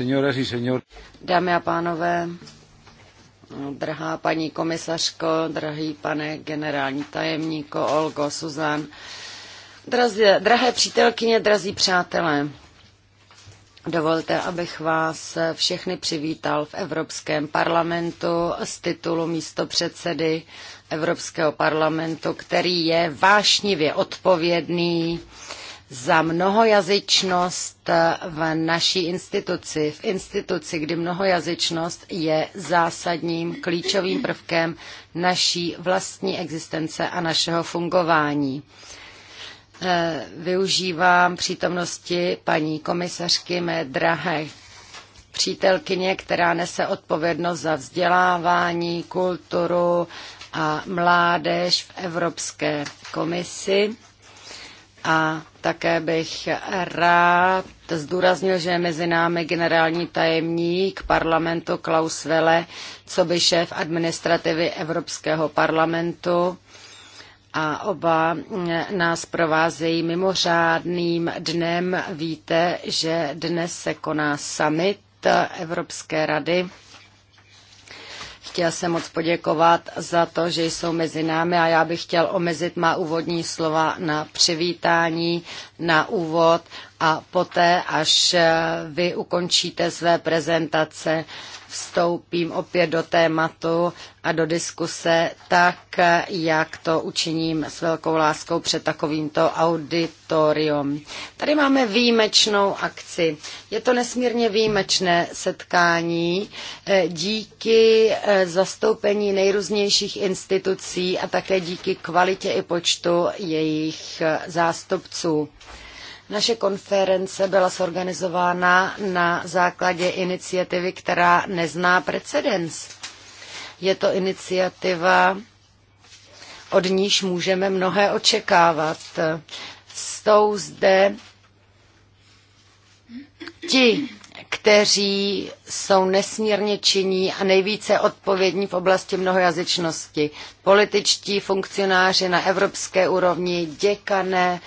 Señoras y señor. Dámy a pánové, drahá paní komisařko, drahý pane generální tajemníko Olgo, Suzan, draze, drahé přítelkyně, drazí přátelé, Dovolte, abych vás všechny přivítal v Evropském parlamentu z titulu místopředsedy Evropského parlamentu, který je vášnivě odpovědný za mnohojazyčnost v naší instituci, v instituci, kdy mnohojazyčnost je zásadním klíčovým prvkem naší vlastní existence a našeho fungování. Eh, využívám přítomnosti paní komisařky mé drahé přítelkyně, která nese odpovědnost za vzdělávání, kulturu a mládež v Evropské komisi a také bych rád zdůraznil, že je mezi námi generální tajemník parlamentu Klaus Welle, co by šéf administrativy Evropského parlamentu a oba nás provázejí mimořádným dnem. Víte, že dnes se koná summit Evropské rady chtěl jsem moc poděkovat za to, že jsou mezi námi a já bych chtěl omezit má úvodní slova na přivítání, na úvod a poté, až eh, vy ukončíte své prezentace, vstoupím opět do tématu a do diskuse tak, jak to učiním s velkou láskou před takovýmto auditorium. Tady máme výjimečnou akci. Je to nesmírně výjimečné setkání eh, díky eh, zastoupení nejrůznějších institucí a také díky kvalitě i počtu jejich eh, zástupců. Naše konference byla sorganizována na základě iniciativy, která nezná precedens. Je to iniciativa, od níž můžeme mnohé očekávat. Jsou zde ti, kteří jsou nesmírně činní a nejvíce odpovědní v oblasti mnohojazyčnosti. Političtí funkcionáři na evropské úrovni, děkané,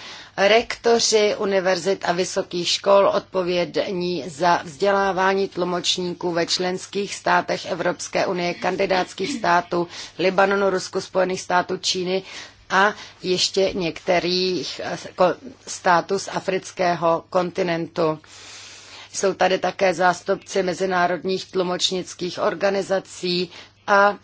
rektoři univerzit a vysokých škol odpovědní za vzdělávání tlumočníků ve členských státech Evropské unie, kandidátských států, Libanonu, Rusku, Spojených států, Číny a ještě některých eh, států z afrického kontinentu. Jsou tady také zástupci mezinárodních tlumočnických organizací a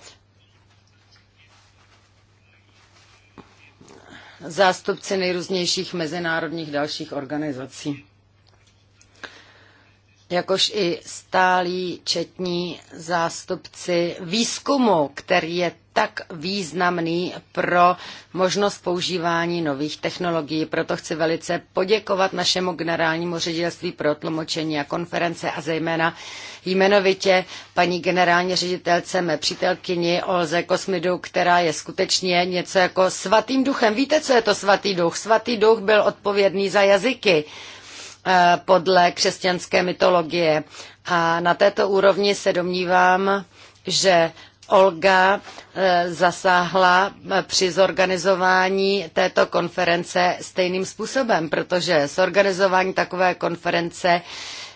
zástupci nejrůznějších mezinárodních dalších organizací jakož i stálí četní zástupci výzkumu, který je tak významný pro možnost používání nových technologií. Proto chci velice poděkovat našemu generálnímu ředitelství pro tlumočení a konference a zejména jmenovitě paní generální ředitelce, mé přítelkyni Olze Kosmidu, která je skutečně něco jako svatým duchem. Víte, co je to svatý duch? Svatý duch byl odpovědný za jazyky Eh, podle křesťanské mytologie. A na této úrovni se domnívám, že Olga eh, zasáhla eh, při zorganizování této konference stejným způsobem, protože zorganizování takové konference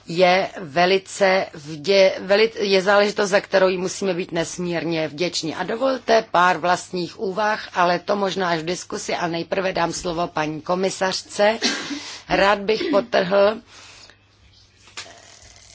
je velice vdě, veli, je záležitost, za kterou musíme být nesmírně vděční. A dovolte pár vlastních úvah, ale to možná až v diskusi, a nejprve dám slovo paní komisařce. Rád bych potrhl,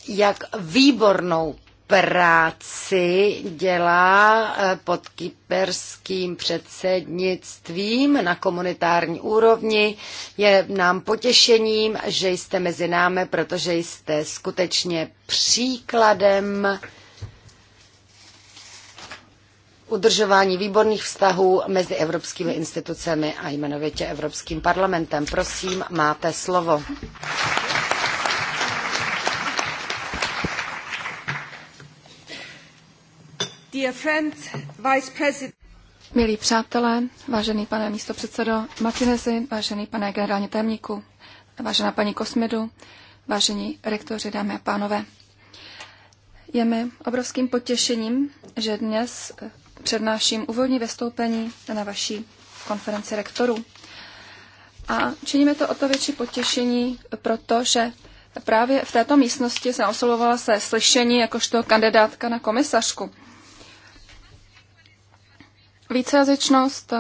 jak výbornou práci dělá eh, pod kyperským předsednictvím na komunitární úrovni. Je nám potěšením, že jste mezi námi, protože jste skutečně příkladem udržování výborných vztahů mezi evropskými institucemi a jmenovitě Evropským parlamentem. Prosím, máte slovo. Milí přátelé, vážený pane místopředsedo Martinezi, vážený pane generální témníku, vážená paní Kosmidu, vážení rektoři, dámy a pánové. Je mi obrovským potěšením, že dnes eh, přednáším úvodní vystoupení na vaší konferenci rektorů. A činíme to o to větší potěšení, protože právě v této místnosti jsem oslovovala se slyšení jakožto kandidátka na komisařku. Vícejazyčnost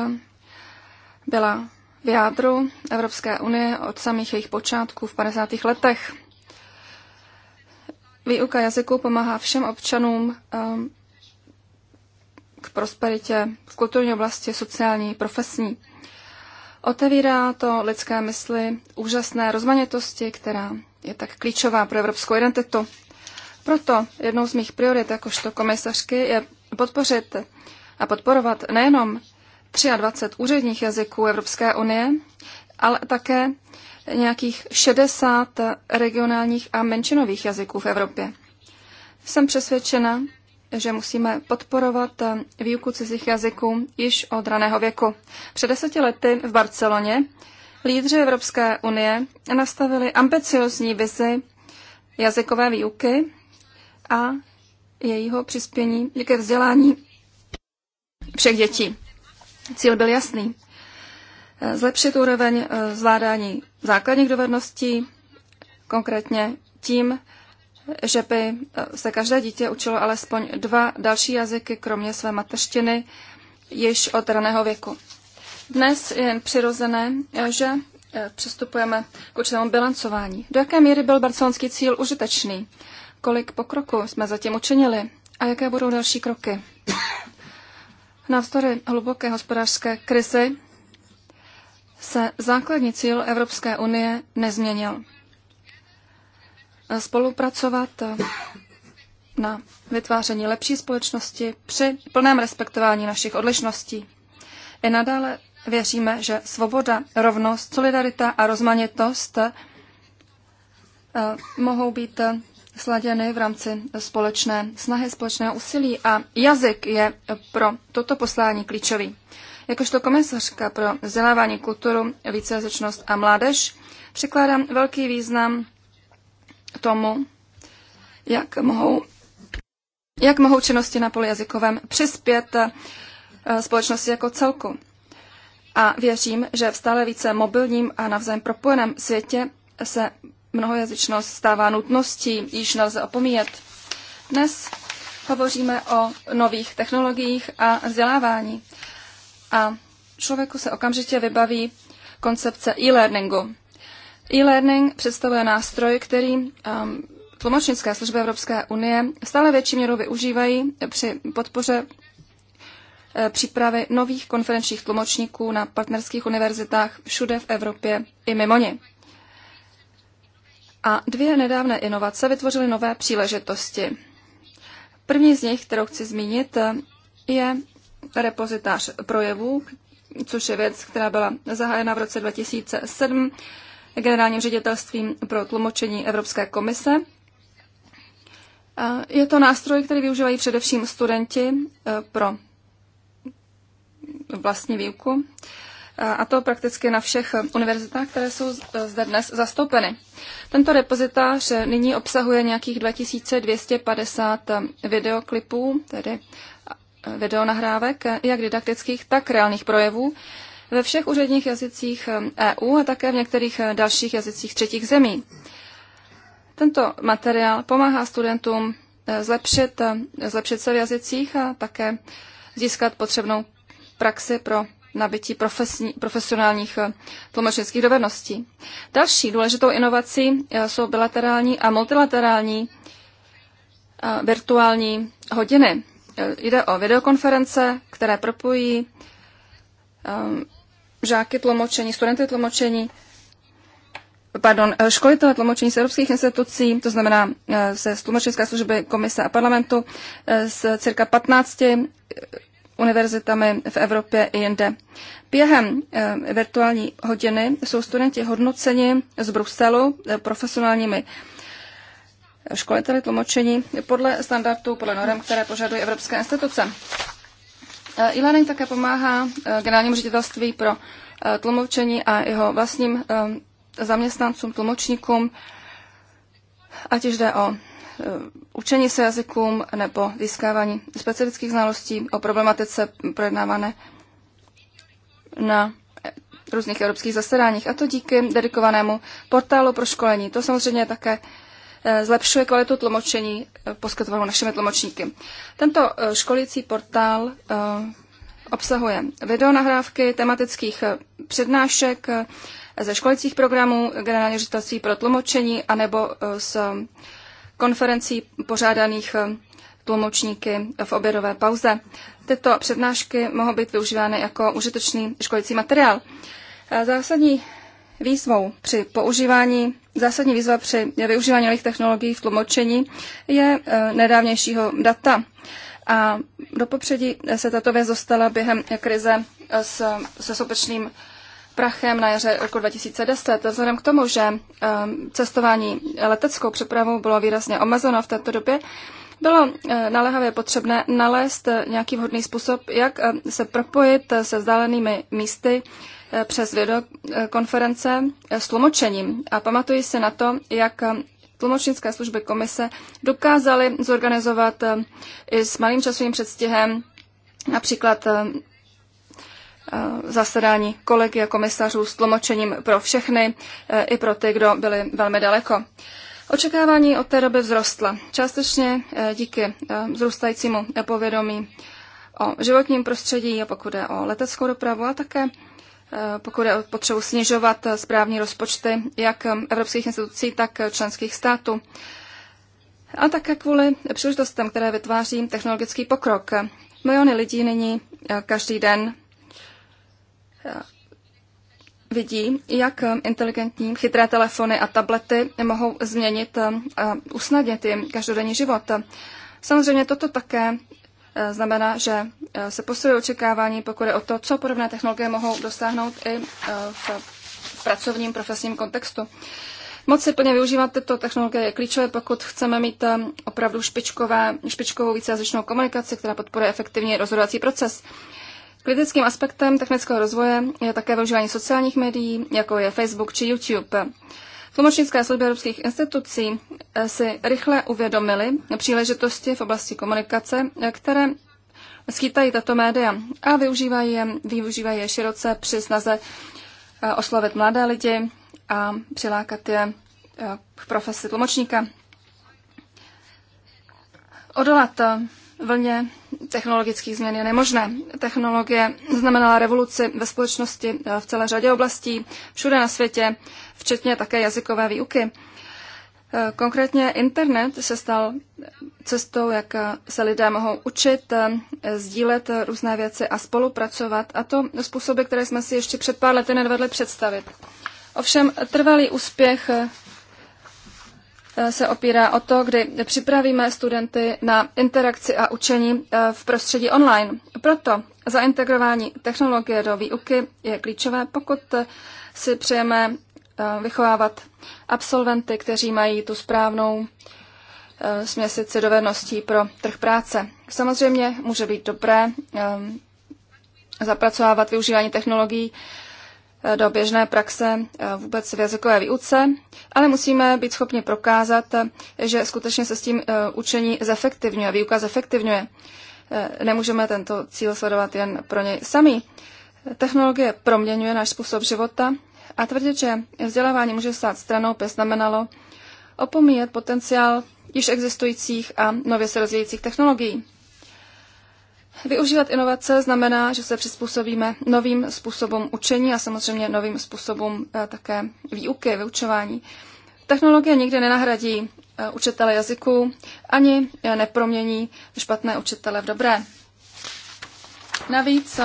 byla v jádru Evropské unie od samých jejich počátků v 50. letech. Výuka jazyku pomáhá všem občanům um, k prosperitě v kulturní oblasti, sociální, profesní. Otevírá to lidské mysli úžasné rozmanitosti, která je tak klíčová pro evropskou identitu. Proto jednou z mých priorit jakožto komisařky je podpořit a podporovat nejenom 23 úředních jazyků Evropské unie, ale také nějakých 60 regionálních a menšinových jazyků v Evropě. Jsem přesvědčena, že musíme podporovat výuku cizích jazyků již od raného věku. Před deseti lety v Barceloně lídři Evropské unie nastavili ambiciozní vizi jazykové výuky a jejího přispění ke vzdělání všech dětí. Cíl byl jasný. Eh, zlepšit úroveň eh, zvládání základních dovedností, konkrétně tím, že by eh, se každé dítě učilo alespoň dva další jazyky, kromě své mateřštiny, již od raného věku. Dnes je jen přirozené, že přistupujeme k určitému bilancování. Do jaké míry byl barcelonský cíl užitečný? Kolik pokroku jsme zatím učinili? A jaké budou další kroky? Navzdory hluboké hospodářské krizi se základní cíl Evropské unie nezměnil. Spolupracovat na vytváření lepší společnosti při plném respektování našich odlišností. I nadále věříme, že svoboda, rovnost, solidarita a rozmanitost eh, mohou být sladěny v rámci společné snahy, společného úsilí a jazyk je pro toto poslání klíčový. Jakožto komisařka pro vzdělávání kulturu, vícejazyčnost a mládež přikládám velký význam tomu, jak mohou, jak mohou činnosti na poli jazykovém přispět eh, společnosti jako celku. A věřím, že v stále více mobilním a navzájem propojeném světě se mnohojazyčnost stává nutností, již nelze opomíjet. Dnes hovoříme o nových technologiích a vzdělávání. A člověku se okamžitě vybaví koncepce e-learningu. E-learning představuje nástroj, který um, tlumočnické služby Evropské unie stále větší měru využívají při podpoře eh, přípravy nových konferenčních tlumočníků na partnerských univerzitách všude v Evropě i mimo ně. A dvě nedávné inovace vytvořily nové příležitosti. První z nich, kterou chci zmínit, je repozitář projevů, což je věc, která byla zahájena v roce 2007 generálním ředitelstvím pro tlumočení Evropské komise. Eh, je to nástroj, který využívají především studenti eh, pro vlastní výuku a to prakticky na všech univerzitách, které jsou zde dnes zastoupeny. Tento repozitář nyní obsahuje nějakých 2250 eh, videoklipů, tedy eh, videonahrávek, eh, jak didaktických, tak reálných projevů, ve všech úředních jazycích EU e a také v některých dalších jazycích třetích zemí. Tento materiál pomáhá studentům zlepšit, zlepšit se v jazycích a také získat potřebnou praxi pro nabití profesní, profesionálních eh, tlumočnických dovedností. Další důležitou inovací eh, jsou bilaterální a multilaterální eh, virtuální hodiny. Jde o videokonference, které propojí žáky tlumočení, studenty tlumočení, pardon, školitele tlumočení z evropských institucí, to znamená ze tlumočenské služby komise a parlamentu, z cirka 15 univerzitami v Evropě i jinde. Během eh, virtuální hodiny jsou studenti hodnoceni z Bruselu eh, profesionálními eh, školiteli tlumočení podle standardů, podle norm, které požadují evropské instituce. E-learning také pomáhá generálnímu ředitelství pro tlumočení a jeho vlastním zaměstnancům, tlumočníkům, ať již jde o Eh, učení se jazykům nebo získávání specifických znalostí o problematice projednávané na různých evropských zasedáních. A to díky dedikovanému portálu pro školení. To samozřejmě také eh, zlepšuje kvalitu tlumočení eh, poskytovanou našimi tlumočníky. Tento školící portál obsahuje videonahrávky tematických přednášek ze školicích programů, generální ředitelství pro tlumočení anebo z konferencí pořádaných eh, tlumočníky v obědové pauze. Tyto přednášky mohou být využívány jako užitečný školící materiál. Eh, zásadní výzvou při používání, zásadní výzva při využívání nových technologií v tlumočení je eh, nedávnějšího data. A do popředí se tato věc dostala během krize s, se sopečným prachem na jaře roku 2010. Vzhledem k tomu, že eh, cestování eh, leteckou přepravou bylo výrazně omezeno v této době, bylo eh, naléhavě potřebné nalézt nějaký vhodný způsob, jak se propojit se vzdálenými místy přes videokonference s tlumočením. A pamatuji se na to, jak tlumočnické služby komise dokázaly zorganizovat i s malým časovým předstihem například zasedání kolegy a komisařů s tlumočením pro všechny, e, i pro ty, kdo byli velmi daleko. Očekávání od té doby vzrostla, částečně e, díky e, vzrůstajícímu povědomí o životním prostředí a pokud je o leteckou dopravu a také pokud je o potřebu snižovat správní rozpočty jak evropských institucí, tak členských států. A také kvůli příležitostem, které vytváří technologický pokrok. Miliony lidí nyní každý den vidí, jak inteligentní chytré telefony a tablety mohou změnit a eh, usnadnit jim každodenní život. Samozřejmě toto také eh, znamená, že eh, se posiluje očekávání, pokud je o to, co podobné technologie mohou dosáhnout i v pracovním profesním kontextu. Moc si plně využívat tyto technologie je klíčové, pokud chceme mít opravdu špičkové, špičkovou vícejazyčnou komunikaci, která podporuje efektivní rozhodovací proces. Kritickým aspektem technického rozvoje je také využívání sociálních médií, jako je Facebook či YouTube. Tlumočnické služby evropských institucí eh, si rychle uvědomily příležitosti v oblasti komunikace, eh, které skýtají tato média a využívají je, využívají je široce při snaze eh, oslovit mladé lidi a přilákat je k profesi tlumočníka. Odolat vlně technologických změn je nemožné. Technologie znamenala revoluci ve společnosti eh, v celé řadě oblastí, všude na světě, včetně také jazykové výuky. Eh, konkrétně internet se stal cestou, jak eh, se lidé mohou učit, sdílet různé věci a spolupracovat, a to způsoby, které jsme si ještě před pár lety nedvedli představit. Ovšem trvalý úspěch Eh, se opírá o to, kdy připravíme studenty na interakci a učení eh, v prostředí online. Proto zaintegrování technologie do výuky je klíčové, pokud eh, si přejeme vychovávat absolventy, kteří mají tu správnou směsici dovedností pro trh práce. Samozřejmě může být dobré zapracovávat využívání technologií do běžné praxe eh, vůbec v jazykové výuce, ale musíme být schopni prokázat, eh, že skutečně se s tím eh, učení zefektivňuje, výuka zefektivňuje. Nemůžeme tento cíl sledovat jen pro něj samý. Technologie proměňuje náš způsob života a tvrdit, že vzdělávání může stát stranou, by znamenalo opomíjet potenciál již existujících a nově se rozvíjejících technologií. Využívat inovace znamená, že se přizpůsobíme novým způsobům učení a samozřejmě novým způsobům eh, také výuky, vyučování. Technologie nikdy nenahradí eh, učitele jazyku ani eh, nepromění špatné učitele v dobré. Navíc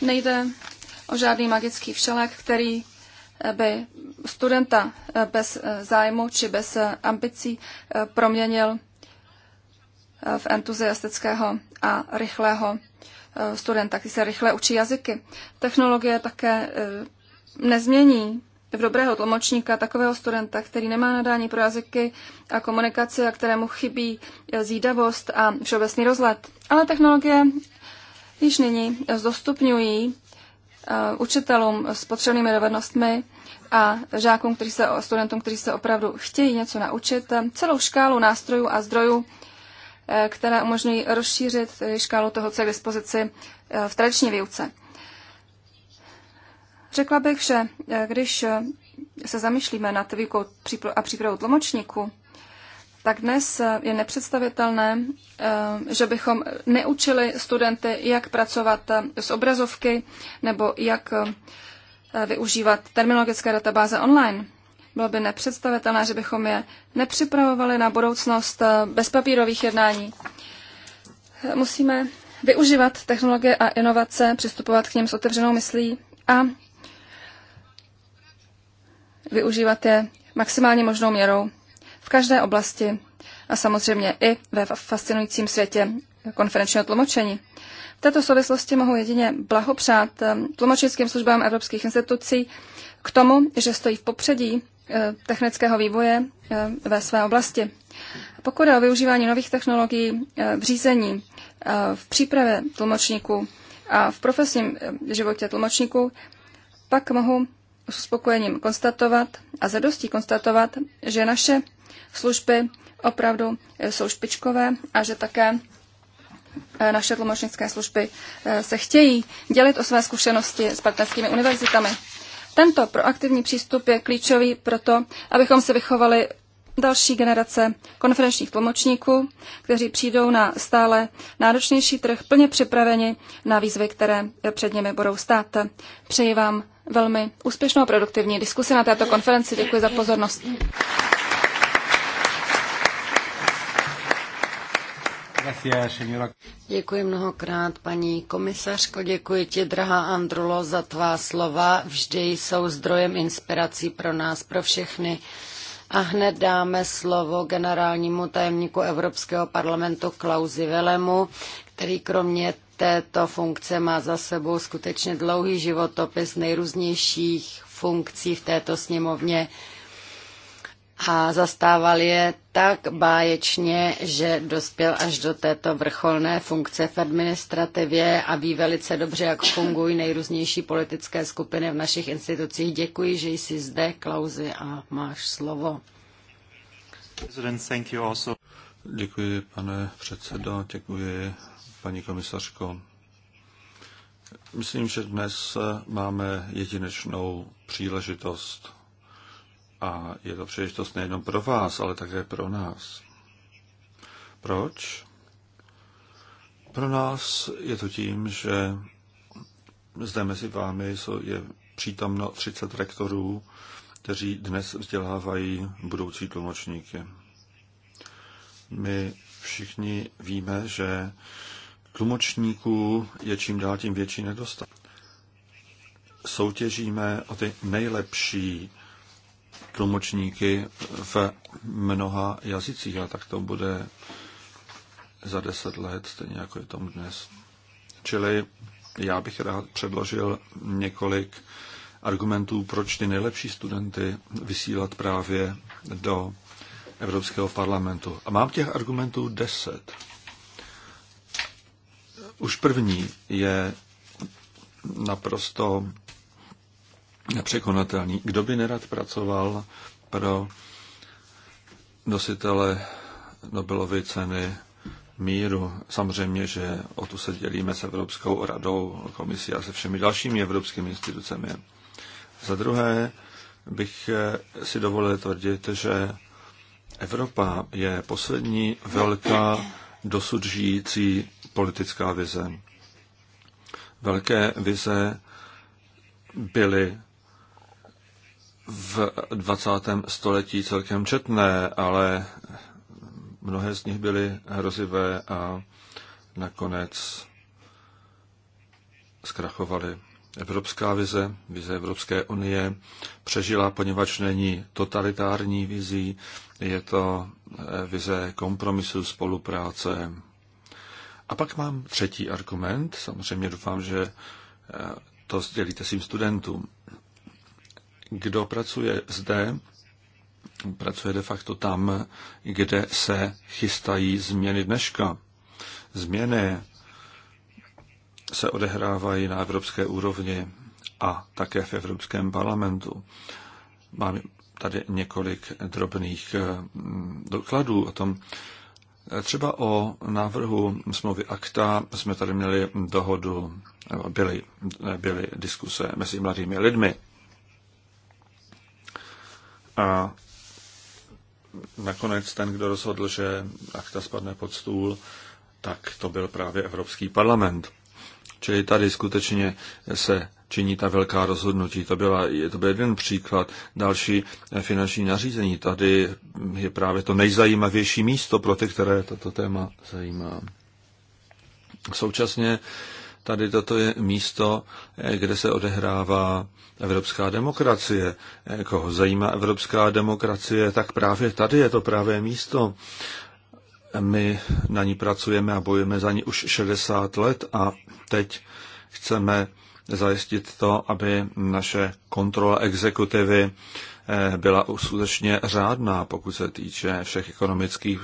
nejde o žádný magický všelek, který by studenta bez zájmu či bez ambicí proměnil v entuziastického a rychlého eh, studenta, který se rychle učí jazyky. Technologie také eh, nezmění v dobrého tlumočníka takového studenta, který nemá nadání pro jazyky a komunikaci a kterému chybí eh, zídavost a všeobecný rozhled. Ale technologie již nyní zdostupňují učitelům s potřebnými dovednostmi a žákům, kteří se, studentům, kteří se opravdu chtějí něco naučit, celou škálu nástrojů a zdrojů, která umožňují rozšířit škálu toho, co je k dispozici eh, v tradiční výuce. Řekla bych, že eh, když eh, se zamýšlíme nad výukou a přípravou tlumočníku, tak dnes je nepředstavitelné, že bychom neučili studenty, jak pracovat s obrazovky nebo jak využívat terminologické databáze online. Bylo by nepředstavitelné, že bychom je nepřipravovali na budoucnost eh, bez papírových jednání. Musíme využívat technologie a inovace, přistupovat k něm s otevřenou myslí a využívat je maximálně možnou měrou v každé oblasti a samozřejmě i ve fascinujícím světě konferenčního tlumočení. V této souvislosti mohu jedině blahopřát eh, tlumočnickým službám evropských institucí k tomu, že stojí v popředí Eh, technického vývoje eh, ve své oblasti. Pokud je o využívání nových technologií eh, v řízení, v přípravě tlumočníků a v profesním životě tlumočníků, pak mohu s uspokojením konstatovat a zadostí konstatovat, že naše služby opravdu jsou špičkové a že také naše tlumočnické služby se chtějí dělit o své zkušenosti s partnerskými univerzitami. Tento proaktivní přístup je klíčový proto, abychom se vychovali další generace konferenčních tlumočníků, kteří přijdou na stále náročnější trh plně připraveni na výzvy, které před nimi budou stát. Přeji vám velmi úspěšnou a produktivní diskusi na této konferenci. Děkuji za pozornost. Děkuji mnohokrát, paní komisařko, děkuji ti, drahá Andrulo, za tvá slova. Vždy jsou zdrojem inspirací pro nás, pro všechny. A hned dáme slovo generálnímu tajemníku Evropského parlamentu Klausi Velemu, který kromě této funkce má za sebou skutečně dlouhý životopis nejrůznějších funkcí v této sněmovně a zastával je tak báječně, že dospěl až do této vrcholné funkce v administrativě a ví velice dobře, jak fungují nejrůznější politické skupiny v našich institucích. Děkuji, že jsi zde, Klauzi, a máš slovo. Děkuji, pane předsedo, děkuji, paní komisařko. Myslím, že dnes máme jedinečnou příležitost a je to příležitost nejenom pro vás, ale také pro nás. Proč? Pro nás je to tím, že zde mezi vámi je přítomno 30 rektorů, kteří dnes vzdělávají budoucí tlumočníky. My všichni víme, že tlumočníků je čím dál tím větší nedostatek. Soutěžíme o ty nejlepší tlumočníky v mnoha jazycích, a tak to bude za deset let, stejně jako je tomu dnes. Čili já bych rád předložil několik argumentů, proč ty nejlepší studenty vysílat právě do Evropského parlamentu. A mám těch argumentů deset. Už první je naprosto nepřekonatelný. Kdo by nerad pracoval pro nositele Nobelovy ceny míru. Samozřejmě, že o tu se dělíme s Evropskou radou, komisí a se všemi dalšími evropskými institucemi. Za druhé bych si dovolil tvrdit, že Evropa je poslední velká dosud žijící politická vize. Velké vize byly v 20. století celkem četné, ale mnohé z nich byly hrozivé a nakonec zkrachovaly. Evropská vize, vize Evropské unie, přežila, poněvadž není totalitární vizí, je to eh, vize kompromisu, spolupráce. A pak mám třetí argument, samozřejmě doufám, že eh, to sdělíte svým studentům kdo pracuje zde, pracuje de facto tam, kde se chystají změny dneška. Změny se odehrávají na evropské úrovni a také v Evropském parlamentu. Mám tady několik drobných eh, dokladů o tom. Třeba o návrhu smlouvy akta jsme tady měli dohodu, byly, byly diskuse mezi mladými lidmi. A nakonec ten, kdo rozhodl, že akta spadne pod stůl, tak to byl právě Evropský parlament. Čili tady skutečně se činí ta velká rozhodnutí. To, byla, je to byl jeden příklad. Další finanční nařízení. Tady je právě to nejzajímavější místo pro ty, které toto téma zajímá. Současně Tady toto je místo, kde se odehrává evropská demokracie. Koho zajímá evropská demokracie, tak právě tady je to právě místo. My na ní pracujeme a bojujeme za ní už 60 let a teď chceme zajistit to, aby naše kontrola exekutivy eh, byla skutečně řádná, pokud se týče všech ekonomických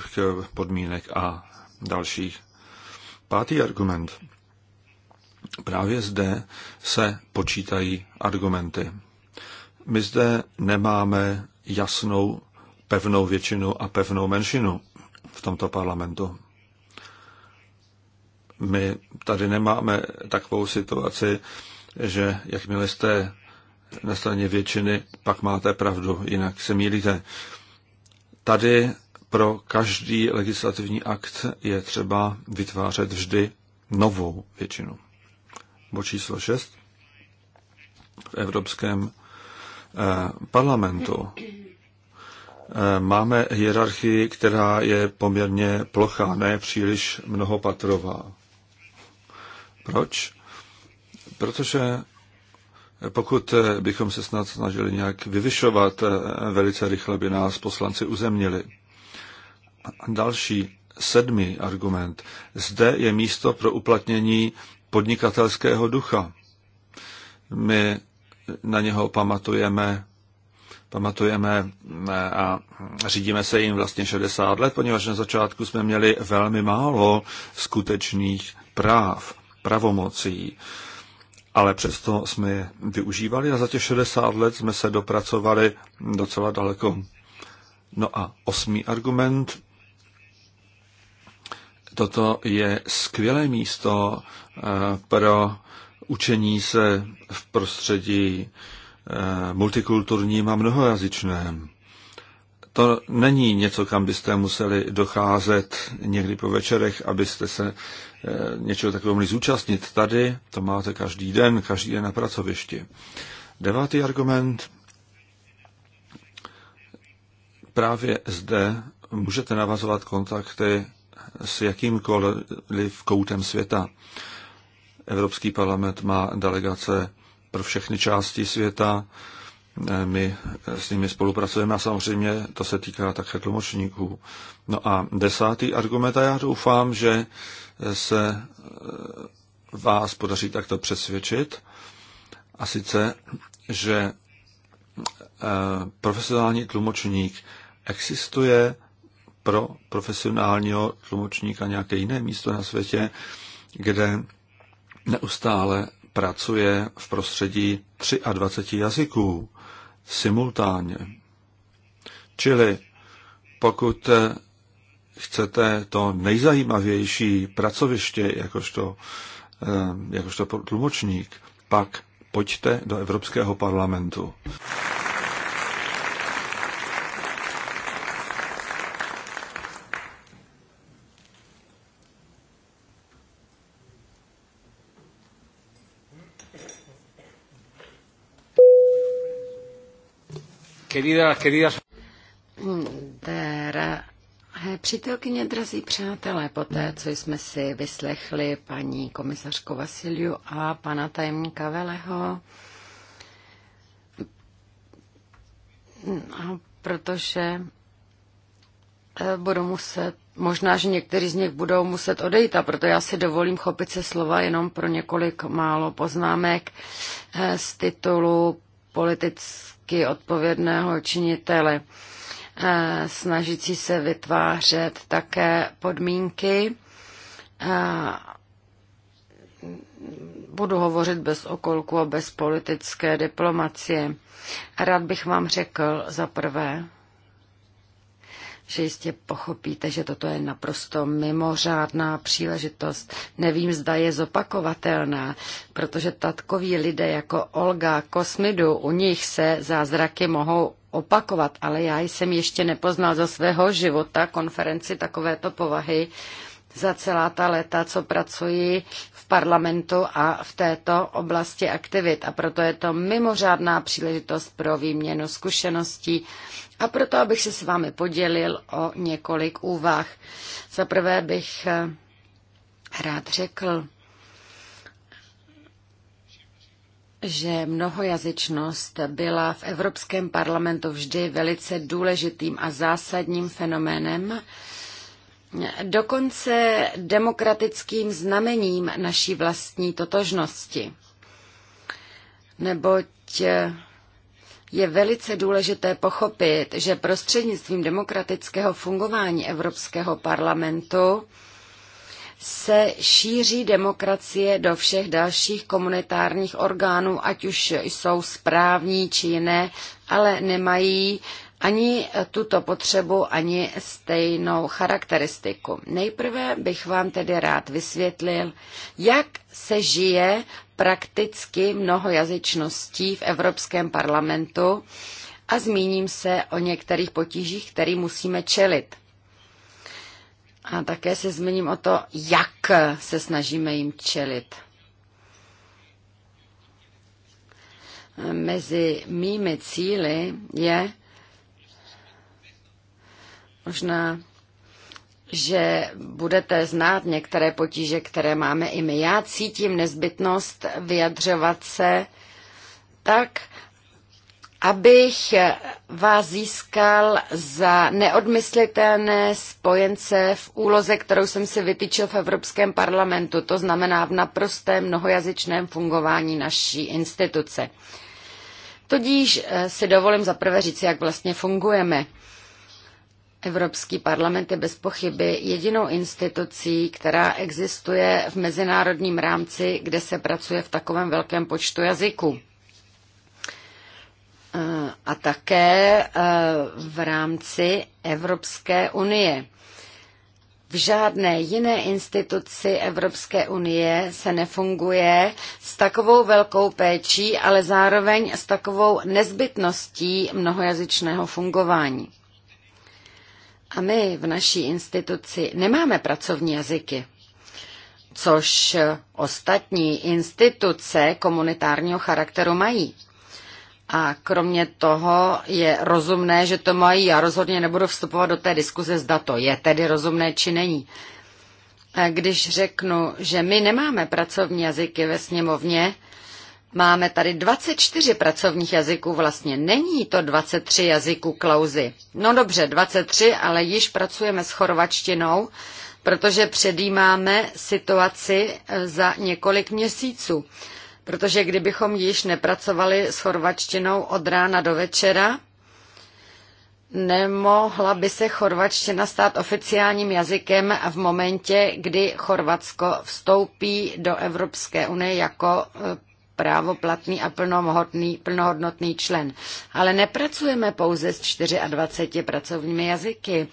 podmínek a dalších. Pátý argument. Právě zde se počítají argumenty. My zde nemáme jasnou pevnou většinu a pevnou menšinu v tomto parlamentu. My tady nemáme takovou situaci, že jakmile jste na straně většiny, pak máte pravdu, jinak se mílíte. Tady pro každý legislativní akt je třeba vytvářet vždy novou většinu bod číslo 6 v Evropském eh, parlamentu eh, máme hierarchii, která je poměrně plochá, ne příliš mnohopatrová. Proč? Protože pokud eh, bychom se snad snažili nějak vyvyšovat, velice rychle by nás poslanci uzemnili. Další sedmý argument. Zde je místo pro uplatnění podnikatelského ducha. My na něho pamatujeme, pamatujeme eh, a řídíme se jim vlastně 60 let, poněvadž na začátku jsme měli velmi málo skutečných práv, pravomocí. Ale přesto jsme je využívali a za těch 60 let jsme se dopracovali docela daleko. No a osmý argument. Toto je skvělé místo pro učení se v prostředí eh, multikulturním a mnohojazyčném. To není něco, kam byste museli docházet někdy po večerech, abyste se eh, něčeho takového mohli zúčastnit. Tady to máte každý den, každý den na pracovišti. Devátý argument. Právě zde můžete navazovat kontakty s jakýmkoliv koutem světa. Evropský parlament má delegace pro všechny části světa. My s nimi spolupracujeme a samozřejmě to se týká také tlumočníků. No a desátý argument, a já doufám, že se eh, vás podaří takto přesvědčit, a sice, že eh, profesionální tlumočník existuje pro profesionálního tlumočníka nějaké jiné místo na světě, kde neustále pracuje v prostředí 23 jazyků simultánně. Čili pokud chcete to nejzajímavější pracoviště jakožto, eh, jakožto tlumočník, pak pojďte do Evropského parlamentu. Queridas, queridas... Eh, přítelkyně, drazí přátelé, poté, co jsme si vyslechli paní komisařku Vasiliu a pana tajemníka Veleho, a no, protože eh, budu muset, možná, že někteří z nich budou muset odejít a proto já si dovolím chopit se slova jenom pro několik málo poznámek eh, z titulu politické prvky odpovědného činitele, eh, snažící se vytvářet také podmínky. Eh, budu hovořit bez okolku a bez politické diplomacie. Rád bych vám řekl za prvé, že jistě pochopíte, že toto je naprosto mimořádná příležitost. Nevím, zda je zopakovatelná, protože tatkoví lidé jako Olga Kosmidu, u nich se zázraky mohou opakovat, ale já jsem ještě nepoznal za svého života konferenci takovéto povahy za celá ta léta, co pracuji parlamentu a v této oblasti aktivit. A proto je to mimořádná příležitost pro výměnu zkušeností a proto, abych se s vámi podělil o několik úvah. Za prvé bych eh, rád řekl, že mnohojazyčnost byla v Evropském parlamentu vždy velice důležitým a zásadním fenoménem, dokonce demokratickým znamením naší vlastní totožnosti. Neboť eh, je velice důležité pochopit, že prostřednictvím demokratického fungování Evropského parlamentu se šíří demokracie do všech dalších komunitárních orgánů, ať už jsou správní či jiné, ale nemají uh, ani tuto potřebu, ani stejnou charakteristiku. Nejprve bych vám tedy rád vysvětlil, jak se žije prakticky mnohojazyčností v Evropském parlamentu a zmíním se o některých potížích, které musíme čelit. A také se zmíním o to, jak se snažíme jim čelit. Mezi mými cíly je Možná, že budete znát některé potíže, které máme i my. Já cítím nezbytnost vyjadřovat se tak, abych vás získal za neodmyslitelné spojence v úloze, kterou jsem si vytyčil v Evropském parlamentu, to znamená v naprostém mnohojazyčném fungování naší instituce. Tudíž eh, si dovolím zaprvé říct, jak vlastně fungujeme. Evropský parlament je bez pochyby jedinou institucí, která existuje v mezinárodním rámci, kde se pracuje v takovém velkém počtu jazyků. Eh, a také eh, v rámci Evropské unie. V žádné jiné instituci Evropské unie se nefunguje s takovou velkou péčí, ale zároveň s takovou nezbytností mnohojazyčného fungování. A my v naší instituci nemáme pracovní jazyky, což ostatní instituce komunitárního charakteru mají. A kromě toho je rozumné, že to mají. Já rozhodně nebudu vstupovat do té diskuze, zda to je tedy rozumné či není. Když řeknu, že my nemáme pracovní jazyky ve sněmovně, Máme tady 24 pracovních jazyků vlastně. Není to 23 jazyků klauzy. No dobře, 23, ale již pracujeme s chorvačtinou, protože předjímáme situaci eh, za několik měsíců. Protože kdybychom již nepracovali s chorvačtinou od rána do večera, Nemohla by se chorvačtina stát oficiálním jazykem v momentě, kdy Chorvatsko vstoupí do Evropské unie jako eh, právoplatný a plnohodnotný člen. Ale nepracujeme pouze s 24 pracovními jazyky,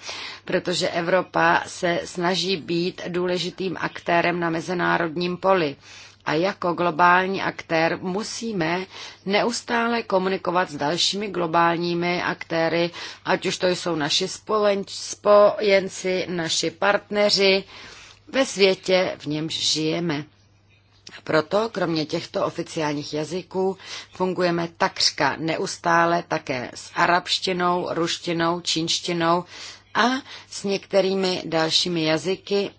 protože Evropa se snaží být důležitým aktérem na mezinárodním poli a jako globální aktér musíme neustále komunikovat s dalšími globálními aktéry, ať už to jsou naši spojenci, naši partneři ve světě, v němž žijeme. Proto kromě těchto oficiálních jazyků fungujeme takřka neustále také s arabštinou, ruštinou, čínštinou a s některými dalšími jazyky,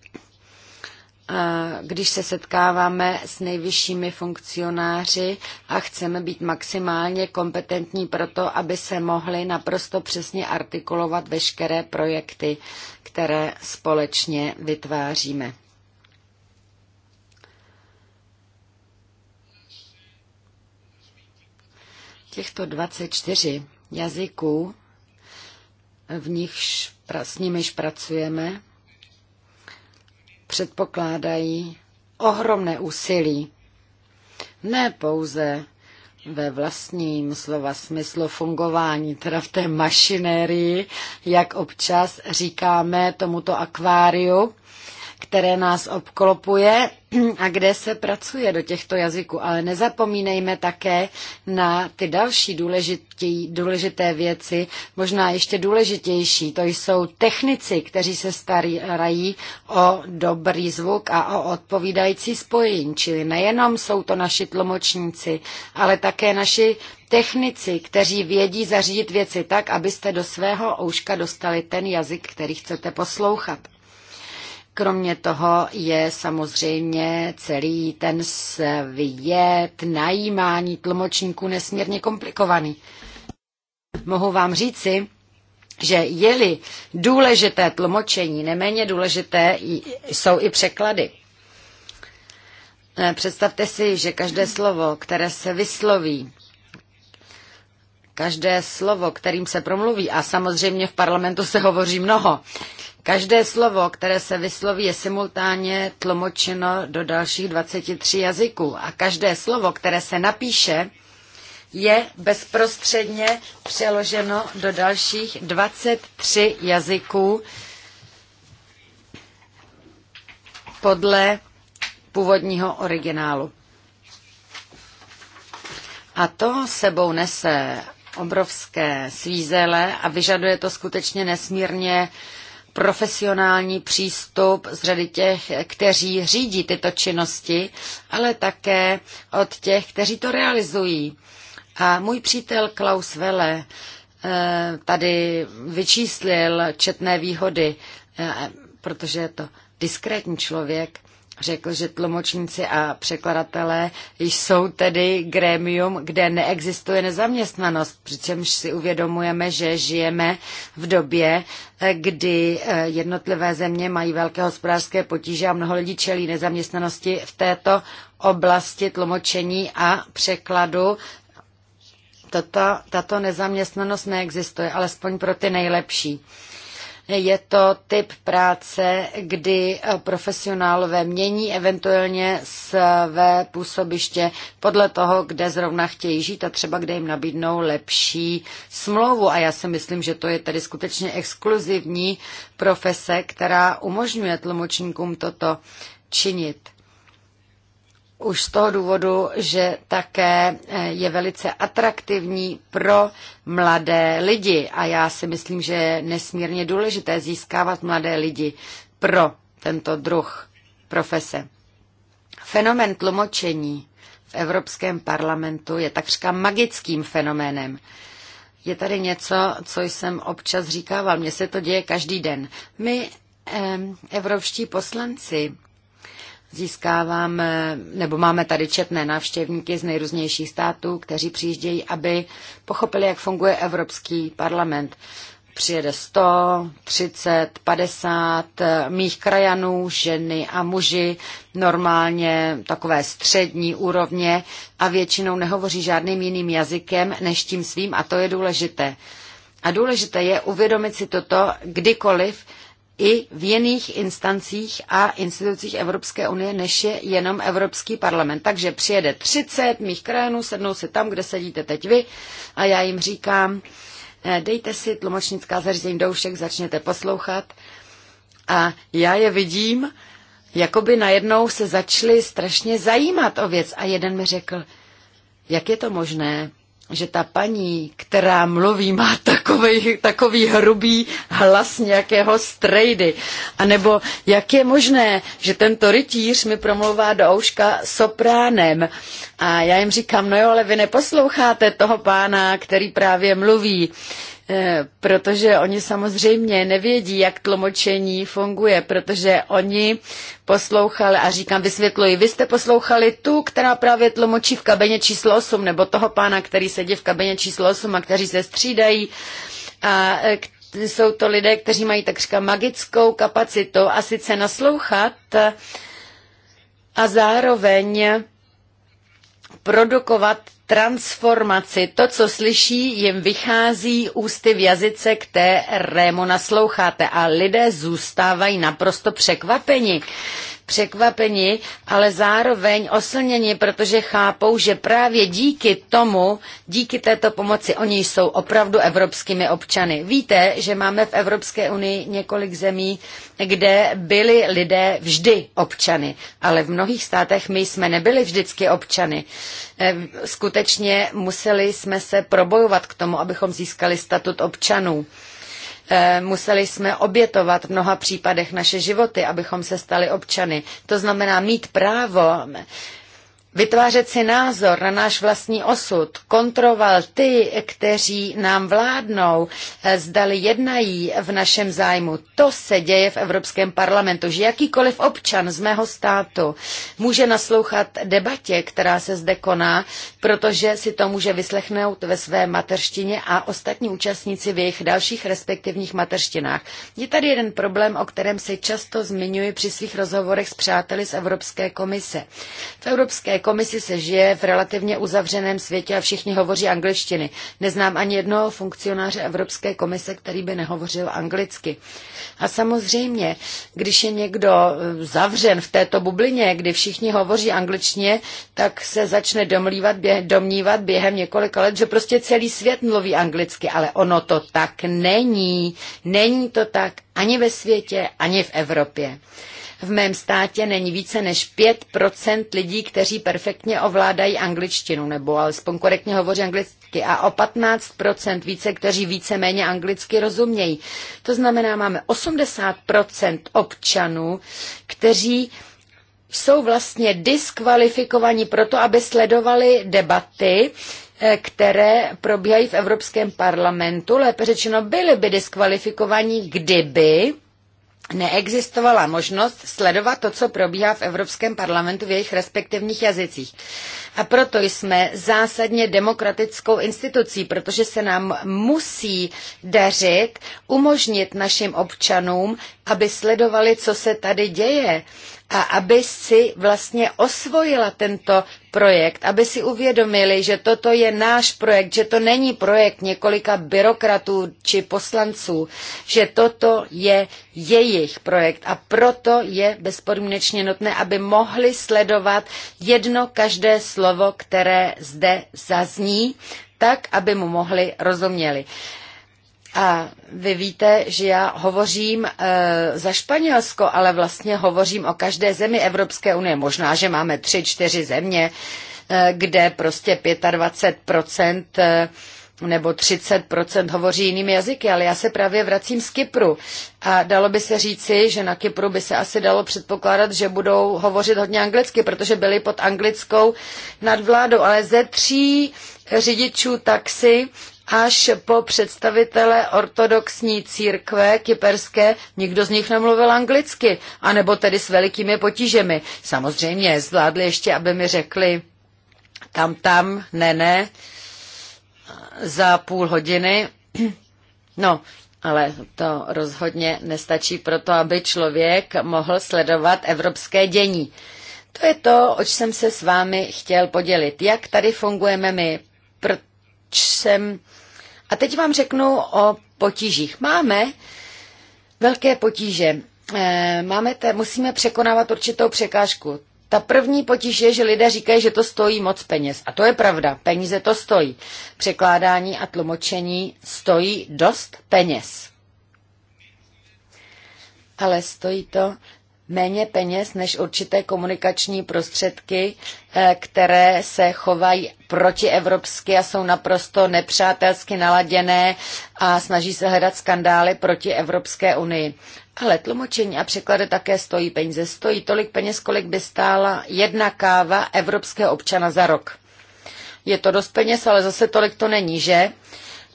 když se setkáváme s nejvyššími funkcionáři a chceme být maximálně kompetentní pro to, aby se mohly naprosto přesně artikulovat veškeré projekty, které společně vytváříme. těchto 24 jazyků, v nichž, s nimiž pracujeme, předpokládají ohromné úsilí. Ne pouze ve vlastním slova smyslu fungování, teda v té mašinérii, jak občas říkáme tomuto akváriu, které nás obklopuje a kde se pracuje do těchto jazyků. Ale nezapomínejme také na ty další důležité, důležité věci, možná ještě důležitější. To jsou technici, kteří se starají o dobrý zvuk a o odpovídající spojení. Čili nejenom jsou to naši tlumočníci, ale také naši technici, kteří vědí zařídit věci tak, abyste do svého ouška dostali ten jazyk, který chcete poslouchat. Kromě toho je samozřejmě celý ten svět najímání tlumočníků nesmírně komplikovaný. Mohu vám říci, že je-li důležité tlumočení, neméně důležité jsou i překlady. Eh, představte si, že každé slovo, které se vysloví, každé slovo, kterým se promluví, a samozřejmě v parlamentu se hovoří mnoho, Každé slovo, které se vysloví, je simultánně tlumočeno do dalších 23 jazyků a každé slovo, které se napíše, je bezprostředně přeloženo do dalších 23 jazyků podle původního originálu. A to sebou nese obrovské svízele a vyžaduje to skutečně nesmírně profesionální přístup z řady těch, kteří řídí tyto činnosti, ale také od těch, kteří to realizují. A můj přítel Klaus Vele eh, tady vyčíslil četné výhody, eh, protože je to diskrétní člověk, řekl, že tlumočníci a překladatelé jsou tedy grémium, kde neexistuje nezaměstnanost, přičemž si uvědomujeme, že žijeme v době, kdy eh, jednotlivé země mají velké hospodářské potíže a mnoho lidí čelí nezaměstnanosti v této oblasti tlumočení a překladu. Toto, tato nezaměstnanost neexistuje, alespoň pro ty nejlepší. Je to typ práce, kdy profesionálové mění eventuálně své působiště podle toho, kde zrovna chtějí žít a třeba kde jim nabídnou lepší smlouvu. A já si myslím, že to je tedy skutečně exkluzivní profese, která umožňuje tlumočníkům toto činit už z toho důvodu, že také eh, je velice atraktivní pro mladé lidi. A já si myslím, že je nesmírně důležité získávat mladé lidi pro tento druh profese. Fenomen tlumočení v Evropském parlamentu je takřka magickým fenoménem. Je tady něco, co jsem občas říkával. Mně se to děje každý den. My, eh, evropští poslanci, získáváme, nebo máme tady četné návštěvníky z nejrůznějších států, kteří přijíždějí, aby pochopili, jak funguje Evropský parlament. Přijede 100, 30, 50 mých krajanů, ženy a muži, normálně takové střední úrovně a většinou nehovoří žádným jiným jazykem než tím svým a to je důležité. A důležité je uvědomit si toto kdykoliv, i v jiných instancích a institucích Evropské unie, než je jenom Evropský parlament. Takže přijede 30 mých krajanů, sednou se tam, kde sedíte teď vy a já jim říkám, eh, dejte si tlumočnická zařízení do ušek, začněte poslouchat a já je vidím, jakoby najednou se začali strašně zajímat o věc a jeden mi řekl, jak je to možné, že ta paní, která mluví, má takový, takový hrubý hlas nějakého strejdy. A nebo jak je možné, že tento rytíř mi promluvá do ouška sopránem. A já jim říkám, no jo, ale vy neposloucháte toho pána, který právě mluví. Eh, protože oni samozřejmě nevědí, jak tlumočení funguje, protože oni poslouchali, a říkám, vysvětluji, vy jste poslouchali tu, která právě tlumočí v kabině číslo 8, nebo toho pána, který sedí v kabině číslo 8 a kteří se střídají, a eh, jsou to lidé, kteří mají takřka magickou kapacitu a sice naslouchat eh, a zároveň produkovat transformaci. To, co slyší, jim vychází ústy v jazyce, kterému nasloucháte a lidé zůstávají naprosto překvapeni, překvapeni, ale zároveň oslněni, protože chápou, že právě díky tomu, díky této pomoci, oni jsou opravdu evropskými občany. Víte, že máme v Evropské unii několik zemí, kde byli lidé vždy občany, ale v mnohých státech my jsme nebyli vždycky občany. Eh, skutečně museli jsme se probojovat k tomu, abychom získali statut občanů. Eh, museli jsme obětovat v mnoha případech naše životy, abychom se stali občany. To znamená mít právo vytvářet si názor na náš vlastní osud, kontroval ty, kteří nám vládnou, eh, zdali jednají v našem zájmu. To se děje v Evropském parlamentu, že jakýkoliv občan z mého státu může naslouchat debatě, která se zde koná, protože si to může vyslechnout ve své mateřštině a ostatní účastníci v jejich dalších respektivních mateřštinách. Je tady jeden problém, o kterém se často zmiňuji při svých rozhovorech s přáteli z Evropské komise. V Evropské komisi se žije v relativně uzavřeném světě a všichni hovoří angličtiny. Neznám ani jednoho funkcionáře Evropské komise, který by nehovořil anglicky. A samozřejmě, když je někdo eh, zavřen v této bublině, kdy všichni hovoří angličtině, tak se začne domlívat, běh, domnívat během několika let, že prostě celý svět mluví anglicky, ale ono to tak není. Není to tak ani ve světě, ani v Evropě. V mém státě není více než 5% lidí, kteří perfektně ovládají angličtinu, nebo alespoň korektně hovoří anglicky, a o 15% více, kteří více-méně anglicky rozumějí. To znamená, máme 80% občanů, kteří jsou vlastně diskvalifikovaní proto, aby sledovali debaty, eh, které probíhají v Evropském parlamentu, lépe řečeno byly by diskvalifikovaní, kdyby neexistovala možnost sledovat to, co probíhá v Evropském parlamentu v jejich respektivních jazycích. A proto jsme zásadně demokratickou institucí, protože se nám musí dařit umožnit našim občanům, aby sledovali, co se tady děje a aby si vlastně osvojila tento projekt, aby si uvědomili, že toto je náš projekt, že to není projekt několika byrokratů či poslanců, že toto je jejich projekt a proto je bezpodmínečně nutné, aby mohli sledovat jedno každé slovo, které zde zazní, tak, aby mu mohli rozuměli. Uh, a vy víte, že já hovořím e, za Španělsko, ale vlastně hovořím o každé zemi Evropské unie. Možná, že máme tři, čtyři země, e, kde prostě 25% e, eh, nebo 30% hovoří jinými jazyky, ale já se právě vracím z Kypru. A dalo by se říci, že na Kypru by se asi dalo předpokládat, že budou hovořit hodně anglicky, protože byli pod anglickou nadvládou, ale ze tří řidičů taxi až po představitele ortodoxní církve kyperské, nikdo z nich nemluvil anglicky, anebo tedy s velikými potížemi. Samozřejmě zvládli ještě, aby mi řekli tam, tam, ne, ne, za půl hodiny. No, ale to rozhodně nestačí pro to, aby člověk mohl sledovat evropské dění. To je to, oč jsem se s vámi chtěl podělit. Jak tady fungujeme my? Proč jsem a teď vám řeknu o potížích. Máme velké potíže. Eh, máme te, musíme překonávat určitou překážku. Ta první potíž je, že lidé říkají, že to stojí moc peněz. A to je pravda, peníze to stojí. Překládání a tlumočení stojí dost peněz. Ale stojí to méně peněz než určité komunikační prostředky, eh, které se chovají protievropsky a jsou naprosto nepřátelsky naladěné a snaží se hledat skandály proti Evropské unii. Ale tlumočení a překlady také stojí peníze. Stojí tolik peněz, kolik by stála jedna káva evropského občana za rok. Je to dost peněz, ale zase tolik to není, že?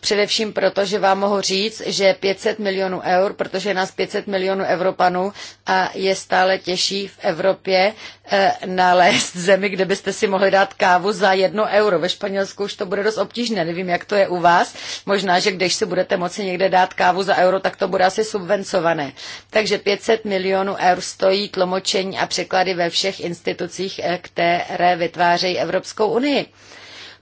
Především proto, že vám mohu říct, že 500 milionů eur, protože je nás 500 milionů Evropanů a je stále těžší v Evropě e, nalézt zemi, kde byste si mohli dát kávu za jedno euro. Ve Španělsku už to bude dost obtížné, nevím, jak to je u vás. Možná, že když si budete moci někde dát kávu za euro, tak to bude asi subvencované. Takže 500 milionů eur stojí tlumočení a překlady ve všech institucích, eh, které vytvářejí Evropskou unii.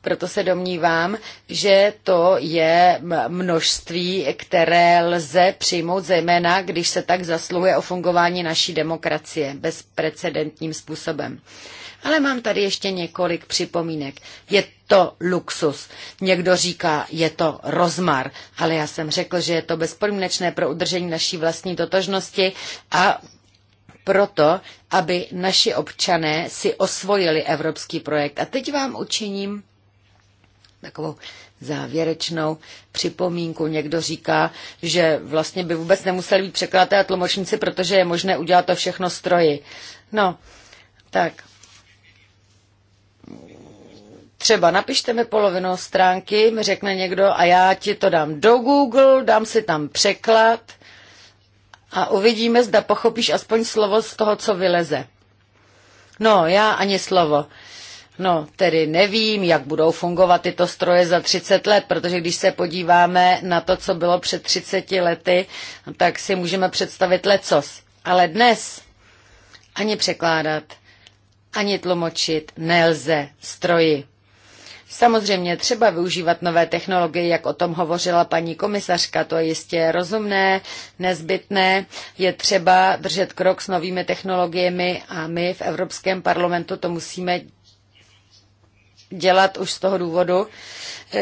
Proto se domnívám, že to je množství, které lze přijmout, zejména když se tak zasluhuje o fungování naší demokracie bezprecedentním způsobem. Ale mám tady ještě několik připomínek. Je to luxus. Někdo říká, je to rozmar, ale já jsem řekl, že je to bezpodmínečné pro udržení naší vlastní totožnosti a proto, aby naši občané si osvojili evropský projekt. A teď vám učiním takovou závěrečnou připomínku. Někdo říká, že vlastně by vůbec nemuseli být překladatelé a tlumočníci, protože je možné udělat to všechno stroji. No, tak. Třeba napište mi polovinu stránky, mi řekne někdo a já ti to dám do Google, dám si tam překlad a uvidíme, zda pochopíš aspoň slovo z toho, co vyleze. No, já ani slovo. No, tedy nevím, jak budou fungovat tyto stroje za 30 let, protože když se podíváme na to, co bylo před 30 lety, tak si můžeme představit lecos. Ale dnes ani překládat, ani tlumočit nelze stroji. Samozřejmě třeba využívat nové technologie, jak o tom hovořila paní komisařka, to je jistě rozumné, nezbytné. Je třeba držet krok s novými technologiemi a my v Evropském parlamentu to musíme dělat už z toho důvodu,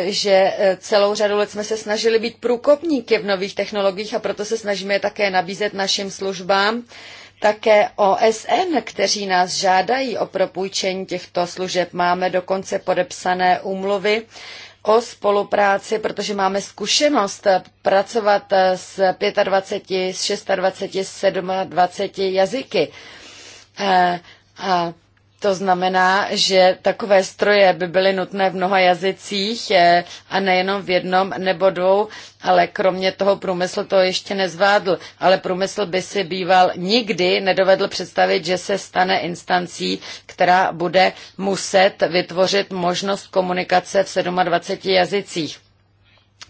že eh, celou řadu let jsme se snažili být průkopníky v nových technologiích a proto se snažíme také nabízet našim službám, také OSN, kteří nás žádají o propůjčení těchto služeb. Máme dokonce podepsané úmluvy o spolupráci, protože máme zkušenost pracovat s 25, s 26, s 27 jazyky. Eh, a to znamená, že takové stroje by byly nutné v mnoha jazycích eh, a nejenom v jednom nebo dvou, ale kromě toho průmysl to ještě nezvládl. Ale průmysl by si býval nikdy nedovedl představit, že se stane instancí, která bude muset vytvořit možnost komunikace v 27 jazycích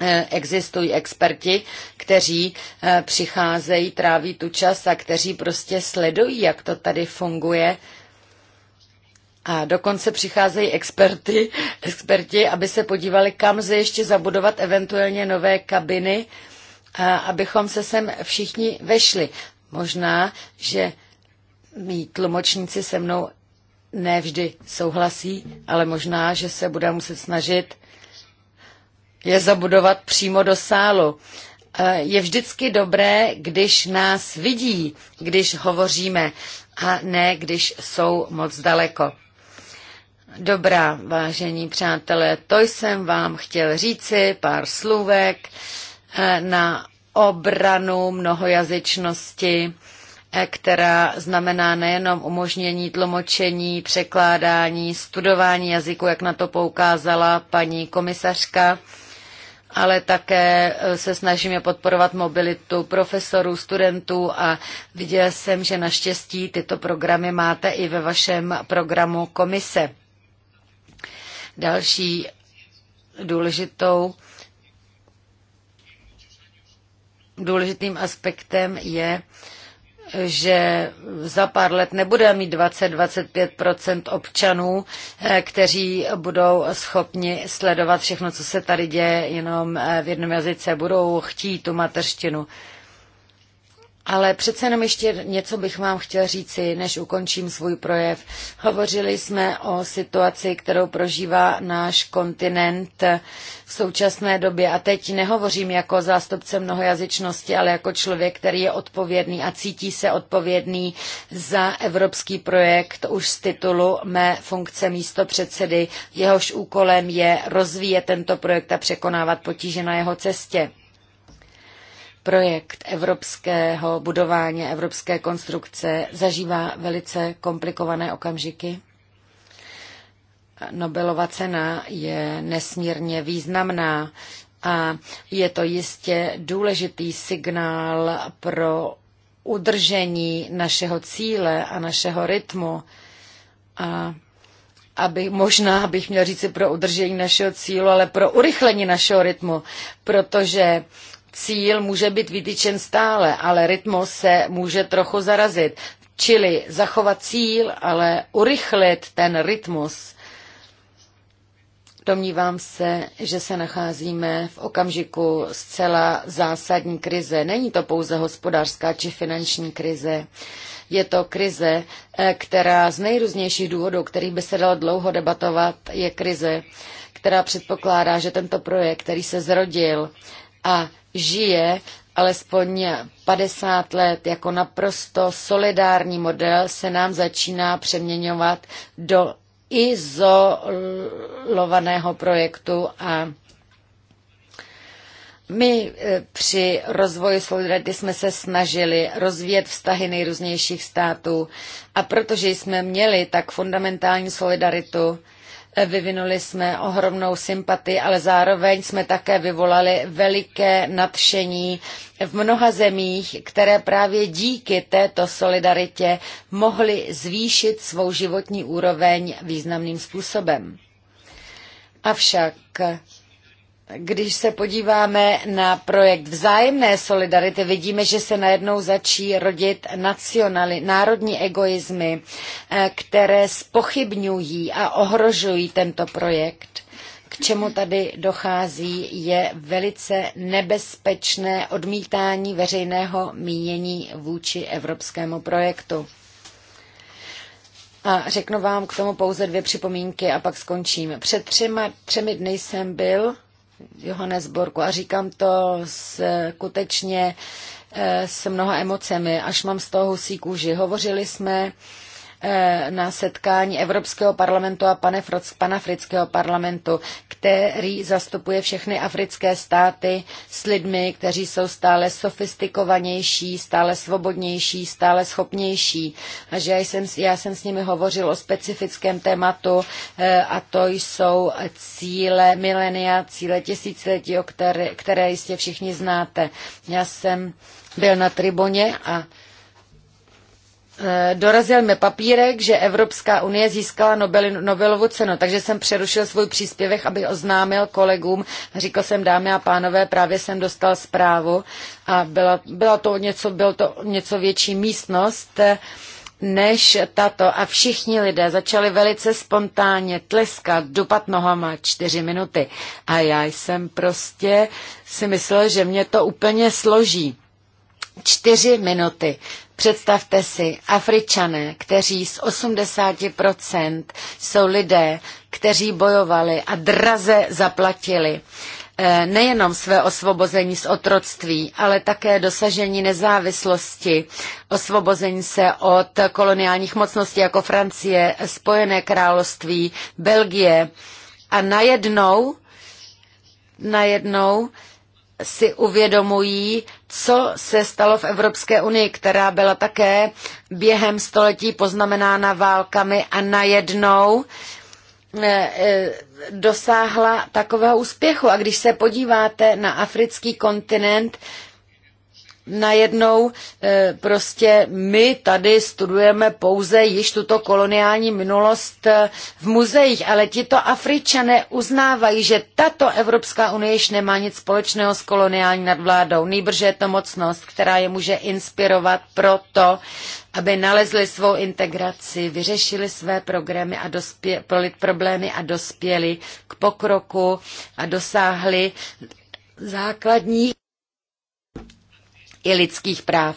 eh, existují experti, kteří eh, přicházejí, tráví tu čas a kteří prostě sledují, jak to tady funguje a dokonce přicházejí experty, experti, aby se podívali, kam se ještě zabudovat eventuálně nové kabiny, a abychom se sem všichni vešli. Možná, že mý tlumočníci se mnou nevždy souhlasí, ale možná, že se bude muset snažit je zabudovat přímo do sálu. Je vždycky dobré, když nás vidí, když hovoříme, a ne když jsou moc daleko. Dobrá, vážení přátelé, to jsem vám chtěl říci, pár slůvek eh, na obranu mnohojazyčnosti, eh, která znamená nejenom umožnění tlumočení, překládání, studování jazyku, jak na to poukázala paní komisařka, ale také eh, se snažíme podporovat mobilitu profesorů, studentů a viděl jsem, že naštěstí tyto programy máte i ve vašem programu komise. Další důležitou důležitým aspektem je, že za pár let nebude mít 20-25 občanů, eh, kteří budou schopni sledovat všechno, co se tady děje, jenom eh, v jednom jazyce budou chtít tu mateřštinu. Ale přece jenom ještě něco bych vám chtěl říci, než ukončím svůj projev. Hovořili jsme o situaci, kterou prožívá náš kontinent v současné době. A teď nehovořím jako zástupce mnohojazyčnosti, ale jako člověk, který je odpovědný a cítí se odpovědný za evropský projekt už z titulu mé funkce místo předsedy. Jehož úkolem je rozvíjet tento projekt a překonávat potíže na jeho cestě. Projekt evropského budování, evropské konstrukce zažívá velice komplikované okamžiky. Nobelova cena je nesmírně významná a je to jistě důležitý signál pro udržení našeho cíle a našeho rytmu. A aby, možná bych měl říci pro udržení našeho cílu, ale pro urychlení našeho rytmu, protože cíl může být vytyčen stále, ale rytmus se může trochu zarazit. Čili zachovat cíl, ale urychlit ten rytmus. Domnívám se, že se nacházíme v okamžiku zcela zásadní krize. Není to pouze hospodářská či finanční krize. Je to krize, která z nejrůznějších důvodů, kterých by se dalo dlouho debatovat, je krize, která předpokládá, že tento projekt, který se zrodil a žije alespoň 50 let jako naprosto solidární model se nám začíná přeměňovat do izolovaného projektu a my e, při rozvoji solidarity jsme se snažili rozvíjet vztahy nejrůznějších států a protože jsme měli tak fundamentální solidaritu, Vyvinuli jsme ohromnou sympatii, ale zároveň jsme také vyvolali veliké nadšení v mnoha zemích, které právě díky této solidaritě mohly zvýšit svou životní úroveň významným způsobem. Avšak když se podíváme na projekt vzájemné solidarity, vidíme, že se najednou začí rodit nacionali, národní egoismy, eh, které spochybňují a ohrožují tento projekt. K čemu tady dochází, je velice nebezpečné odmítání veřejného mínění vůči evropskému projektu. A řeknu vám k tomu pouze dvě připomínky a pak skončím. Před třema, třemi dny jsem byl Johannesburgu. A říkám to skutečně eh, s mnoha emocemi, až mám z toho husí kůži. Hovořili jsme Eh, na setkání Evropského parlamentu a panafrického parlamentu, který zastupuje všechny africké státy s lidmi, kteří jsou stále sofistikovanější, stále svobodnější, stále schopnější. A že já jsem, já jsem s nimi hovořil o specifickém tématu eh, a to jsou cíle milenia, cíle tisíciletí, o které, které jistě všichni znáte. Já jsem byl na tribuně a Eh, dorazil mi papírek, že Evropská unie získala Nobelovu cenu, takže jsem přerušil svůj příspěvek, abych oznámil kolegům. Říkal jsem, dámy a pánové, právě jsem dostal zprávu a byla, byla to něco, byl to něco větší místnost eh, než tato a všichni lidé začali velice spontánně tleskat, dupat nohama čtyři minuty a já jsem prostě si myslel, že mě to úplně složí. Čtyři minuty Představte si, Afričané, kteří z 80% jsou lidé, kteří bojovali a draze zaplatili eh, nejenom své osvobození z otroctví, ale také dosažení nezávislosti, osvobození se od koloniálních mocností jako Francie, Spojené království, Belgie. A najednou, najednou si uvědomují, co se stalo v Evropské unii, která byla také během století poznamenána válkami a najednou eh, eh, dosáhla takového úspěchu. A když se podíváte na africký kontinent, najednou eh, prostě my tady studujeme pouze již tuto koloniální minulost eh, v muzeích, ale tito Afričané uznávají, že tato Evropská unie již nemá nic společného s koloniální nadvládou. Nýbrže je to mocnost, která je může inspirovat pro to, aby nalezli svou integraci, vyřešili své programy a dospě, problémy a dospěli k pokroku a dosáhli základních i lidských práv.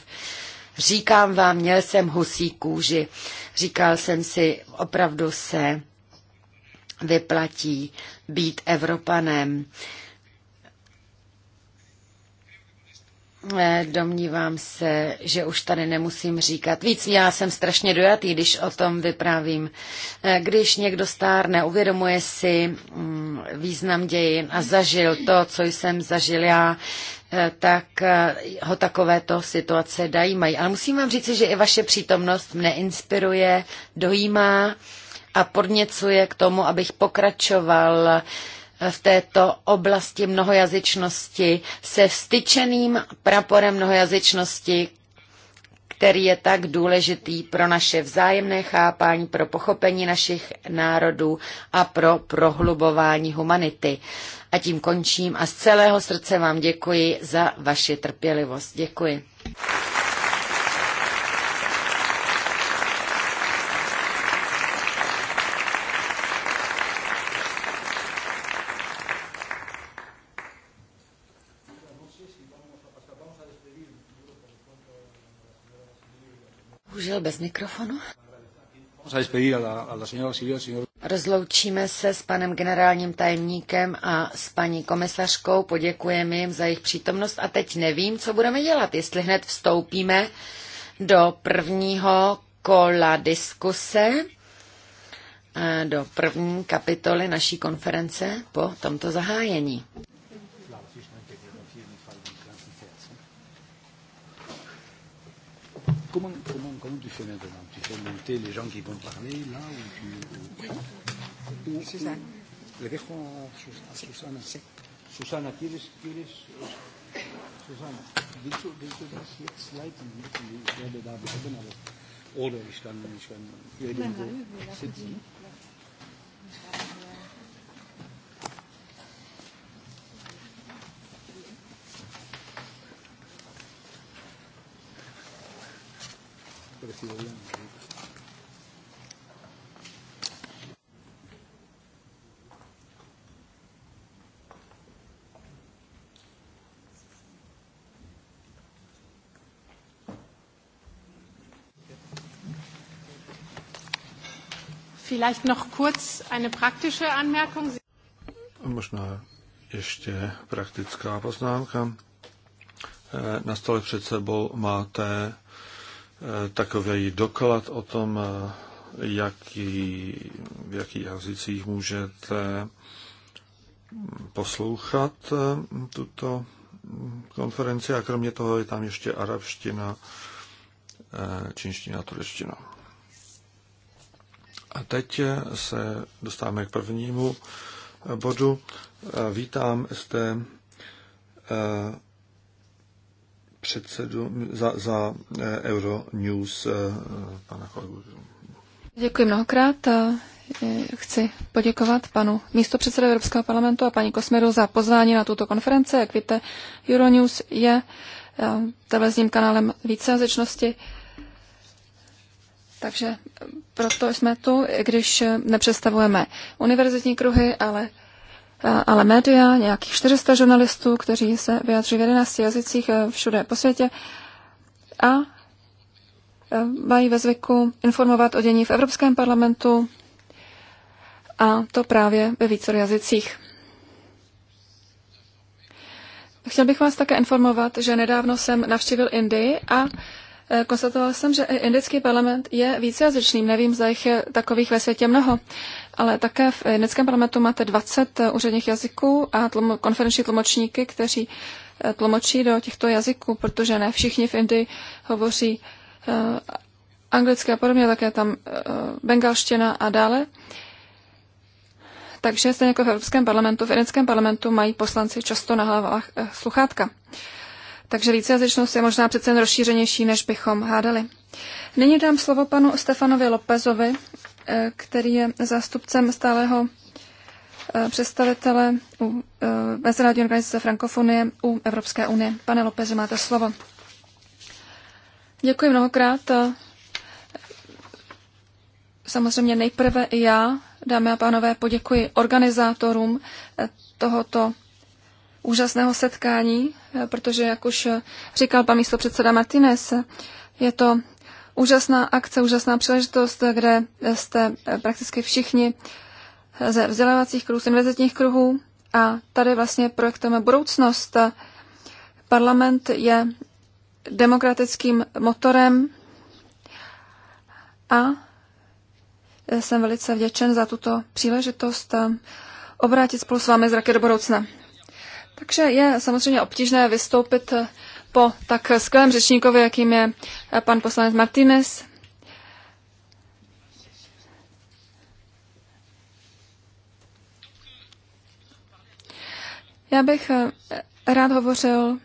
Říkám vám, měl jsem husí kůži. Říkal jsem si, opravdu se vyplatí být Evropanem. Eh, domnívám se, že už tady nemusím říkat víc. Já jsem strašně dojatý, když o tom vyprávím. Eh, když někdo stárne, uvědomuje si mm, význam dějin a zažil to, co jsem zažil já, tak eh, ho takovéto situace dají mají. Ale musím vám říct, že i vaše přítomnost mne inspiruje, dojímá a podněcuje k tomu, abych pokračoval eh, v této oblasti mnohojazyčnosti se vstyčeným praporem mnohojazyčnosti, který je tak důležitý pro naše vzájemné chápání, pro pochopení našich národů a pro prohlubování humanity. A tím končím a z celého srdce vám děkuji za vaši trpělivost. Děkuji. Bohužel bez mikrofonu. Rozloučíme se s panem generálním tajemníkem a s paní komisařkou, poděkujeme jim za jejich přítomnost a teď nevím, co budeme dělat, jestli hned vstoupíme do prvního kola diskuse, eh, do první kapitoly naší konference po tomto zahájení. Comment, comment, comment tu fais maintenant fais monter les gens qui vont parler là ou tu... Susana. Le dejo a Susana. Sí. Susana, ¿quieres, quieres Susana, willst du, willst du das jetzt leiten? Ich werde da bleiben, aber oder ich kann, ich kann sitzen. Vielleicht noch kurz eine praktische Anmerkung. Možná ještě praktická poznámka. Eh, na stole před sebou máte eh, takový doklad o tom, eh, jaký, v jakých jazycích můžete hm, poslouchat tuto hm, konferenci a kromě toho je tam ještě arabština, čínština, turečtina. A teď se dostáváme k prvnímu bodu. Vítám zde eh, předsedu za, za eh, Euronews eh, pana kolegu. Děkuji mnohokrát. Chci poděkovat panu místopředsedu Evropského parlamentu a paní Kosmeru za pozvání na tuto konferenci. Jak víte, Euronews je televizním kanálem více jazyčnosti takže proto jsme tu, když nepředstavujeme univerzitní kruhy, ale, ale média, nějakých 400 žurnalistů, kteří se vyjadřují v 11 jazycích eh, všude po světě a eh, mají ve zvyku informovat o dění v Evropském parlamentu a to právě ve více jazycích. Chtěl bych vás také informovat, že nedávno jsem navštívil Indii a Eh, konstatoval jsem, že i indický parlament je vícejazyčným. Nevím, zda jich je takových ve světě mnoho, ale také v indickém parlamentu máte 20 eh, úředních jazyků a tlum, konferenční tlumočníky, kteří eh, tlumočí do těchto jazyků, protože ne všichni v Indii hovoří anglicky a podobně, také tam bengalština a dále. Takže stejně jako v Evropském parlamentu, v Indickém parlamentu mají poslanci často na hlavách sluchátka. Takže vícejazyčnost je možná přece jen rozšířenější, než bychom hádali. Nyní dám slovo panu Stefanovi Lopezovi, eh, který je zástupcem stáleho eh, představitele u eh, Mezinárodní organizace Frankofonie u Evropské unie. Pane Lopezi, máte slovo. Děkuji mnohokrát. Samozřejmě nejprve i já, dámy a pánové, poděkuji organizátorům tohoto úžasného setkání, protože, jak už říkal pan místo předseda Martinez, je to úžasná akce, úžasná příležitost, kde jste prakticky všichni ze vzdělávacích kruhů, z univerzitních kruhů a tady vlastně projektujeme budoucnost. Parlament je demokratickým motorem a jsem velice vděčen za tuto příležitost obrátit spolu s vámi zraky do budoucna. Takže je samozřejmě obtížné vystoupit eh, po tak skvělém řečníkovi, jakým je eh, pan poslanec Martinez. Já bych eh, rád hovořil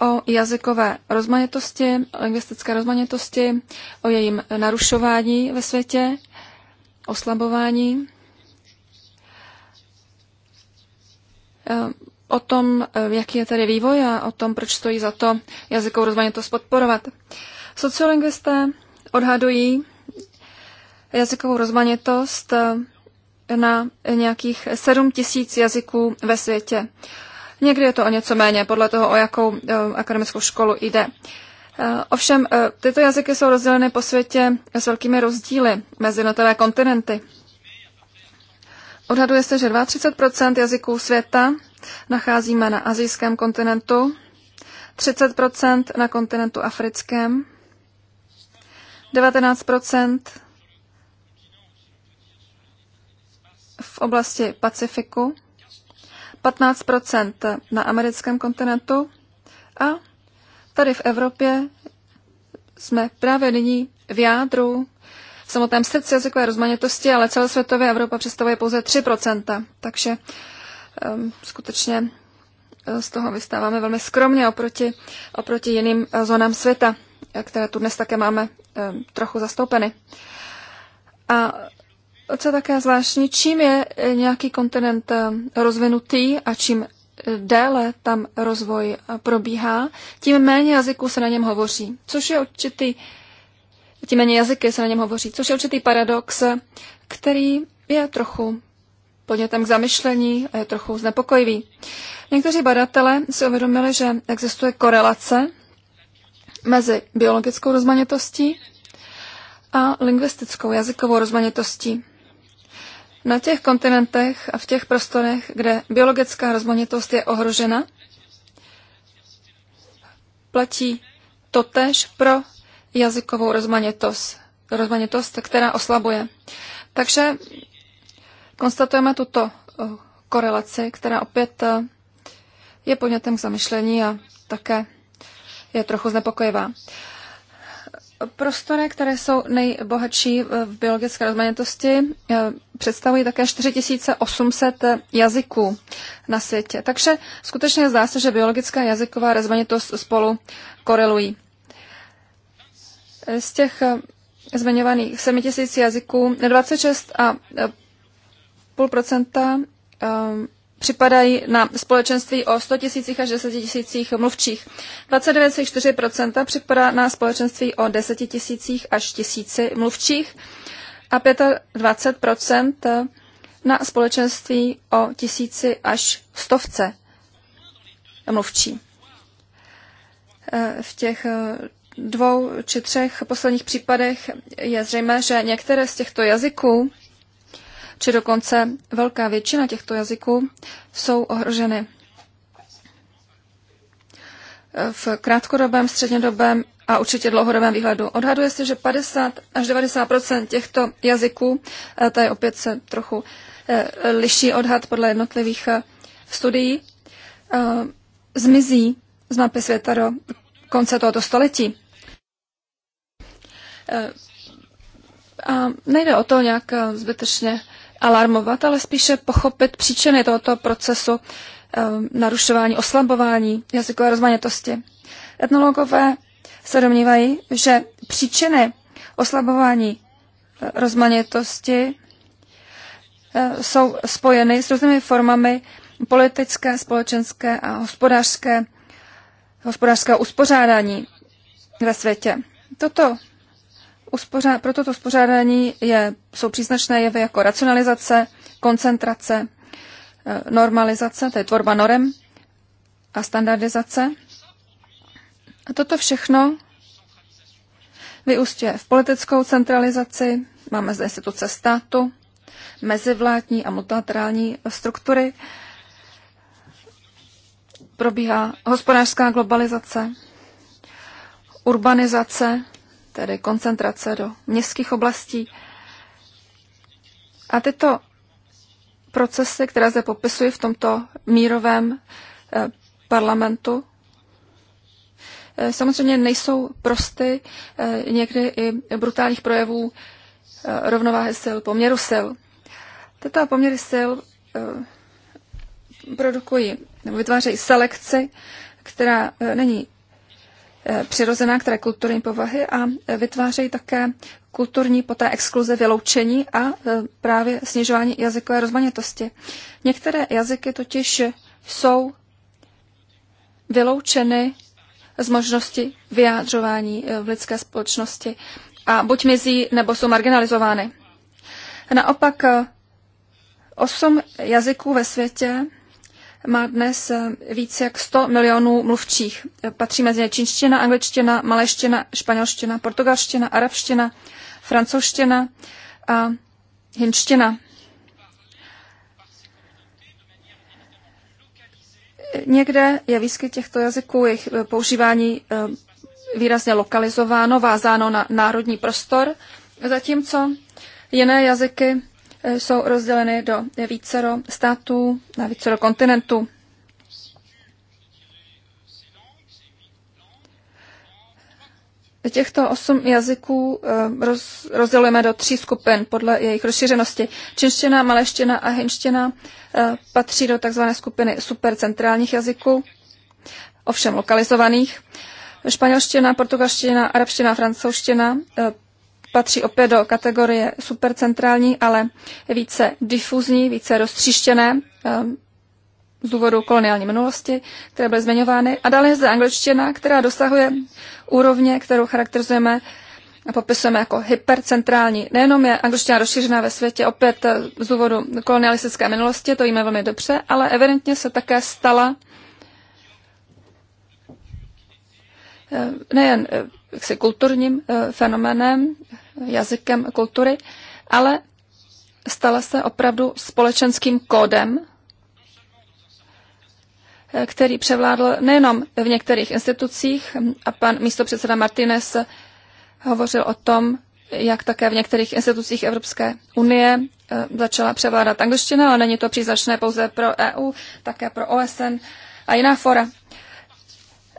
o jazykové rozmanitosti, lingvistické rozmanitosti, o jejím narušování ve světě, oslabování o tom, eh, jaký je tady vývoj a o tom, proč stojí za to jazykovou rozmanitost podporovat. Sociolingvisté odhadují jazykovou rozmanitost eh, na nějakých 7 tisíc jazyků ve světě. Někdy je to o něco méně, podle toho, o jakou eh, akademickou školu jde. Ovšem, tyto jazyky jsou rozděleny po světě s velkými rozdíly mezi jednotlivé kontinenty. Odhaduje se, že 32 jazyků světa nacházíme na azijském kontinentu, 30 na kontinentu africkém, 19 v oblasti Pacifiku, 15 na americkém kontinentu a tady v Evropě jsme právě nyní v jádru, v samotném srdci jazykové rozmanitosti, ale celosvětově Evropa představuje pouze 3 takže Ehm, skutečně eh, z toho vystáváme velmi skromně oproti, oproti jiným eh, zónám světa, eh, které tu dnes také máme ehm, trochu zastoupeny. A co také zvláštní, čím je nějaký kontinent rozvinutý a čím déle tam rozvoj probíhá, tím méně jazyků se na něm hovoří, což je určitý, tím méně jazyky se na něm hovoří, což je určitý paradox, který je trochu podnětem k zamyšlení a je trochu znepokojivý. Někteří badatelé si uvědomili, že existuje korelace mezi biologickou rozmanitostí a lingvistickou jazykovou rozmanitostí. Na těch kontinentech a v těch prostorech, kde biologická rozmanitost je ohrožena, platí totež pro jazykovou rozmanitost, rozmanitost, která oslabuje. Takže Konstatujeme tuto eh, korelaci, která opět eh, je podnětem k zamyšlení a také je trochu znepokojivá. Prostory, které jsou nejbohatší v biologické rozmanitosti, eh, představují také 4800 jazyků na světě. Takže skutečně zdá se, že biologická a jazyková rozmanitost spolu korelují. Z těch zmiňovaných 7000 jazyků 26 a 2,5 ehm, připadají na společenství o 100 tisících až 10 tisících mluvčích. 29,4 připadá na společenství o 10 tisících až tisíci mluvčích a 25 na společenství o tisíci až stovce mluvčí. Eh, v těch eh, dvou či třech posledních případech je zřejmé, že některé z těchto jazyků či dokonce velká většina těchto jazyků jsou ohroženy. V krátkodobém, střednědobém a určitě dlouhodobém výhledu. Odhaduje se, že 50 až 90 těchto jazyků, eh, tady opět se trochu eh, liší odhad podle jednotlivých eh, studií, zmizí z mapy světa do konce tohoto století. A nejde o to nějak zbytečně alarmovat, ale spíše pochopit příčiny tohoto procesu ehm, narušování, oslabování jazykové rozmanitosti. Etnologové se domnívají, že příčiny oslabování e, rozmanitosti e, jsou spojeny s různými formami politické, společenské a hospodářské, hospodářské uspořádání ve světě. Toto Uspořá, pro toto uspořádání je, jsou příznačné jevy jako racionalizace, koncentrace, e, normalizace, to je tvorba norem a standardizace. A toto všechno vyústě v politickou centralizaci, máme zde instituce státu, mezivládní a multilaterální struktury, probíhá hospodářská globalizace, urbanizace, tedy koncentrace do městských oblastí. A tyto procesy, které se popisují v tomto mírovém eh, parlamentu, eh, samozřejmě nejsou prosty eh, někdy i brutálních projevů rovnováhy sil, poměru sil. Tyto poměry sil produkují nebo vytvářejí selekci, která není Eh, přirozená, která kulturní povahy a eh, vytvářejí také kulturní poté exkluze vyloučení a eh, právě snižování jazykové rozmanitosti. Některé jazyky totiž jsou vyloučeny z možnosti vyjádřování v lidské společnosti a buď mizí, nebo jsou marginalizovány. Naopak osm jazyků ve světě má dnes eh, více jak 100 milionů mluvčích. Patří mezi ně čínština, angličtina, maleština, španělština, portugalština, arabština, francouzština a hinština. Někde je výskyt těchto jazyků, jejich eh, používání eh, výrazně lokalizováno, vázáno na národní prostor, zatímco jiné jazyky Eh, jsou rozděleny do vícero států, na vícero kontinentů. Těchto osm jazyků eh, roz, rozdělujeme do tří skupin podle jejich rozšířenosti. Čínština, maleština a hinština eh, patří do tzv. skupiny supercentrálních jazyků, ovšem lokalizovaných. Španělština, portugalština, arabština, francouzština patří opět do kategorie supercentrální, ale více difuzní, více roztříštěné ehm, z důvodu koloniální minulosti, které byly zmiňovány. A dále je zde angličtina, která dosahuje úrovně, kterou charakterizujeme a popisujeme jako hypercentrální. Nejenom je angličtina rozšířená ve světě opět eh, z důvodu kolonialistické minulosti, to víme velmi dobře, ale evidentně se také stala eh, nejen eh, jaksi kulturním eh, fenoménem, jazykem kultury, ale stala se opravdu společenským kódem, eh, který převládl nejenom v některých institucích, a pan místopředseda Martinez hovořil o tom, jak také v některých institucích Evropské unie eh, začala převládat angličtina, ale není to příznačné pouze pro EU, také pro OSN a jiná fora.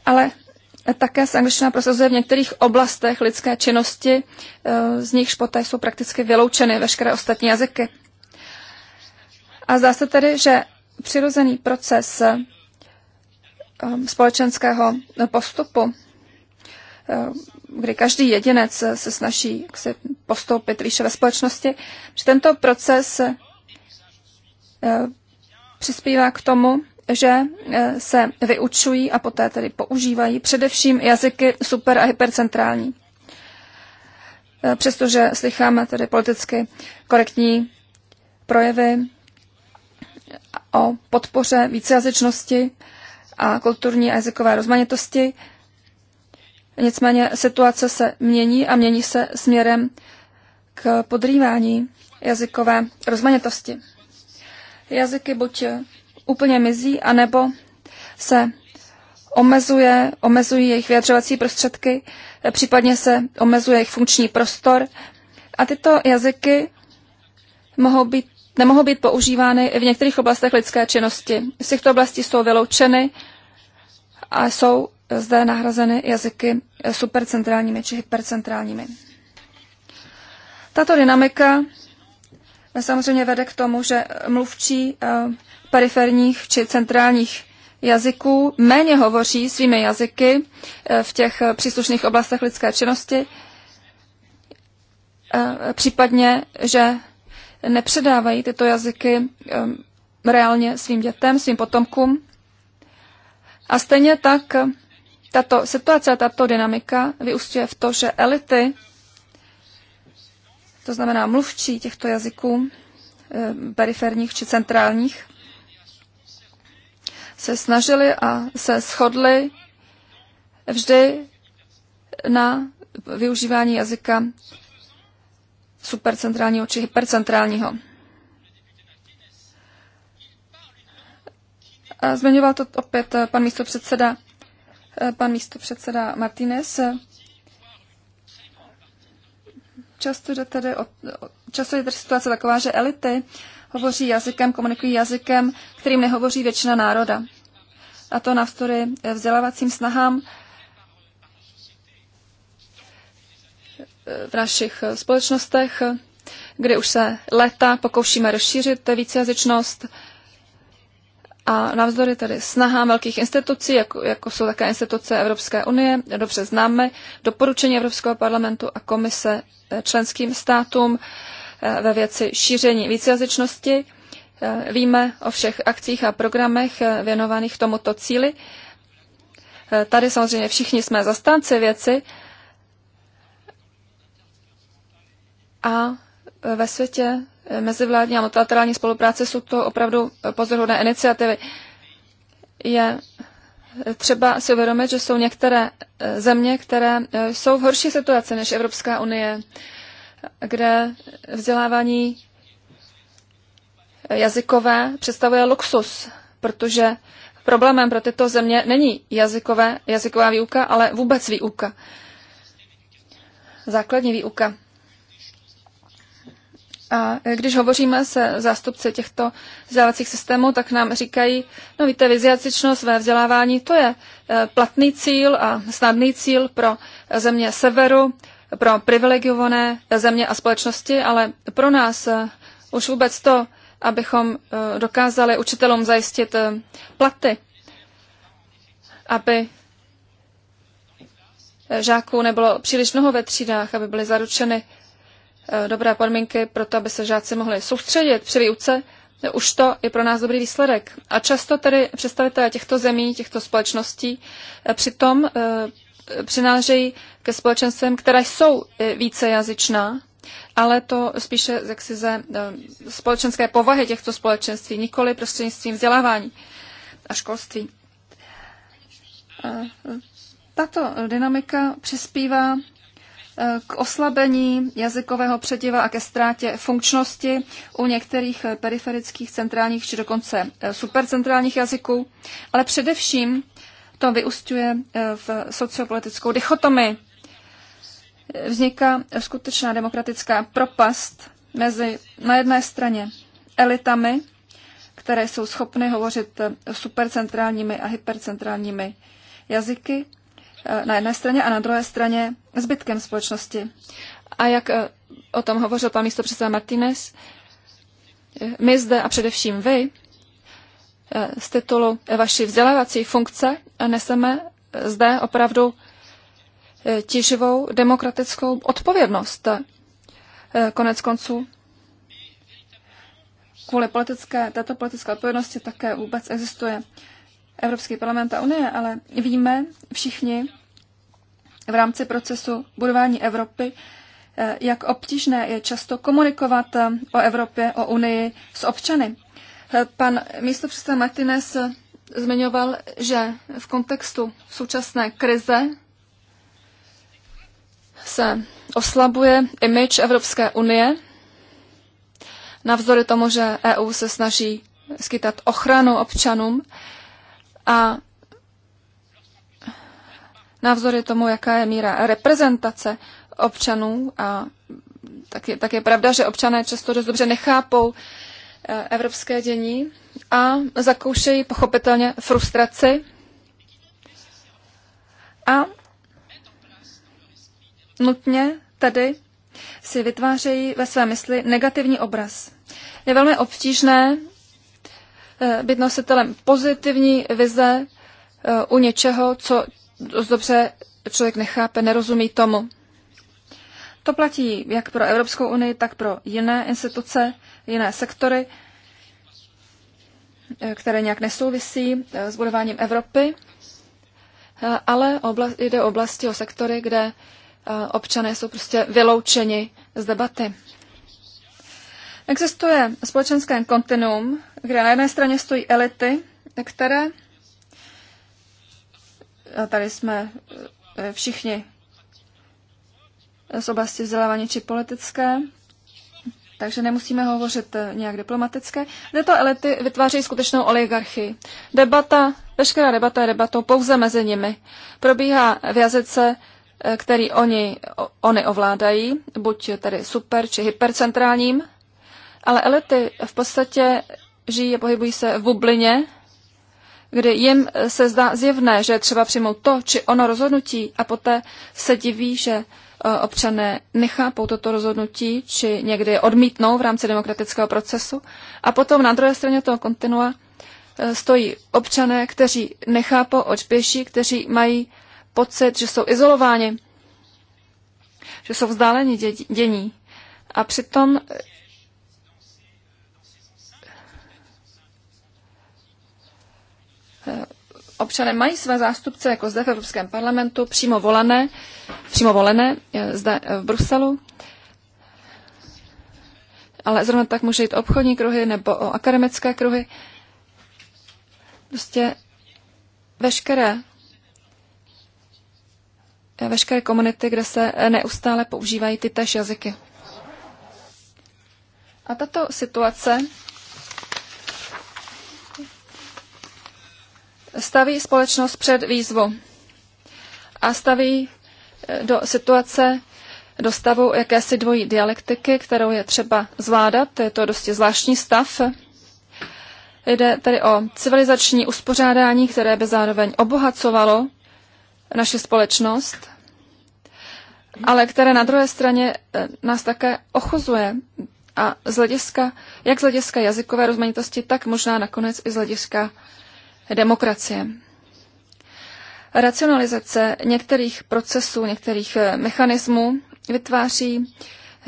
Ale také se angličtina prosazuje v některých oblastech lidské činnosti, eh, z nichž poté jsou prakticky vyloučeny veškeré ostatní jazyky. A zdá se tedy, že přirozený proces eh, společenského postupu, eh, kdy každý jedinec se snaží postoupit výše ve společnosti, že tento proces přispívá k tomu, že e, se vyučují a poté tedy používají především jazyky super a hypercentrální. E, přestože slycháme tedy politicky korektní projevy o podpoře vícejazyčnosti a kulturní a jazykové rozmanitosti, nicméně situace se mění a mění se směrem k podrývání jazykové rozmanitosti. Jazyky buď úplně mizí, anebo se omezuje, omezují jejich vyjadřovací prostředky, případně se omezuje jejich funkční prostor. A tyto jazyky mohou být, nemohou být používány i v některých oblastech lidské činnosti. Z těchto oblastí jsou vyloučeny a jsou zde nahrazeny jazyky supercentrálními či hypercentrálními. Tato dynamika samozřejmě vede k tomu, že mluvčí eh, periferních či centrálních jazyků méně hovoří svými jazyky eh, v těch příslušných oblastech lidské činnosti, eh, případně, že nepředávají tyto jazyky reálně svým dětem, svým potomkům. A stejně tak tato situace, tato dynamika vyústuje v to, že elity to znamená mluvčí těchto jazyků, eh, periferních či centrálních, se snažili a se shodli vždy na využívání jazyka supercentrálního či hypercentrálního. A zmiňoval to opět pan místopředseda, eh, pan místopředseda Martinez. Často jde tady o, často je tady situace taková, že elity hovoří jazykem, komunikují jazykem, kterým nehovoří většina národa. A to navzdory eh, vzdělávacím snahám eh, v našich eh, společnostech, kde už se léta pokoušíme rozšířit vícejazyčnost, jazyčnost a navzdory tedy snahám velkých institucí, jako, jako jsou také instituce Evropské unie, dobře známe doporučení Evropského parlamentu a komise eh, členským státům eh, ve věci šíření vícejazyčnosti. Eh, víme o všech akcích a programech věnovaných tomuto cíli. Tady samozřejmě všichni jsme zastánci věci a ve světě mezivládní a multilaterální spolupráce jsou to opravdu pozoruhodné iniciativy. Je třeba si uvědomit, že jsou některé eh, země, které eh, jsou v horší situaci než Evropská unie, kde vzdělávání eh, jazykové představuje luxus, protože problémem pro tyto země není jazykové, jazyková výuka, ale vůbec výuka. Základní výuka. A když hovoříme se zástupci těchto vzdělávacích systémů, tak nám říkají, no víte, vyzjacičnost ve vzdělávání, to je e, platný cíl a snadný cíl pro země severu, pro privilegované země a společnosti, ale pro nás e, už vůbec to, abychom e, dokázali učitelům zajistit platy, aby žáků nebylo příliš mnoho ve třídách, aby byly zaručeny Eh, dobré podmínky pro to, aby se žáci mohli soustředit při výuce, už to je pro nás dobrý výsledek. A často tedy představitelé těchto zemí, těchto společností eh, přitom eh, přinášejí ke společenstvím, která jsou vícejazyčná, ale to spíše jaksi ze společenské povahy těchto společenství, nikoli prostřednictvím vzdělávání a školství. Tato dynamika přispívá k oslabení jazykového předěva a ke ztrátě funkčnosti u některých periferických, centrálních či dokonce eh, supercentrálních jazyků, ale především to vyústňuje eh, v sociopolitickou dichotomii. Vzniká skutečná demokratická propast mezi na jedné straně elitami, které jsou schopny hovořit eh, supercentrálními a hypercentrálními jazyky na jedné straně a na druhé straně zbytkem společnosti. A jak eh, o tom hovořil pan místo předseda Martinez, eh, my zde a především vy eh, z titulu vaší vzdělávací funkce neseme zde opravdu tíživou demokratickou odpovědnost. Konec konců kvůli politické, této politické odpovědnosti také vůbec existuje Evropský parlament a Unie, ale víme všichni, v rámci procesu budování Evropy, eh, jak obtížné je často komunikovat eh, o Evropě, o Unii s občany. Eh, pan místopředseda Martinez zmiňoval, že v kontextu současné krize se oslabuje image Evropské unie, navzory tomu, že EU se snaží skytat ochranu občanům a navzory tomu, jaká je míra reprezentace občanů a tak je, tak je pravda, že občané často dost dobře nechápou eh, evropské dění a zakoušejí pochopitelně frustraci a nutně tedy si vytvářejí ve své mysli negativní obraz. Je velmi obtížné eh, být nositelem pozitivní vize eh, u něčeho, co dost dobře člověk nechápe, nerozumí tomu. To platí jak pro Evropskou unii, tak pro jiné instituce, jiné sektory, eh, které nějak nesouvisí eh, s budováním Evropy, eh, ale oblast, jde o oblasti, o sektory, kde občané jsou prostě vyloučeni z debaty. Existuje společenské kontinuum, kde na jedné straně stojí elity, které a tady jsme eh, všichni z oblasti vzdělávání či politické, takže nemusíme hovořit eh, nějak diplomatické. Tyto elity vytvářejí skutečnou oligarchii. Debata, veškerá debata je debatou pouze mezi nimi. Probíhá v jazyce, eh, který oni, oni ovládají, buď tedy super či hypercentrálním, ale elity v podstatě žijí a pohybují se v bublině, kdy jim se zdá zjevné, že třeba přijmout to či ono rozhodnutí a poté se diví, že e, občané nechápou toto rozhodnutí či někdy odmítnou v rámci demokratického procesu. A potom na druhé straně toho kontinua e, stojí občané, kteří nechápou, oč běží, kteří mají pocit, že jsou izolováni, že jsou vzdáleni dění. A přitom občané mají své zástupce, jako zde v Evropském parlamentu, přímo volené, přímo volené eh, zde eh, v Bruselu. Ale zrovna tak může jít o obchodní kruhy nebo o akademické kruhy. Prostě veškeré eh, veškeré komunity, kde se neustále používají ty tež jazyky. A tato situace staví společnost před výzvu a staví eh, do situace, do stavu jakési dvojí dialektiky, kterou je třeba zvládat. Je to dosti zvláštní stav. Jde tedy o civilizační uspořádání, které by zároveň obohacovalo naši společnost, ale které na druhé straně eh, nás také ochozuje a z hlediska, jak z hlediska jazykové rozmanitosti, tak možná nakonec i z hlediska demokracie. Racionalizace některých procesů, některých eh, mechanismů vytváří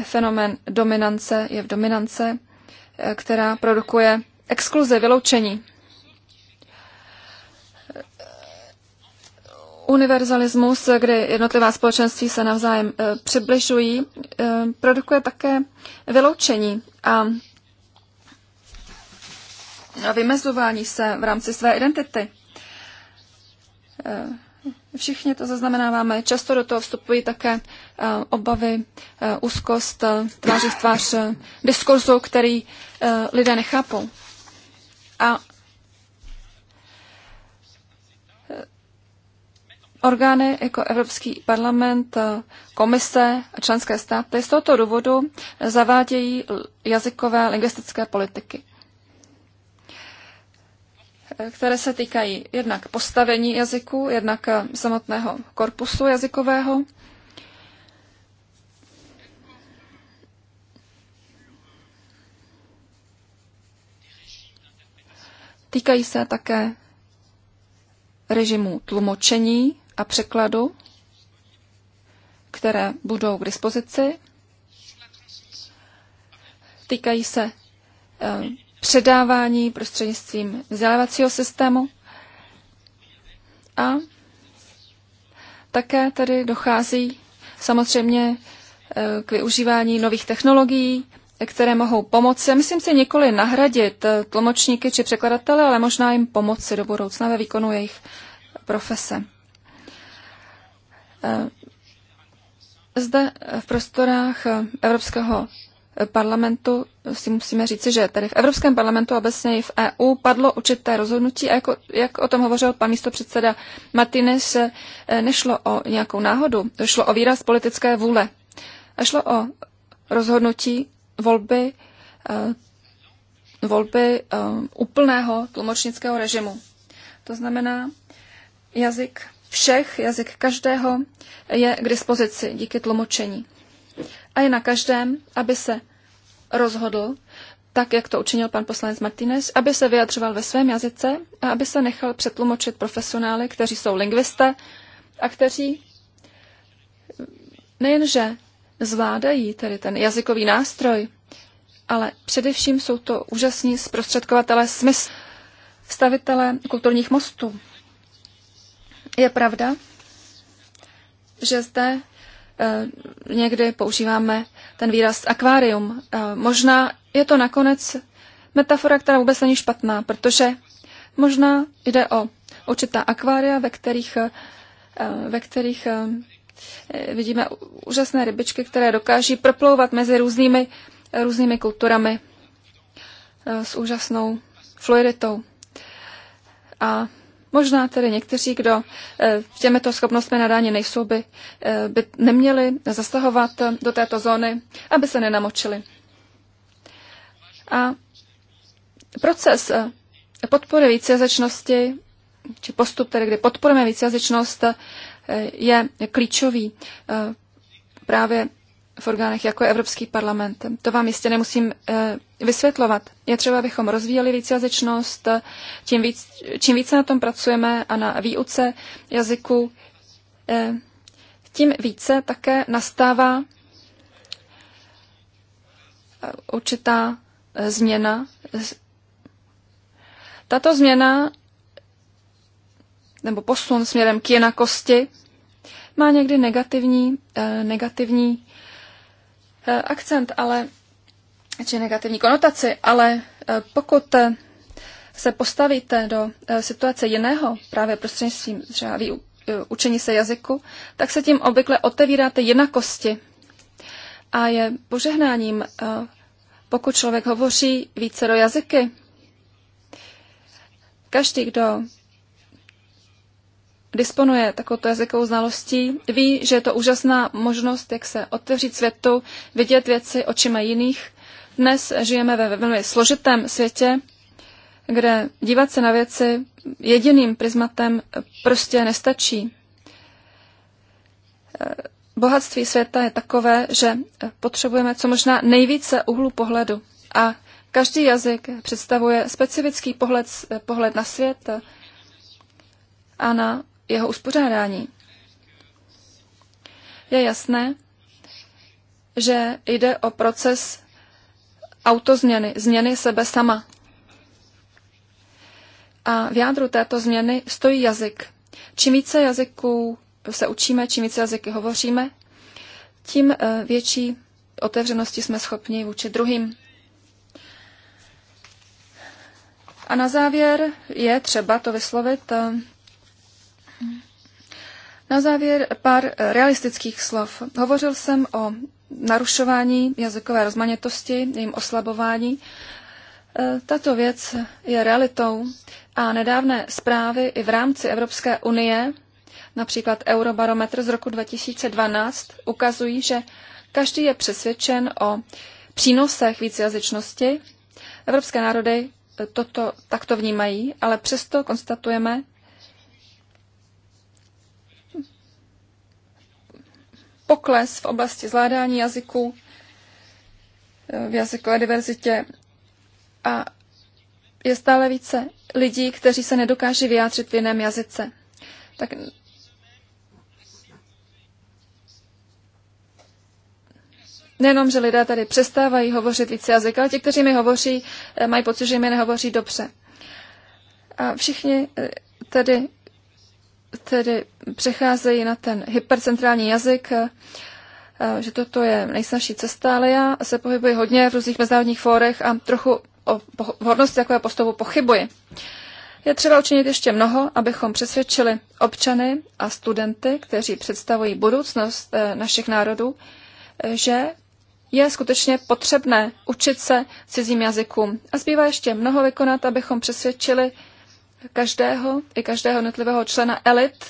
fenomen dominance, je v dominance, eh, která produkuje exkluze, vyloučení. Univerzalismus, kdy jednotlivá společenství se navzájem eh, přibližují, produkuje také vyloučení a vymezování se v rámci své identity. E, všichni to zaznamenáváme. Často do toho vstupují také e, obavy, e, úzkost, tváří v tvář diskurzu, který lidé nechápou. A orgány jako Evropský parlament, komise a členské státy z tohoto důvodu zavádějí jazykové lingvistické politiky které se týkají jednak postavení jazyku, jednak eh, samotného korpusu jazykového. Týkají se také režimu tlumočení a překladu, které budou k dispozici. Týkají se eh, předávání prostřednictvím vzdělávacího systému a také tady dochází samozřejmě e, k využívání nových technologií, které mohou pomoci. Myslím si nikoli nahradit e, tlumočníky či překladatele, ale možná jim pomoci do budoucna ve výkonu jejich profese. E, Zde v prostorách Evropského parlamentu si musíme říci, že tady v Evropském parlamentu a obecně i v EU padlo určité rozhodnutí a jako, jak o tom hovořil pan místopředseda Martinez, eh, nešlo o nějakou náhodu, šlo o výraz politické vůle. A šlo o rozhodnutí volby, eh, volby eh, úplného tlumočnického režimu. To znamená, jazyk všech, jazyk každého je k dispozici díky tlumočení a je na každém, aby se rozhodl, tak jak to učinil pan poslanec Martinez, aby se vyjadřoval ve svém jazyce a aby se nechal přetlumočit profesionály, kteří jsou lingvisté a kteří nejenže zvládají tedy ten jazykový nástroj, ale především jsou to úžasní zprostředkovatelé smysl, stavitelé kulturních mostů. Je pravda, že zde Eh, někdy používáme ten výraz akvárium. Eh, možná je to nakonec metafora, která vůbec není špatná, protože možná jde o určitá akvária, ve kterých, eh, ve kterých vidíme úžasné rybičky, které dokáží proplouvat mezi různými, různými kulturami s úžasnou fluiditou. A Možná tedy někteří, kdo v eh, těmito schopnostmi nadání nejsou, by, eh, by neměli zasahovat eh, do této zóny, aby se nenamočili. A proces podpory vícejazyčnosti, či postup, tedy kdy podporujeme vícejazyčnost, je klíčový právě v orgánech, jako je Evropský parlament. To vám jistě nemusím eh, vysvětlovat. Je třeba, abychom rozvíjeli jazyčnost. tím víc, čím více na tom pracujeme a na výuce jazyku, eh, tím více také nastává eh, určitá změna. Tato změna nebo posun směrem k jinakosti má někdy negativní, negativní Eh, akcent, ale či negativní konotaci, ale eh, pokud eh, se postavíte do situace jiného, právě prostřednictvím třeba učení se jazyku, tak se tím obvykle otevíráte jinakosti. A je požehnáním, pokud člověk hovoří více do jazyky. Každý, kdo disponuje takovou jazykovou znalostí, ví, že je to úžasná možnost, jak se otevřít světu, vidět věci očima jiných. Dnes žijeme ve velmi složitém světě, kde dívat se na věci jediným prismatem prostě nestačí. Bohatství světa je takové, že potřebujeme co možná nejvíce úhlu pohledu. A každý jazyk představuje specifický pohled, pohled na svět a na jeho uspořádání. Je jasné, že jde o proces autozměny, změny sebe sama. A v jádru této změny stojí jazyk. Čím více jazyků se učíme, čím více jazyky hovoříme, tím eh, větší otevřenosti jsme schopni vůči druhým. A na závěr je třeba to vyslovit eh, na závěr pár eh, realistických slov. Hovořil jsem o narušování jazykové rozmanitosti, jejím oslabování. Eh, tato věc je realitou a nedávné zprávy i v rámci Evropské unie, například Eurobarometr z roku 2012, ukazují, že každý je přesvědčen o přínosech vícejazyčnosti. Evropské národy eh, toto takto vnímají, ale přesto konstatujeme, pokles v oblasti zvládání jazyků, eh, v jazykové diverzitě a je stále více lidí, kteří se nedokáží vyjádřit v jiném jazyce. Tak nejenom, že lidé tady přestávají hovořit více jazyk, ale ti, kteří mi hovoří, eh, mají pocit, že mi nehovoří dobře. A všichni eh, tedy tedy přecházejí na ten hypercentrální jazyk, eh, že toto je nejsnažší cesta, ale já se pohybuji hodně v různých mezinárodních fórech a trochu o vhodnosti takové postavu pochybuji. Je třeba učinit ještě mnoho, abychom přesvědčili občany a studenty, kteří představují budoucnost eh, našich národů, eh, že je skutečně potřebné učit se cizím jazykům. A zbývá ještě mnoho vykonat, abychom přesvědčili každého i každého jednotlivého člena elit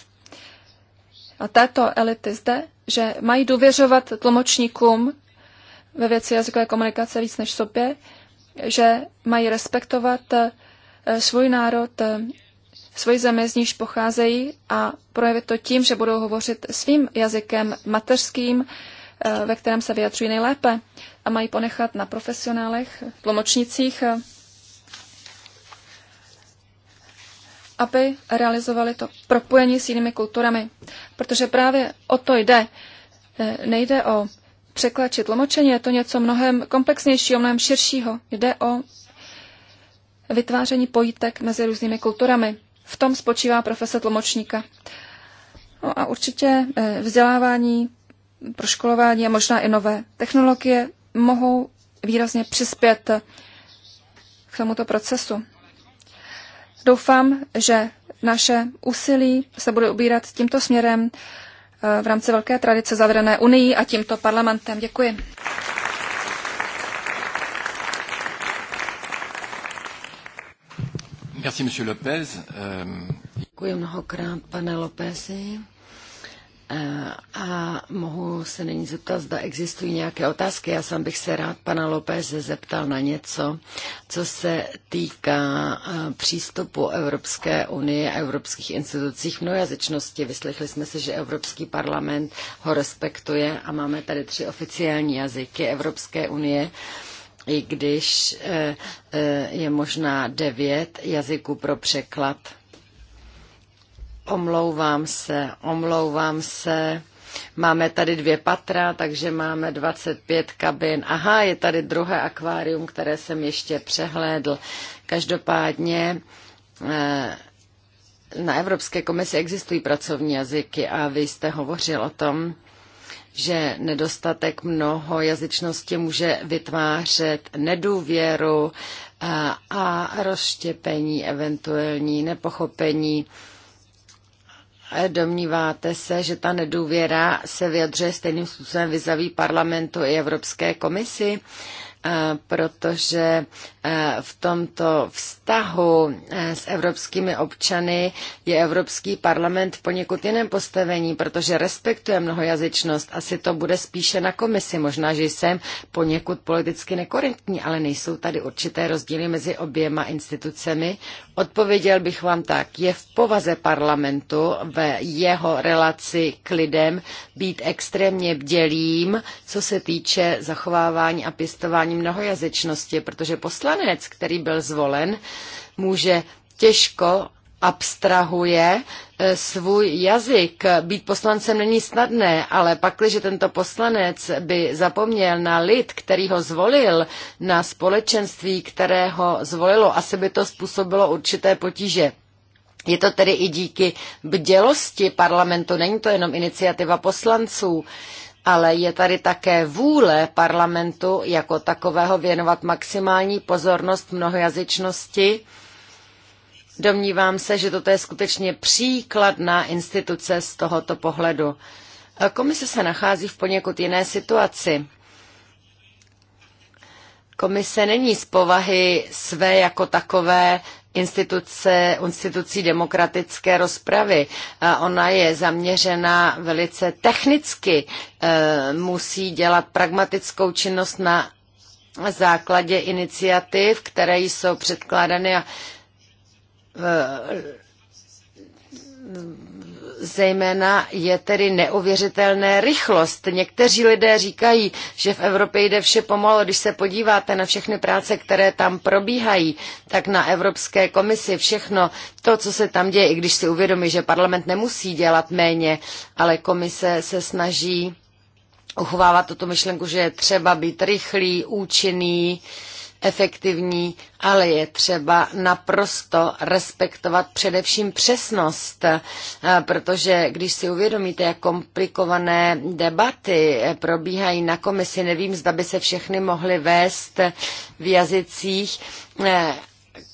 a této elity zde, že mají důvěřovat tlumočníkům ve věci jazykové komunikace víc než sobě, že mají respektovat eh, svůj národ, eh, svoji zemi, z níž pocházejí a projevit to tím, že budou hovořit svým jazykem mateřským, eh, ve kterém se vyjadřují nejlépe a mají ponechat na profesionálech, tlumočnicích aby realizovali to propojení s jinými kulturami. Protože právě o to jde. E, nejde o překlad či tlumočení, je to něco mnohem komplexnějšího, mnohem širšího. Jde o vytváření pojítek mezi různými kulturami. V tom spočívá profese tlumočníka. No a určitě e, vzdělávání, proškolování a možná i nové technologie mohou výrazně přispět k tomuto procesu. Doufám, že naše úsilí se bude ubírat tímto směrem eh, v rámci velké tradice zavedené Unii a tímto parlamentem. Děkuji. Euh, Děkuji mnohokrát, pane Lopezi. Eh, a mohu se nyní zeptat, zda existují nějaké otázky. Já sám bych se rád pana Lópeze zeptal na něco, co se týká eh, přístupu Evropské unie a evropských institucích mnohojazyčnosti. Vyslechli jsme si, že Evropský parlament ho respektuje a máme tady tři oficiální jazyky Evropské unie i když eh, je možná devět jazyků pro překlad Omlouvám se, omlouvám se. Máme tady dvě patra, takže máme 25 kabin. Aha, je tady druhé akvárium, které jsem ještě přehlédl. Každopádně eh, na Evropské komisi existují pracovní jazyky a vy jste hovořil o tom, že nedostatek mnoho jazyčnosti může vytvářet nedůvěru eh, a rozštěpení, eventuální nepochopení Domníváte se, že ta nedůvěra se vyjadřuje stejným způsobem vizaví parlamentu i Evropské komisi? Eh, protože eh, v tomto vztahu eh, s evropskými občany je Evropský parlament v poněkud jiném postavení, protože respektuje mnohojazyčnost. Asi to bude spíše na komisi. Možná, že jsem poněkud politicky nekorektní, ale nejsou tady určité rozdíly mezi oběma institucemi. Odpověděl bych vám tak. Je v povaze parlamentu ve jeho relaci k lidem být extrémně bdělým, co se týče zachovávání a pěstování zachování mnohojazyčnosti, protože poslanec, který byl zvolen, může těžko abstrahuje e, svůj jazyk. Být poslancem není snadné, ale pakliže tento poslanec by zapomněl na lid, který ho zvolil, na společenství, které ho zvolilo, asi by to způsobilo určité potíže. Je to tedy i díky bdělosti parlamentu, není to jenom iniciativa poslanců ale je tady také vůle parlamentu jako takového věnovat maximální pozornost mnohojazyčnosti. Domnívám se, že toto je skutečně příkladná instituce z tohoto pohledu. Komise se nachází v poněkud jiné situaci Komise není z povahy své jako takové instituce, institucí demokratické rozpravy. A ona je zaměřena velice technicky, e, musí dělat pragmatickou činnost na základě iniciativ, které jsou předkládány a e, zejména je tedy neuvěřitelné rychlost. Někteří lidé říkají, že v Evropě jde vše pomalu. Když se podíváte na všechny práce, které tam probíhají, tak na Evropské komisi všechno to, co se tam děje, i když si uvědomí, že parlament nemusí dělat méně, ale komise se snaží uchovávat tuto myšlenku, že je třeba být rychlý, účinný, uh, efektivní, ale je třeba naprosto respektovat především přesnost, eh, protože když si uvědomíte, jak komplikované debaty eh, probíhají na komisi, nevím, zda by se všechny mohly vést eh, v jazycích,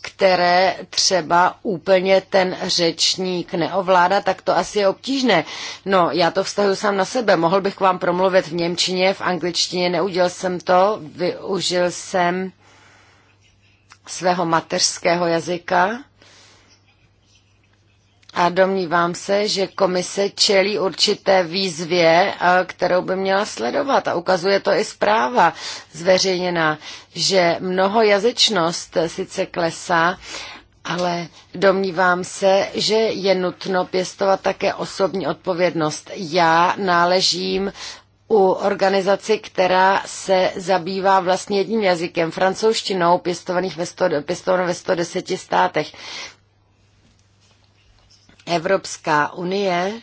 které třeba úplně ten řečník neovládá, tak to asi je obtížné. No, já to vztahuji sám na sebe. Mohl bych k vám promluvit v Němčině, v angličtině, neudělal jsem to, využil jsem svého mateřského jazyka a domnívám se, že komise čelí určité výzvě, kterou by měla sledovat. A ukazuje to i zpráva zveřejněná, že mnohojazyčnost sice klesá, ale domnívám se, že je nutno pěstovat také osobní odpovědnost. Já náležím u organizaci, která se zabývá vlastně jedním jazykem, francouzštinou, pěstovaných ve, 100, pěstovaných ve 110 státech. Evropská unie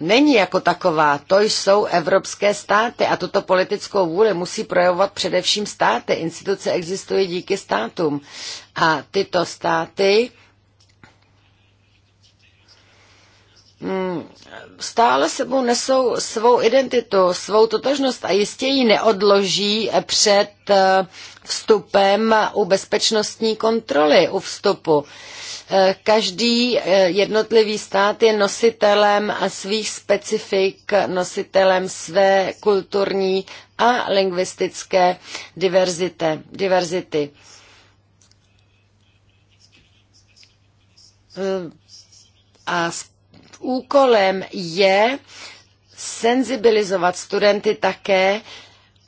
není jako taková, to jsou evropské státy a tuto politickou vůli musí projevovat především státy. Instituce existují díky státům a tyto státy Mm, stále sebou nesou svou identitu, svou totožnost a jistě ji neodloží před eh, vstupem u bezpečnostní kontroly, u vstupu. Eh, každý eh, jednotlivý stát je nositelem svých specifik, nositelem své kulturní a lingvistické diverzity. A úkolem je senzibilizovat studenty také,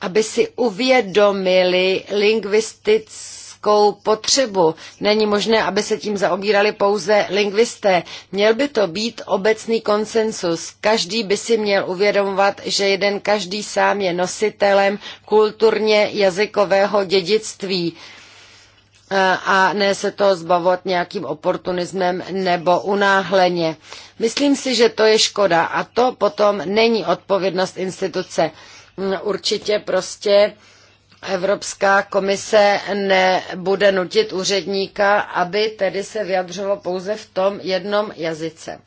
aby si uvědomili lingvistickou potřebu. Není možné, aby se tím zaobírali pouze lingvisté. Měl by to být obecný konsensus. Každý by si měl uvědomovat, že jeden každý sám je nositelem kulturně jazykového dědictví Eh, a ne se to zbavovat nějakým oportunismem nebo unáhleně. Myslím si, že to je škoda a to potom není odpovědnost instituce. Mm, určitě prostě Evropská komise nebude nutit úředníka, aby tedy se vyjadřovalo pouze v tom jednom jazyce.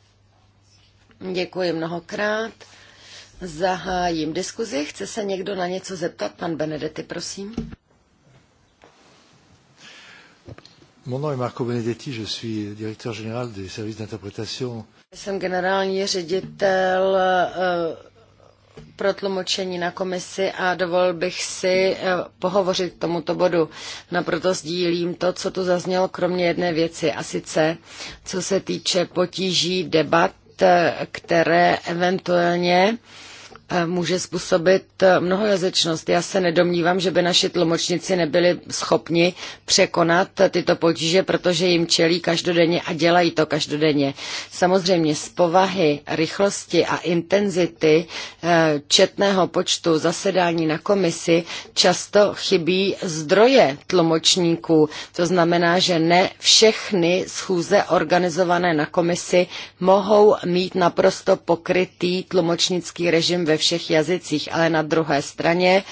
Děkuji mnohokrát. Zahájím diskuzi. Chce se někdo na něco zeptat? Pan Benedetti, prosím. Mon nom est Marco Benedetti, je suis directeur général des services d'interprétation. Jsem generální ředitel eh, pro tlumočení na komisi a dovolil bych si eh, pohovořit k tomuto bodu. Naproto sdílím to, co tu zaznělo, kromě jedné věci, a sice co se týče potíží debat, eh, které eventuálně uh, může způsobit eh, mnohojazyčnost. Já se nedomnívám, že by naši tlumočníci nebyli schopni překonat eh, tyto potíže, protože jim čelí každodenně a dělají to každodenně. Samozřejmě z povahy, rychlosti a intenzity eh, četného počtu zasedání na komisi často chybí zdroje tlumočníků. To znamená, že ne všechny schůze organizované na komisi mohou mít naprosto pokrytý tlumočnický režim ve všech jazycích, ale na druhé straně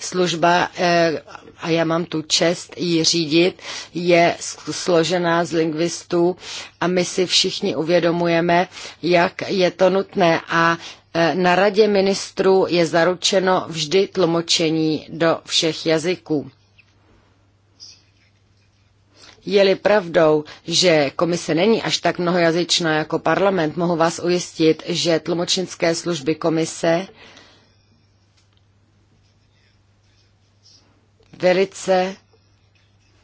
služba, eh, a já mám tu čest ji řídit, je složená z lingvistů a my si všichni uvědomujeme, jak je to nutné a eh, na radě ministrů je zaručeno vždy tlumočení do všech jazyků. Je-li pravdou, že komise není až tak mnohojazyčná jako parlament, mohu vás ujistit, že tlumočnické služby komise velice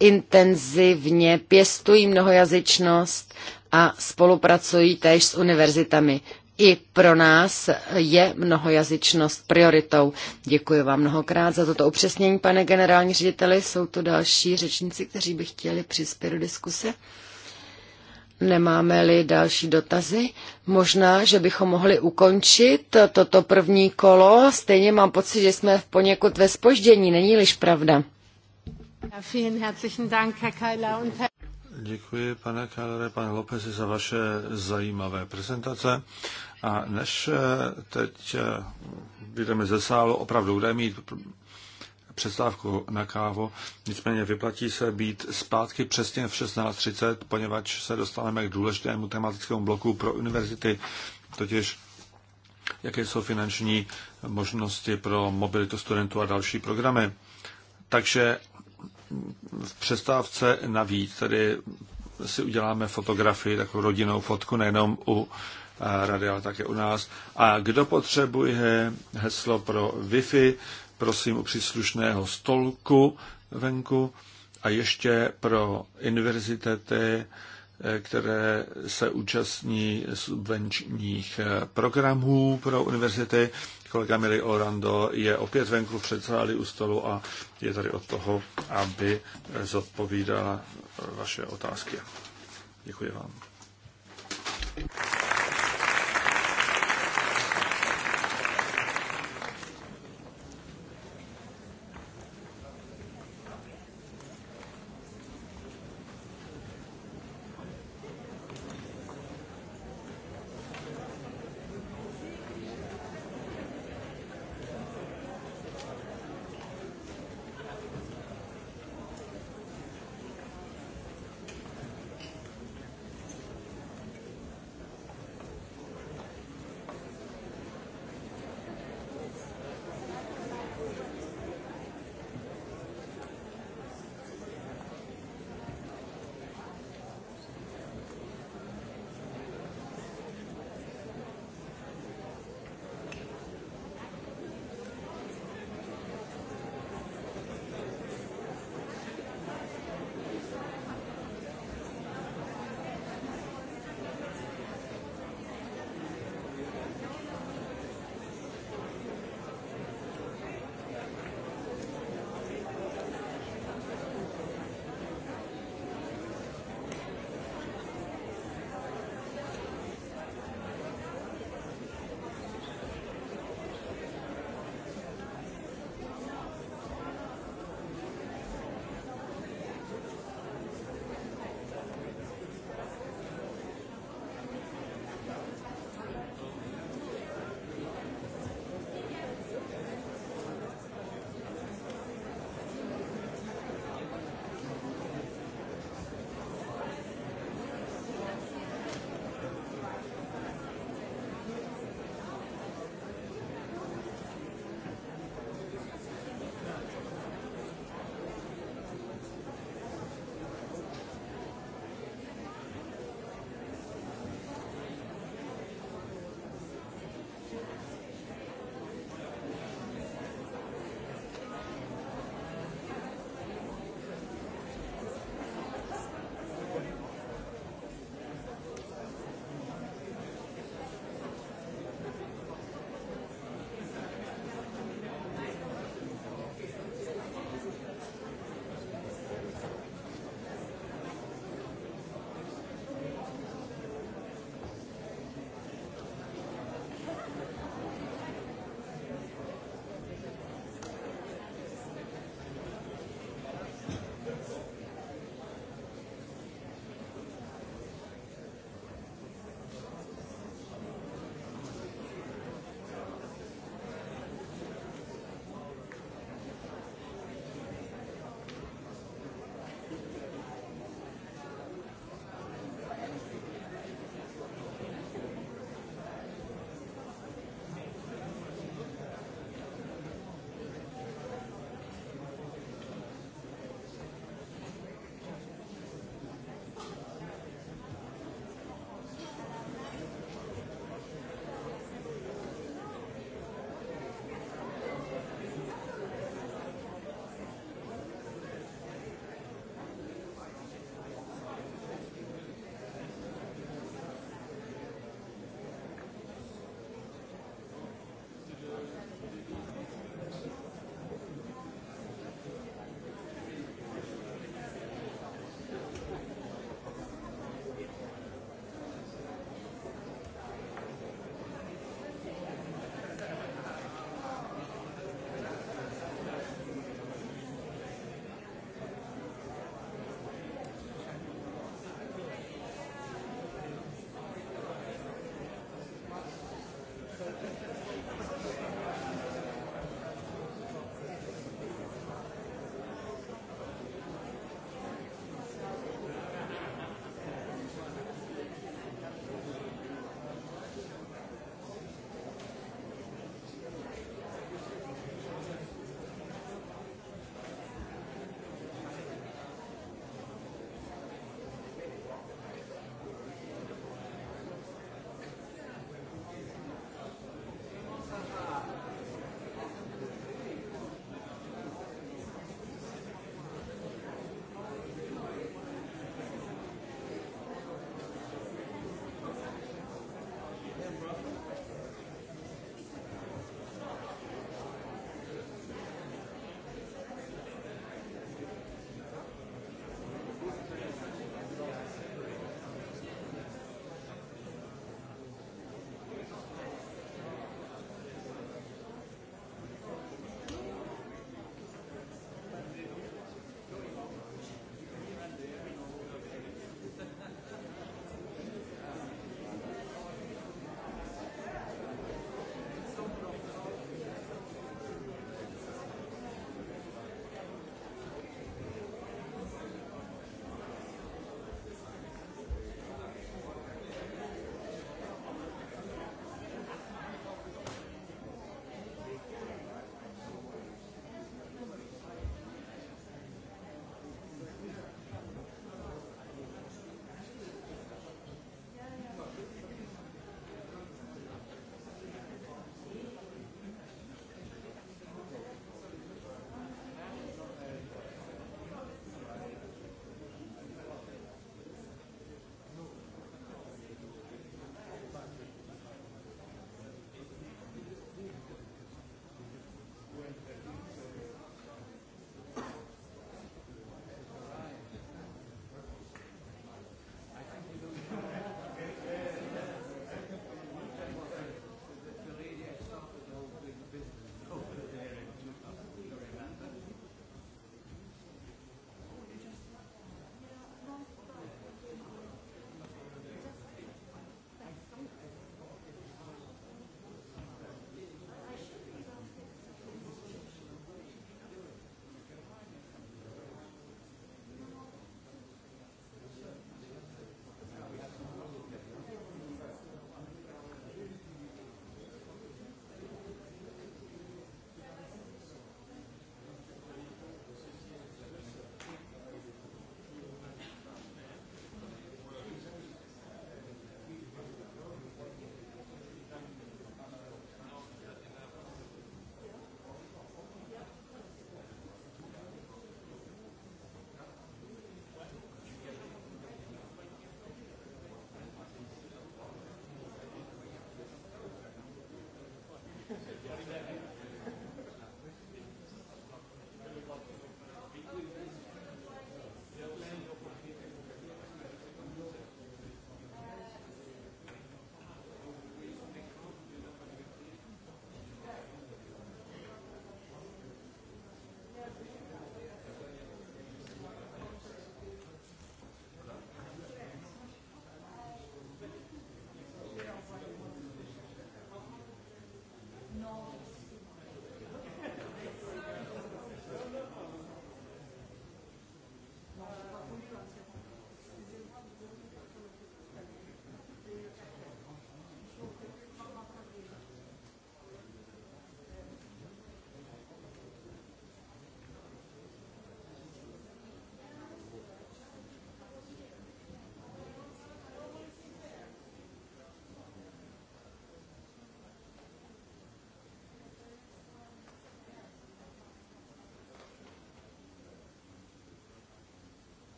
intenzivně pěstují mnohojazyčnost a spolupracují též s univerzitami i pro nás je mnohojazyčnost prioritou. Děkuji vám mnohokrát za toto upřesnění, pane generální řediteli. Jsou to další řečníci, kteří by chtěli přispět do diskuse. Nemáme-li další dotazy, možná, že bychom mohli ukončit toto první kolo. Stejně mám pocit, že jsme v poněkud ve spoždění, není-liž pravda. Ja, Děkuji, pane Kalere, pane Lopezi, za vaše zajímavé prezentace. A než eh, teď eh, vyjdeme ze sálu, opravdu budeme mít přestávku na kávu. Nicméně vyplatí se být zpátky přesně v 16.30, poněvadž se dostaneme k důležitému tematickému bloku pro univerzity, totiž jaké jsou finanční možnosti pro mobilitu studentů a další programy. Takže v přestávce navíc, tedy si uděláme fotografii, takovou rodinnou fotku, nejenom u eh, rady, ale také u nás. A kdo potřebuje heslo pro Wi-Fi, prosím u příslušného stolku venku a ještě pro univerzitety, eh, které se účastní subvenčních eh, programů pro univerzity, kolega Mili Orando je opět venku před sály u stolu a je tady od toho, aby zodpovídala vaše otázky. Děkuji vám.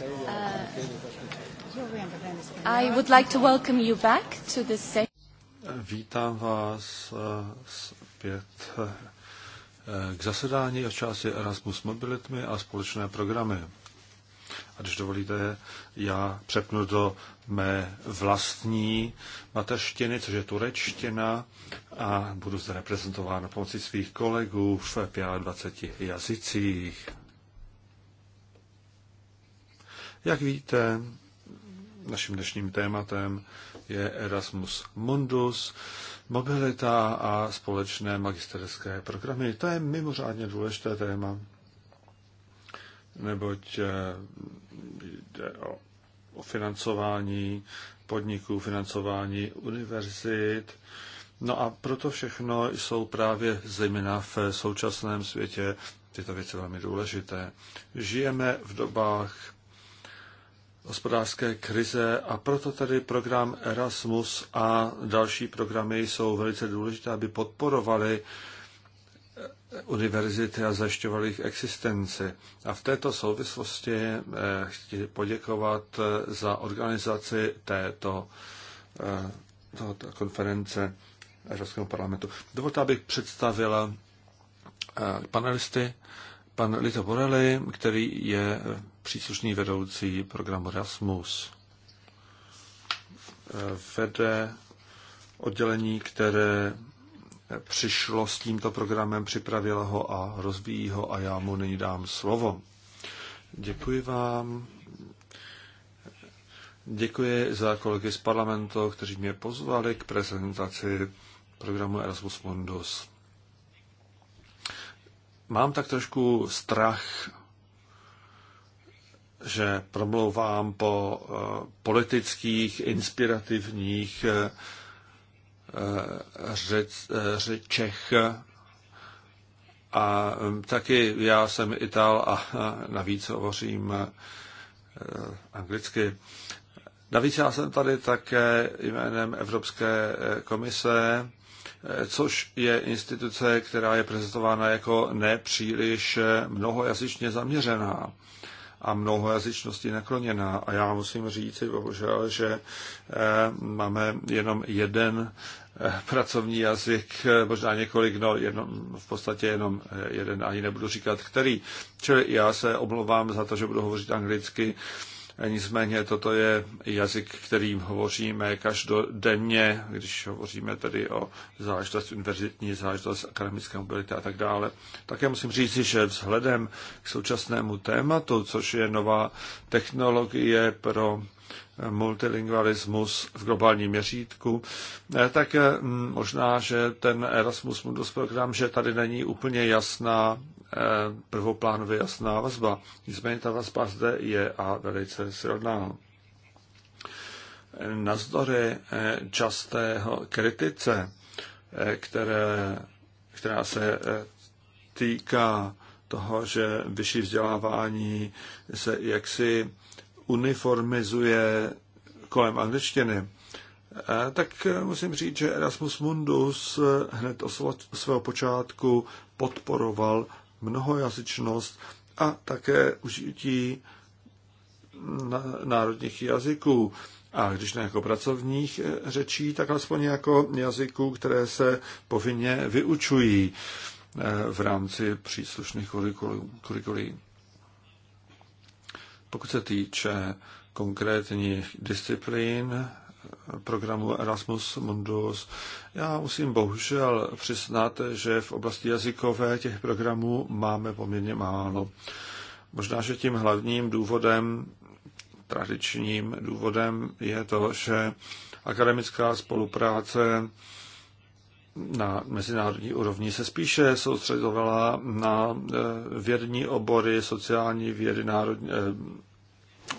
Uh, I would like to welcome you back to this Vítám vás uh, zpět uh, k zasedání o části Erasmus mobility a společné programy. A když dovolíte, já přepnu do mé vlastní mateřštiny, což je turečtina, a budu zde reprezentován pomocí svých kolegů v 25 jazycích. Jak víte, naším dnešním tématem je Erasmus Mundus, mobilita a společné magisterské programy. To je mimořádně důležité téma, neboť eh, jde o, o financování podniků, financování univerzit. No a proto všechno jsou právě zejména v současném světě tyto věci velmi důležité. Žijeme v dobách hospodářské krize a proto tedy program Erasmus a další programy jsou velice důležité, aby podporovaly eh, univerzity a zajišťovali jejich existenci. A v této souvislosti eh, chci poděkovat eh, za organizaci této, této konference Evropského parlamentu. Dovolte, abych představila panelisty. Pan Lito Borelli, který je příslušný vedoucí programu Rasmus. Vede oddělení, které přišlo s tímto programem, připravilo ho a rozvíjí ho a já mu nyní dám slovo. Děkuji vám. Děkuji za kolegy z parlamentu, kteří mě pozvali k prezentaci programu Erasmus Mundus. Mám tak trošku strach že promlouvám po eh, politických, inspirativních eh, eh, řeč, řečech. A taky já jsem Ital a navíc hovořím anglicky. Navíc já jsem tady také jménem Evropské komise, což je instituce, která je prezentována jako nepříliš mnohojazyčně zaměřená a mnohojazyčnosti nakloněná. A já musím říct, bohužel, že eh, máme jenom jeden eh, pracovní jazyk, eh, možná několik, no jenom, v podstatě jenom jeden, ani nebudu říkat který. Čili já se omlouvám za to, že budu hovořit anglicky, Nicméně toto je jazyk, kterým hovoříme každodenně, když hovoříme tedy o záležitost univerzitní, záležitost akademické mobility a tak dále. Také musím říct, že vzhledem k současnému tématu, což je nová technologie pro multilingualismus v globálním měřítku, eh, tak mm, možná, že ten Erasmus Mundus program, že tady není úplně jasná prvoplánově jasná vazba. Nicméně ta vazba zde je a velice silná. Nazdory eh, častého kritice, eh, které, která se eh, týká toho, že vyšší vzdělávání se jaksi uniformizuje kolem angličtiny, tak musím říct, že Erasmus Mundus hned od svého počátku podporoval mnohojazyčnost a také užití národních jazyků. A když ne jako pracovních eh, řečí, tak alespoň jako jazyků, které se povinně vyučují eh, v rámci příslušných kurikulí. Pokud se týče konkrétních disciplín, programu Erasmus Mundus. Já musím bohužel přiznat, že v oblasti jazykové těch programů máme poměrně málo. Možná, že tím hlavním důvodem, tradičním důvodem je to, že akademická spolupráce na mezinárodní úrovni se spíše soustředovala na eh, vědní obory, sociální vědy, národní, eh,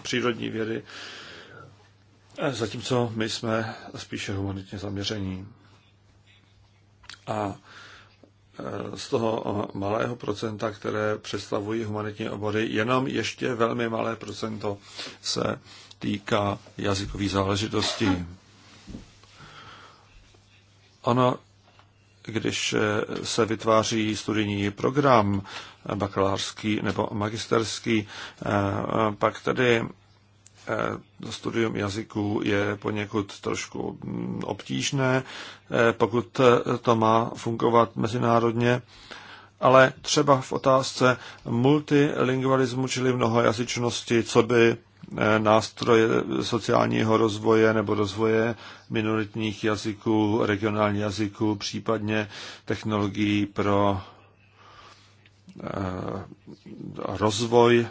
přírodní vědy Eh, zatímco my jsme spíše humanitně zaměření. A eh, z toho eh, malého procenta, které představují humanitní obory, jenom ještě velmi malé procento se týká jazykových záležitostí. Ono, když se vytváří studijní program bakalářský nebo magisterský, pak tedy Eh, studium jazyků je poněkud trošku mm, obtížné, eh, pokud eh, to má fungovat mezinárodně. Ale třeba v otázce multilingualismu, čili mnohojazyčnosti, co by nástroje sociálního rozvoje nebo rozvoje minoritních jazyků, regionálních jazyků, případně technologií pro Eh, rozvoj eh,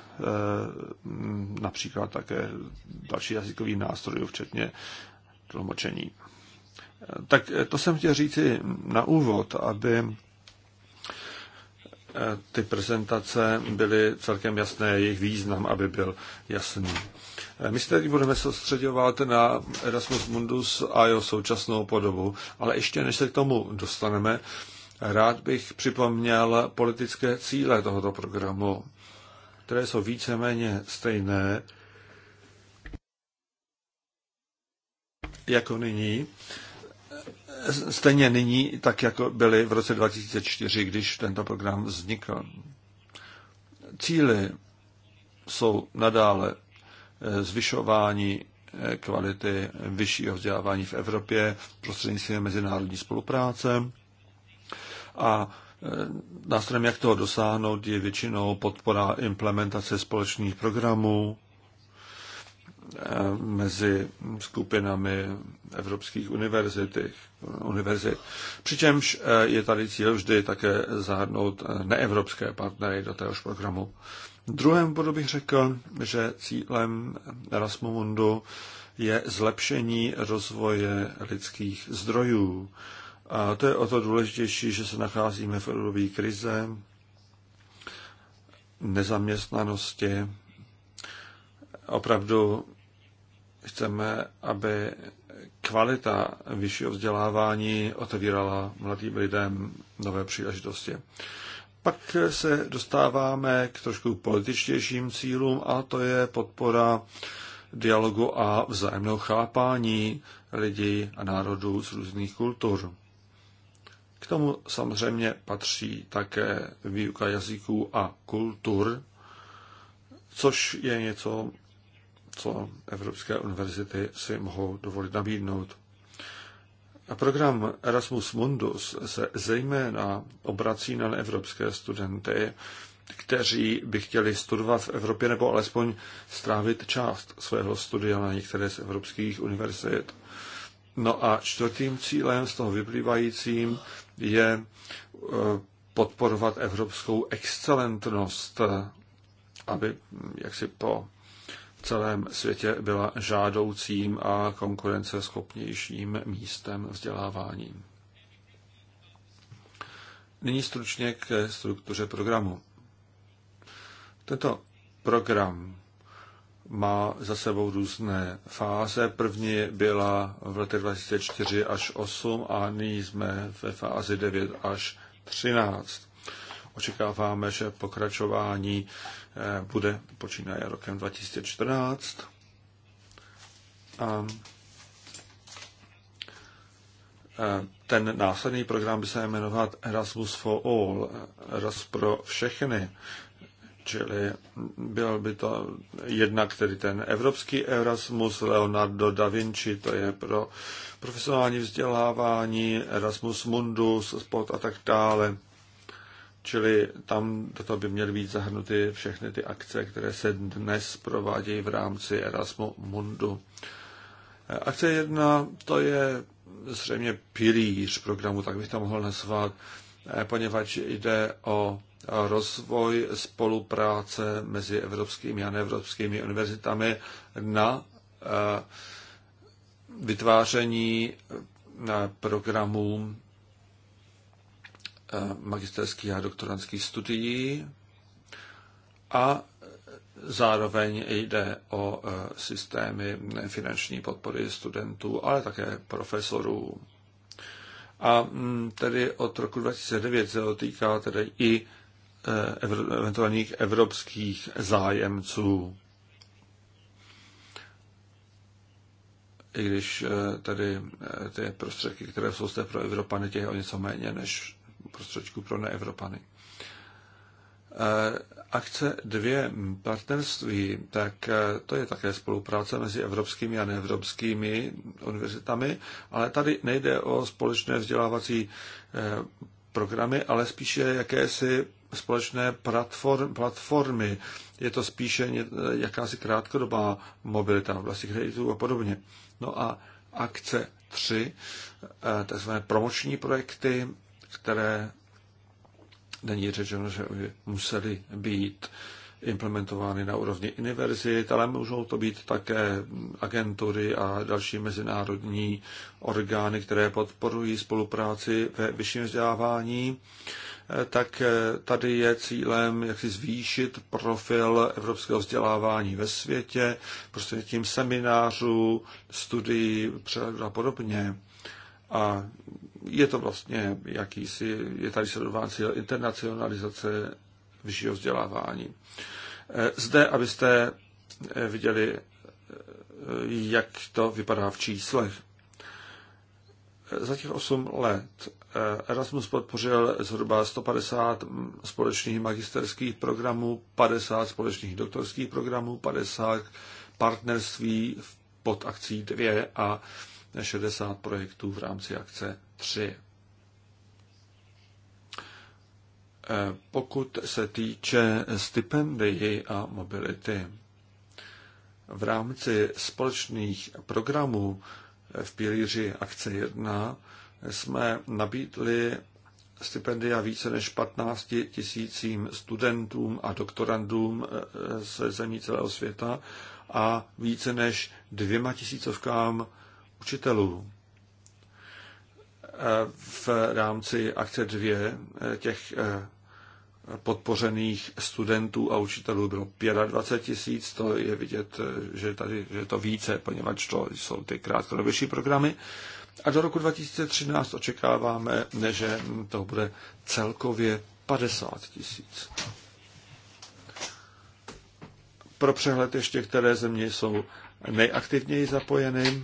například také další jazykových nástrojů, včetně tlumočení. Eh, tak to jsem chtěl říci na úvod, aby ty prezentace byly celkem jasné, jejich význam, aby byl jasný. My se teď budeme soustředovat na Erasmus Mundus a jeho současnou podobu, ale ještě než se k tomu dostaneme, Rád bych připomněl politické cíle tohoto programu, které jsou víceméně stejné jako nyní. Stejně nyní, tak jako byly v roce 2004, když tento program vznikl. Cíly jsou nadále eh, zvyšování eh, kvality vyššího vzdělávání v Evropě prostřednictvím mezinárodní spolupráce, a e, nástrojem, jak toho dosáhnout, je většinou podpora implementace společných programů e, mezi skupinami evropských univerzit. univerzit. Přičemž e, je tady cíl vždy také zahrnout neevropské partnery do téhož programu. V druhém bodu bych řekl, že cílem Erasmu je zlepšení rozvoje lidských zdrojů. A to je o to důležitější, že se nacházíme v období krize, nezaměstnanosti. Opravdu chceme, aby kvalita vyššího vzdělávání otevírala mladým lidem nové příležitosti. Pak se dostáváme k trošku političtějším cílům a to je podpora dialogu a vzájemného chápání lidí a národů z různých kultur. K tomu samozřejmě patří také výuka jazyků a kultur, což je něco, co evropské univerzity si mohou dovolit nabídnout. A program Erasmus Mundus se zejména obrací na evropské studenty, kteří by chtěli studovat v Evropě nebo alespoň strávit část svého studia na některé z evropských univerzit. No a čtvrtým cílem z toho vyplývajícím je eh, podporovat evropskou excelentnost, eh, aby jaksi po celém světě byla žádoucím a konkurenceschopnějším místem vzdělávání. Nyní stručně ke struktuře programu. Tento program má za sebou různé fáze. První byla v letech 2004 až 8 a nyní jsme ve fázi 9 až 13. Očekáváme, že pokračování eh, bude počínaje rokem 2014. A eh, ten následný program by se jmenovat Erasmus for All, eh, Erasmus pro všechny. Čili byl by to jednak tedy ten evropský Erasmus Leonardo da Vinci, to je pro profesionální vzdělávání, Erasmus Mundus, spot a tak dále. Čili tam do toho by měly být zahrnuty všechny ty akce, které se dnes provádějí v rámci Erasmu Mundu. Akce jedna to je zřejmě pilíř programu, tak bych to mohl nazvat, poněvadž jde o rozvoj spolupráce mezi evropskými a neevropskými univerzitami na eh, vytváření eh, programů eh, magisterských a doktorantských studií a zároveň jde o systémy finanční podpory studentů, ale také profesorů. A mm, tedy od roku 2009 se to týká tedy i Eh, eventuálních evropských zájemců. I když eh, tedy eh, ty prostředky, které jsou zde pro Evropany, těch je o něco méně než prostředků pro neevropany. Akce dvě partnerství, tak to je také spolupráce mezi evropskými a neevropskými univerzitami, ale tady nejde o společné vzdělávací programy, ale spíše jakési společné platform, platformy. Je to spíše jakási krátkodobá mobilita v oblasti kreditů a podobně. No a akce 3, eh, tzv. promoční projekty, které není řečeno, že by museli být implementovány na úrovni univerzit, ale můžou to být také agentury a další mezinárodní orgány, které podporují spolupráci ve vyšším vzdělávání. Tak tady je cílem, jak si zvýšit profil evropského vzdělávání ve světě, prostřednictvím seminářů, studií a podobně. A je to vlastně jakýsi, je tady sledován cíl internacionalizace vyššího vzdělávání. Eh, zde, abyste eh, viděli, eh, jak to vypadá v číslech. Za těch 8 let Erasmus podpořil zhruba 150 společných magisterských programů, 50 společných doktorských programů, 50 partnerství pod akcí 2 a 60 projektů v rámci akce 3. pokud se týče stipendii a mobility. V rámci společných programů v pilíři akce 1 jsme nabídli stipendia více než 15 tisícím studentům a doktorandům eh, ze zemí celého světa a více než dvěma tisícovkám učitelů v rámci akce 2 eh, těch eh, podpořených studentů a učitelů bylo 25 tisíc, to je vidět, eh, že tady že je to více, poněvadž to jsou ty krátkodobější programy. A do roku 2013 očekáváme, že to bude celkově 50 tisíc. Pro přehled ještě, které země jsou nejaktivněji zapojeny,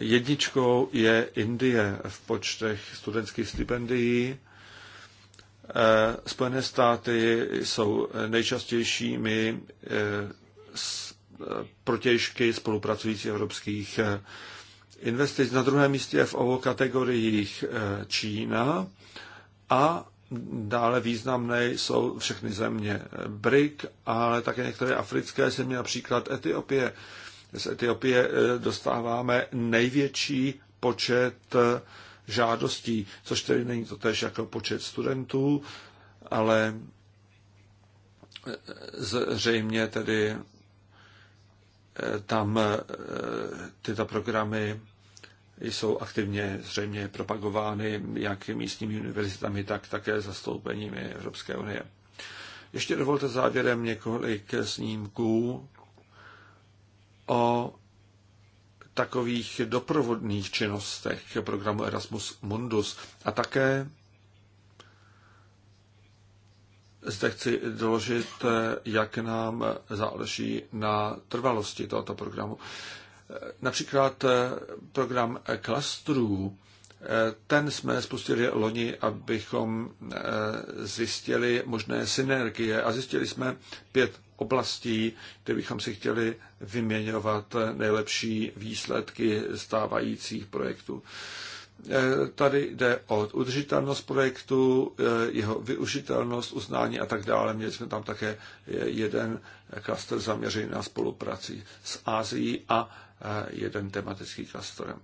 Jedničkou je Indie v počtech studentských stipendií. Eh, Spojené státy jsou nejčastějšími eh, eh, protěžky spolupracujících evropských investic. Na druhém místě je v ovo kategoriích Čína a dále významné jsou všechny země BRIC, ale také některé africké země, například Etiopie z Etiopie eh, dostáváme největší počet eh, žádostí, což tedy není to tež jako počet studentů, ale eh, zřejmě tedy tam tyto programy jsou aktivně zřejmě propagovány jak místními univerzitami, tak také zastoupeními Evropské unie. Ještě dovolte závěrem několik snímků o takových doprovodných činnostech programu Erasmus Mundus. A také zde chci doložit, jak nám záleží na trvalosti tohoto programu. Například program klastrů, ten jsme spustili loni, abychom zjistili možné synergie a zjistili jsme pět oblastí, kde bychom si chtěli vyměňovat nejlepší výsledky stávajících projektů. Eh, tady jde o udržitelnost projektu, eh, jeho využitelnost, uznání a tak dále. Měli jsme tam také eh, jeden klaster zaměřený na spolupráci s Ázií a jeden tematický klaster.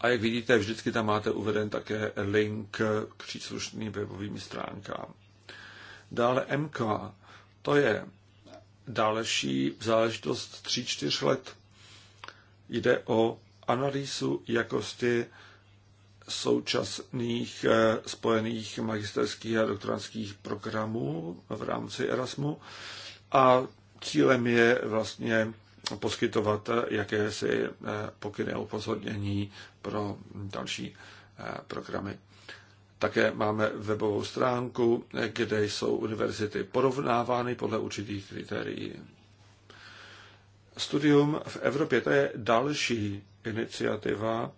A jak vidíte, vždycky tam máte uveden také link k příslušným webovým stránkám. Dále MK. To je další záležitost 3-4 let. Jde o analýzu jakosti současných eh, spojených magisterských a doktorantských programů v rámci Erasmu a cílem je vlastně poskytovat jakési eh, pokyny a upozornění pro další eh, programy. Také máme webovou stránku, kde jsou univerzity porovnávány podle určitých kritérií. Studium v Evropě to je další iniciativa,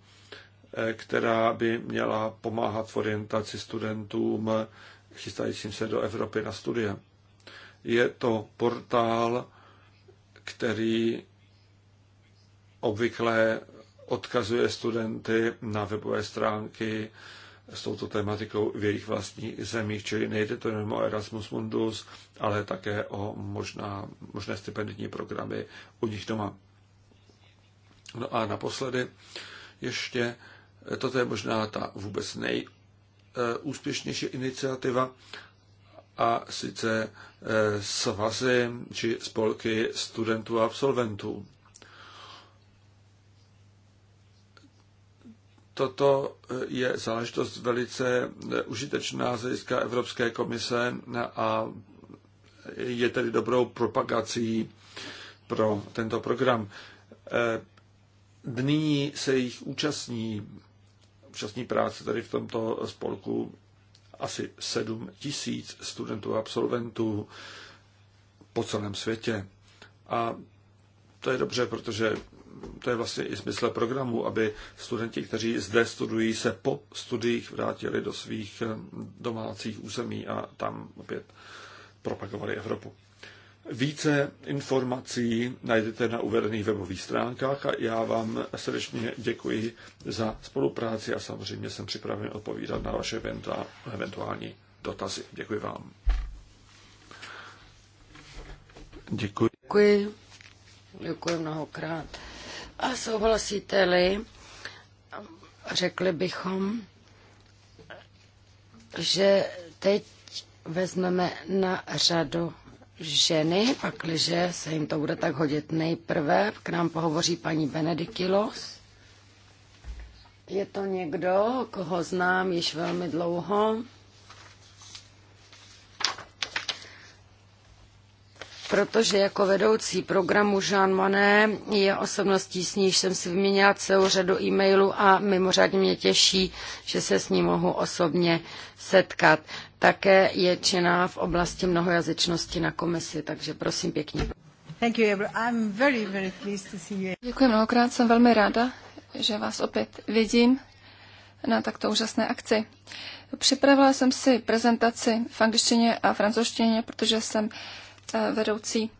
eh, která by měla pomáhat v orientaci studentům chystajícím se do Evropy na studie. Je to portál, který obvykle odkazuje studenty na webové stránky s touto tématikou v jejich vlastních zemích, čili nejde to jenom o Erasmus Mundus, ale také o možná, možné stipendijní programy u nich doma. No a naposledy ještě, toto je možná ta vůbec nejúspěšnější iniciativa, a sice eh, svazy či spolky studentů a absolventů. toto eh, je záležitost velice eh, užitečná z hlediska Evropské komise a je tedy dobrou propagací pro tento program. Eh, nyní se jich účastní, účastní práce tady v tomto spolku asi 7 tisíc studentů a absolventů po celém světě. A to je dobře, protože to je vlastně i smysl programu, aby studenti, kteří zde studují, se po studiích vrátili do svých eh, domácích území a tam opět propagovali Evropu. Více informací najdete na uvedených webových stránkách a já vám srdečně děkuji za spolupráci a samozřejmě jsem připraven odpovídat na vaše eventuální dotazy. Děkuji vám. Děkuji. Děkuji. Děkuji mnohokrát. A souhlasíte-li, řekli bychom, že teď vezmeme na řadu ženy, pakliže se jim to bude tak hodit nejprve. K nám pohovoří paní Benedikilos. Je to někdo, koho znám již velmi dlouho. protože jako vedoucí programu Jean Monnet je osobností, s níž jsem si vyměnila celou řadu e-mailů a mimořádně mě těší, že se s ní mohu osobně setkat. Také je činná v oblasti mnohojazyčnosti na komisi, takže prosím pěkně. Thank you, I'm very, very pleased to see you. Děkuji mnohokrát, jsem velmi ráda, že vás opět vidím na takto úžasné akci. Připravila jsem si prezentaci v angličtině a francouzštině, protože jsem Eh, vedoucí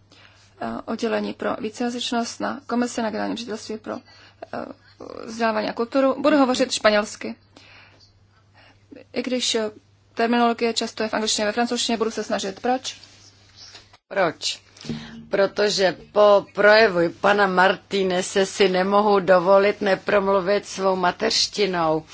eh, oddělení pro vícejazyčnost na komisi na generálním ředitelství pro eh, vzdělávání a kulturu. Budu hovořit španělsky. I když terminologie často je v angličtině ve francouzštině, budu se snažit. Proč? Proč? protože po projevu pana Martínese si nemohu dovolit nepromluvit svou mateřštinou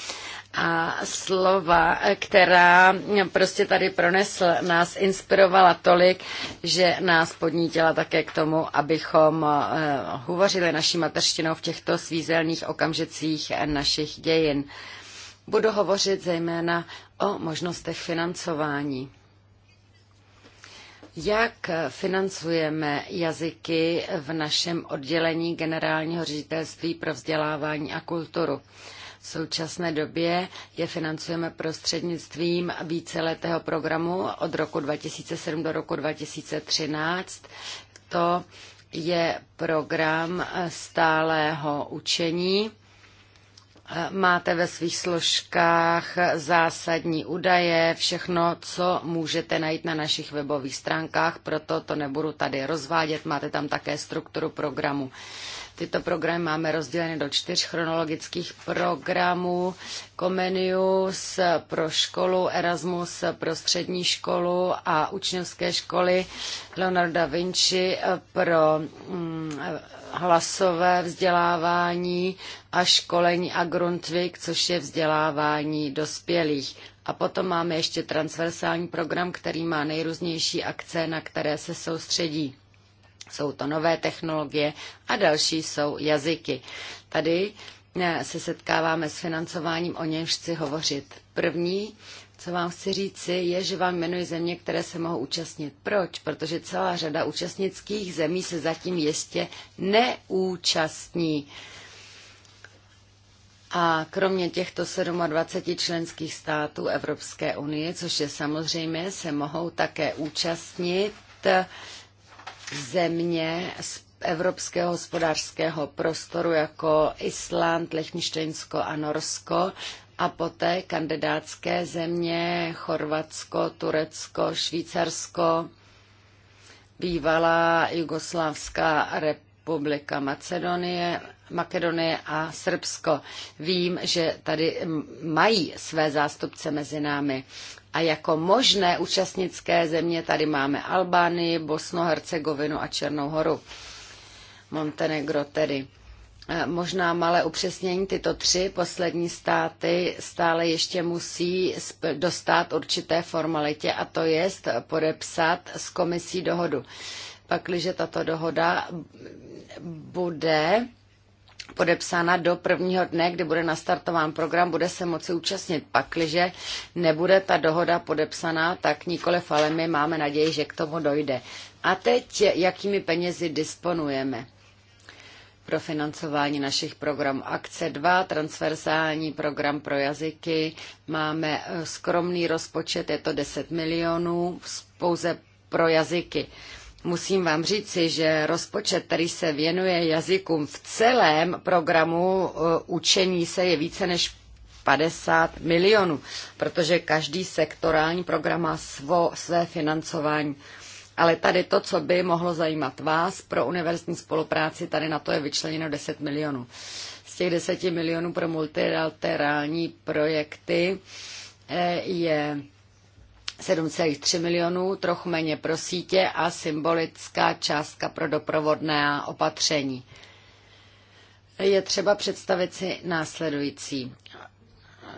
a slova, která prostě tady pronesl, nás inspirovala tolik, že nás podnítila také k tomu, abychom eh, hovořili naší mateřštinou v těchto svízelných okamžicích našich dějin. Budu hovořit zejména o možnostech financování. Jak financujeme jazyky v našem oddělení Generálního ředitelství pro vzdělávání a kulturu? V současné době je financujeme prostřednictvím víceletého programu od roku 2007 do roku 2013. To je program stálého učení. Máte ve svých složkách zásadní údaje, všechno, co můžete najít na našich webových stránkách, proto to nebudu tady rozvádět. Máte tam také strukturu programu. Tyto programy máme rozděleny do čtyř chronologických programů. Comenius pro školu, Erasmus pro střední školu a učňovské školy, Leonardo da Vinci pro mm, hlasové vzdělávání a školení a Grundtvig, což je vzdělávání dospělých. A potom máme ještě transversální program, který má nejrůznější akce, na které se soustředí jsou to nové technologie a další jsou jazyky. Tady eh, se setkáváme s financováním, o něm chci hovořit. První, co vám chci říci, je, že vám jmenuji země, které se mohou účastnit. Proč? Protože celá řada účastnických zemí se zatím jistě neúčastní. A kromě těchto 27 členských států Evropské unie, což je samozřejmě, se mohou také účastnit země z evropského hospodářského prostoru jako Island, Lechništejnsko a Norsko a poté kandidátské země Chorvatsko, Turecko, Švýcarsko, bývalá Jugoslávská republika Macedonie, Makedonie a Srbsko. Vím, že tady mají své zástupce mezi námi. A jako možné účastnické země tady máme Albánii, Bosnu, Hercegovinu a Černou horu. Montenegro tedy. E, možná malé upřesnění, tyto tři poslední státy stále ještě musí dostat určité formalitě a to je podepsat s komisí dohodu. Pakliže tato dohoda bude podepsána do prvního dne, kdy bude nastartován program, bude se moci účastnit. Pakliže nebude ta dohoda podepsaná, tak nikoliv, ale my máme naději, že k tomu dojde. A teď, jakými penězi disponujeme? pro financování našich programů. Akce 2, transversální program pro jazyky. Máme eh, skromný rozpočet, je to 10 milionů pouze pro jazyky. Musím vám říci, že rozpočet, který se věnuje jazykům v celém programu eh, učení se je více než 50 milionů, protože každý sektorální program má svo, své financování. Ale tady to, co by mohlo zajímat vás pro univerzitní spolupráci, tady na to je vyčleněno 10 milionů. Z těch 10 milionů pro multilaterální projekty eh, je 7,3 milionů, trochu méně pro sítě a symbolická částka pro doprovodné opatření. Je třeba představit si následující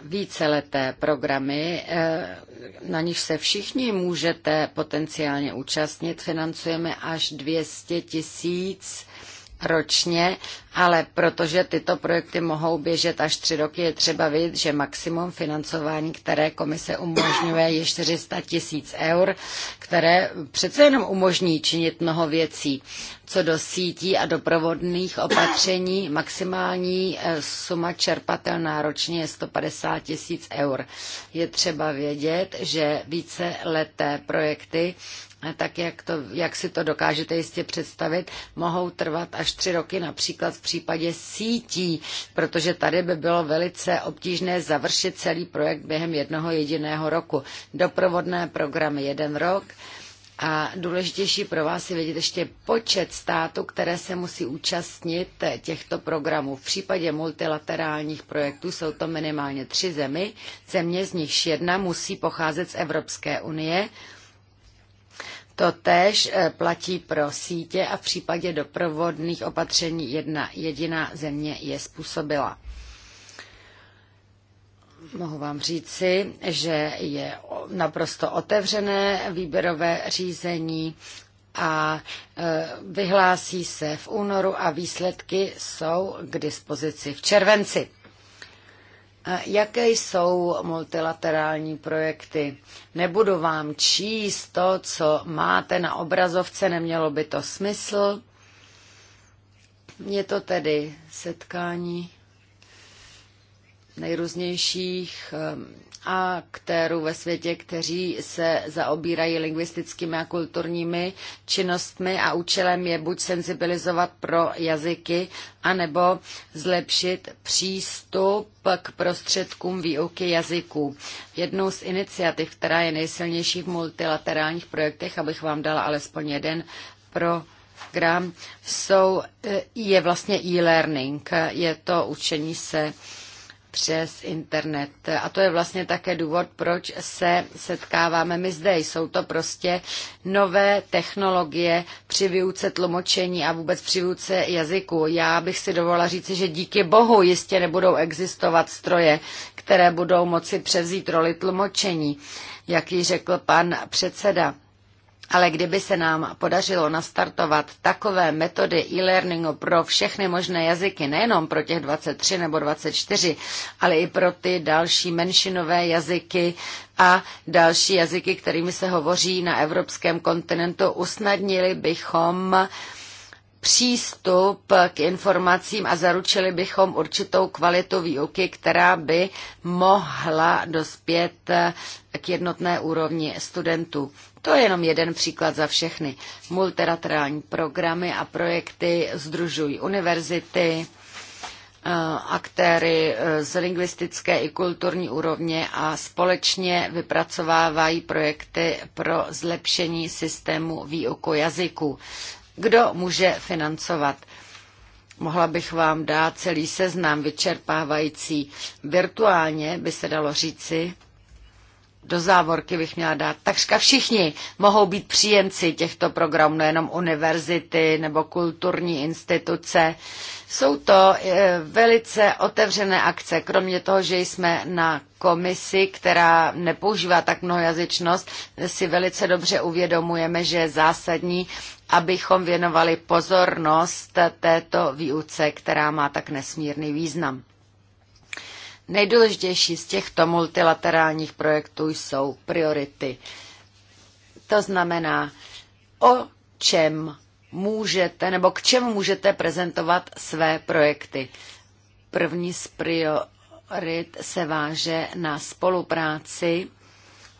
víceleté programy, eh, na nich se všichni můžete potenciálně účastnit. Financujeme až 200 tisíc 000 ročně, ale protože tyto projekty mohou běžet až tři roky, je třeba vidět, že maximum financování, které komise umožňuje, je 400 tisíc eur, které přece jenom umožní činit mnoho věcí. Co do sítí a doprovodných opatření, maximální eh, suma čerpatelná ročně je 150 tisíc eur. Je třeba vědět, že více leté projekty tak jak, to, jak si to dokážete jistě představit, mohou trvat až tři roky, například v případě sítí, protože tady by bylo velice obtížné završit celý projekt během jednoho jediného roku. Doprovodné programy jeden rok, a důležitější pro vás je vědět ještě počet států, které se musí účastnit těchto programů. V případě multilaterálních projektů jsou to minimálně tři zemi. Země z nichž jedna musí pocházet z Evropské unie to též eh, platí pro sítě a v případě doprovodných opatření jedna jediná země je způsobila. Mohu vám říci, že je naprosto otevřené výběrové řízení a eh, vyhlásí se v únoru a výsledky jsou k dispozici v červenci. Jaké jsou multilaterální projekty? Nebudu vám číst to, co máte na obrazovce, nemělo by to smysl. Je to tedy setkání nejrůznějších ehm, aktérů ve světě, kteří se zaobírají lingvistickými a kulturními činnostmi a účelem je buď senzibilizovat pro jazyky, anebo zlepšit přístup k prostředkům výuky jazyků. Jednou z iniciativ, která je nejsilnější v multilaterálních projektech, abych vám dala alespoň jeden pro gram, jsou, e, je vlastně e-learning. Je to učení se přes internet. A to je vlastně také důvod, proč se setkáváme my zde. Jsou to prostě nové technologie při výuce tlumočení a vůbec při výuce jazyku. Já bych si dovolila říci, že díky bohu jistě nebudou existovat stroje, které budou moci převzít roli tlumočení, jak ji řekl pan předseda ale kdyby se nám podařilo nastartovat takové metody e-learningu pro všechny možné jazyky, nejenom pro těch 23 nebo 24, ale i pro ty další menšinové jazyky a další jazyky, kterými se hovoří na evropském kontinentu, usnadnili bychom uh, přístup k informacím a zaručili bychom určitou kvalitu výuky, která by mohla dospět k jednotné úrovni studentů. To je jenom jeden příklad za všechny. Multilaterální programy a projekty združují univerzity, eh, aktéry eh, z lingvistické i kulturní úrovně a společně vypracovávají projekty pro zlepšení systému výuku jazyků. Kdo může financovat? Mohla bych vám dát celý seznam vyčerpávající. Virtuálně by se dalo říci, do závorky bych měla dát, takřka všichni mohou být příjemci těchto programů, nejenom univerzity nebo kulturní instituce. Jsou to eh, velice otevřené akce, kromě toho, že jsme na komisi, která nepoužívá tak mnoho jazyčnost, si velice dobře uvědomujeme, že je zásadní, abychom věnovali pozornost této výuce, která má tak nesmírný význam. Nejdůležitější z těchto multilaterálních projektů jsou priority. To znamená, o čem můžete nebo k čemu můžete prezentovat své projekty. První z priorit se váže na spolupráci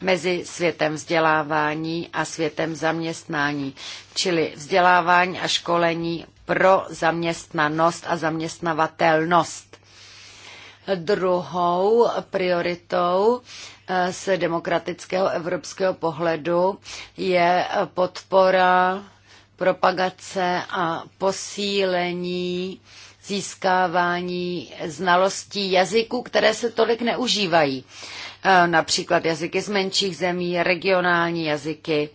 mezi světem vzdělávání a světem zaměstnání, čili vzdělávání a školení pro zaměstnanost a zaměstnavatelnost. Druhou prioritou eh, z demokratického evropského pohledu je podpora propagace a posílení získávání znalostí jazyků, které se tolik neužívají. E, například jazyky z menších zemí, regionální jazyky.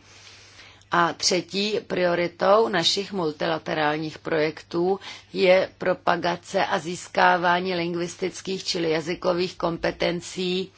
A třetí prioritou našich multilaterálních projektů je propagace a získávání lingvistických, čili jazykových kompetencí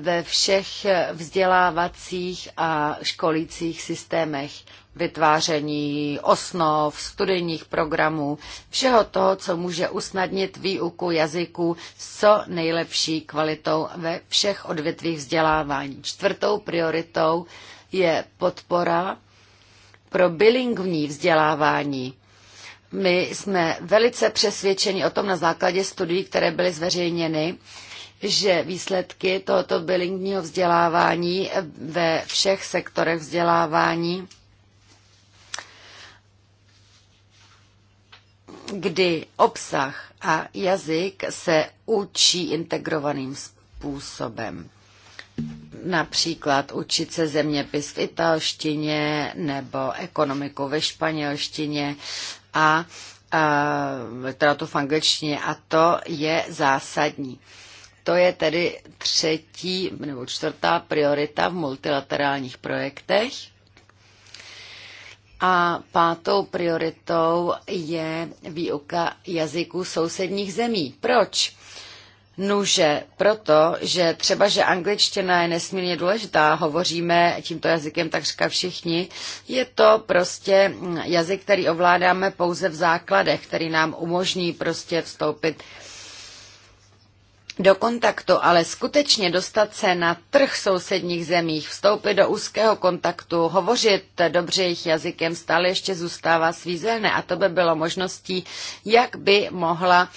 ve všech vzdělávacích a školících systémech, vytváření osnov, studijních programů, všeho toho, co může usnadnit výuku jazyků s co nejlepší kvalitou ve všech odvětvích vzdělávání. Čtvrtou prioritou je podpora pro bilingvní vzdělávání. My jsme velice přesvědčeni o tom na základě studií, které byly zveřejněny, že výsledky tohoto bilingního vzdělávání ve všech sektorech vzdělávání, kdy obsah a jazyk se učí integrovaným způsobem. Například učit se zeměpis v italštině nebo ekonomiku ve španělštině a literatu v angličtině a to je zásadní. To je tedy třetí nebo čtvrtá priorita v multilaterálních projektech. A pátou prioritou je výuka jazyků sousedních zemí. Proč? Nuže, proto, že třeba, že angličtina je nesmírně důležitá, hovoříme tímto jazykem takřka všichni, je to prostě jazyk, který ovládáme pouze v základech, který nám umožní prostě vstoupit do kontaktu, ale skutečně dostat se na trh sousedních zemích, vstoupit do úzkého kontaktu, hovořit dobře jejich jazykem stále ještě zůstává svízelné a to by bylo možností, jak by mohla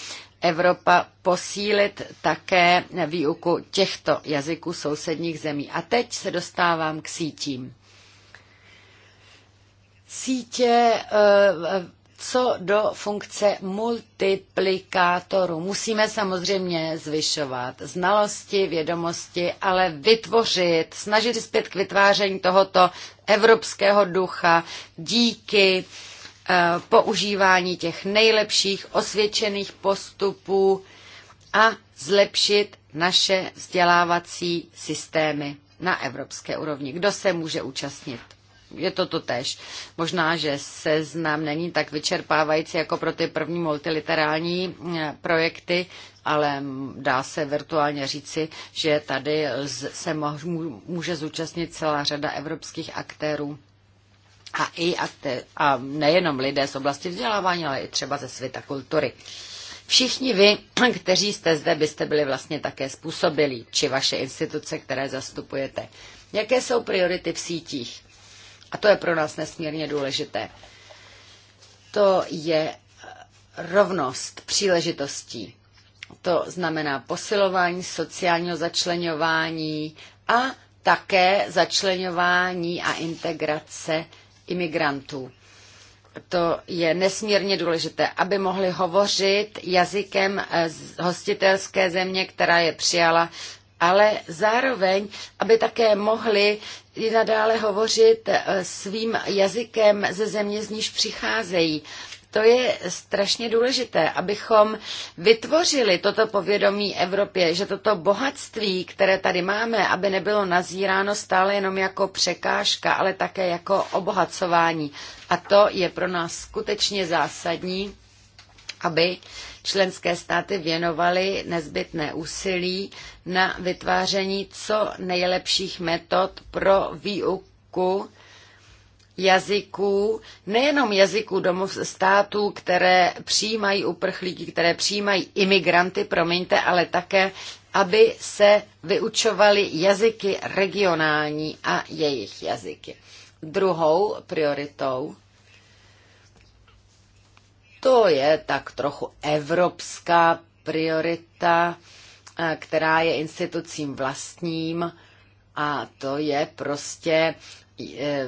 Evropa posílit také výuku těchto jazyků sousedních zemí. A teď se dostávám k sítím. Sítě eh, co do funkce multiplikátoru. Musíme samozřejmě zvyšovat znalosti, vědomosti, ale vytvořit, snažit zpět k vytváření tohoto evropského ducha díky eh, používání těch nejlepších osvědčených postupů a zlepšit naše vzdělávací systémy na evropské úrovni. Kdo se může účastnit? je to to tež. Možná, že seznam není tak vyčerpávající jako pro ty první multiliterální eh, projekty, ale dá se virtuálně říci, že tady se může zúčastnit celá řada evropských aktérů a, i aktér, a nejenom lidé z oblasti vzdělávání, ale i třeba ze světa kultury. Všichni vy, kteří jste zde, byste byli vlastně také způsobili, či vaše instituce, které zastupujete. Jaké jsou priority v sítích? A to je pro nás nesmírně důležité. To je rovnost příležitostí. To znamená posilování sociálního začlenování a také začlenování a integrace imigrantů. To je nesmírně důležité, aby mohli hovořit jazykem z hostitelské země, která je přijala, ale zároveň, aby také mohli i nadále hovořit eh, svým jazykem ze země, z níž přicházejí. To je strašně důležité, abychom vytvořili toto povědomí Evropě, že toto bohatství, které tady máme, aby nebylo nazíráno stále jenom jako překážka, ale také jako obohacování. A to je pro nás skutečně zásadní, aby členské státy věnovaly nezbytné úsilí na vytváření co nejlepších metod pro výuku jazyků, nejenom jazyků domov států, které přijímají uprchlíky, které přijímají imigranty, promiňte, ale také, aby se vyučovaly jazyky regionální a jejich jazyky. Druhou prioritou to je tak trochu evropská priorita, Eh, která je institucím vlastním a to je prostě eh,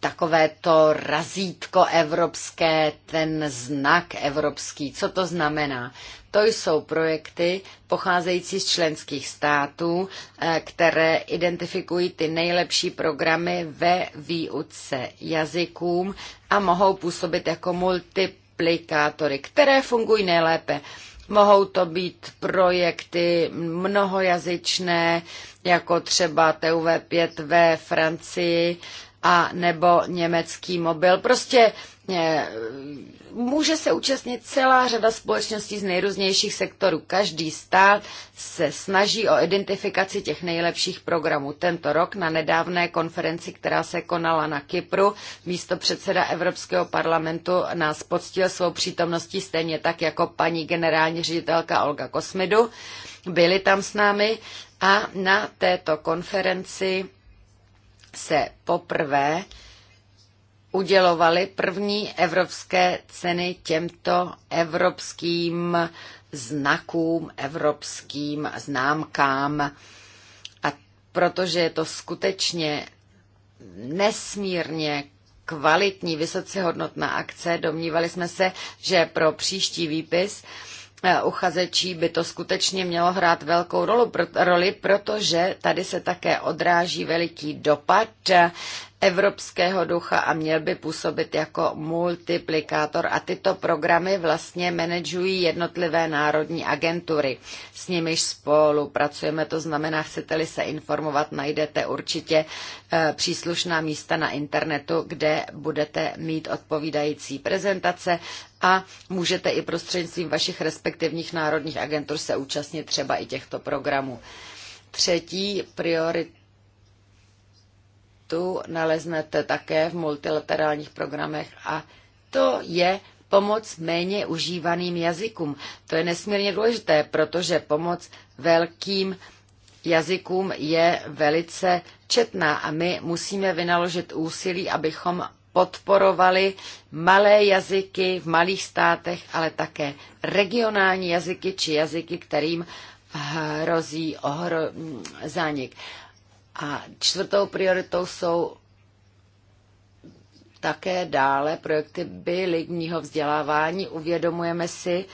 takové to razítko evropské, ten znak evropský. Co to znamená? To jsou projekty pocházející z členských států, eh, které identifikují ty nejlepší programy ve výuce jazykům a mohou působit jako multiplikátory, které fungují nejlépe. Mohou to být projekty mnohojazyčné, jako třeba TUV5 ve Francii a nebo německý mobil. Prostě Vlastně, může se účastnit celá řada společností z nejrůznějších sektorů. Každý stát se snaží o identifikaci těch nejlepších programů. Tento rok na nedávné konferenci, která se konala na Kypru, místo předseda Evropského parlamentu nás poctil svou přítomností stejně tak jako paní generální ředitelka Olga Kosmidu. Byli tam s námi a na této konferenci se poprvé udělovali první evropské ceny těmto evropským znakům, evropským známkám. A protože je to skutečně nesmírně kvalitní, vysoce hodnotná akce, domnívali jsme se, že pro příští výpis Eh, uchazečí by to skutečně mělo hrát velkou rolu, roli, protože tady se také odráží veliký dopad eh, evropského ducha a měl by působit jako multiplikátor. A tyto programy vlastně manažují jednotlivé národní agentury. S nimiž spolupracujeme, to znamená, chcete-li se informovat, najdete určitě eh, příslušná místa na internetu, kde budete mít odpovídající prezentace a můžete i prostřednictvím vašich respektivních národních agentur se účastnit třeba i těchto programů. Třetí prioritu naleznete také v multilaterálních programech a to je pomoc méně užívaným jazykům. To je nesmírně důležité, protože pomoc velkým jazykům je velice četná a my musíme vynaložit úsilí, abychom podporovali malé jazyky v malých státech, ale také regionální jazyky či jazyky, kterým hrozí ohro... zánik. A čtvrtou prioritou jsou také dále projekty biligního vzdělávání. Uvědomujeme si,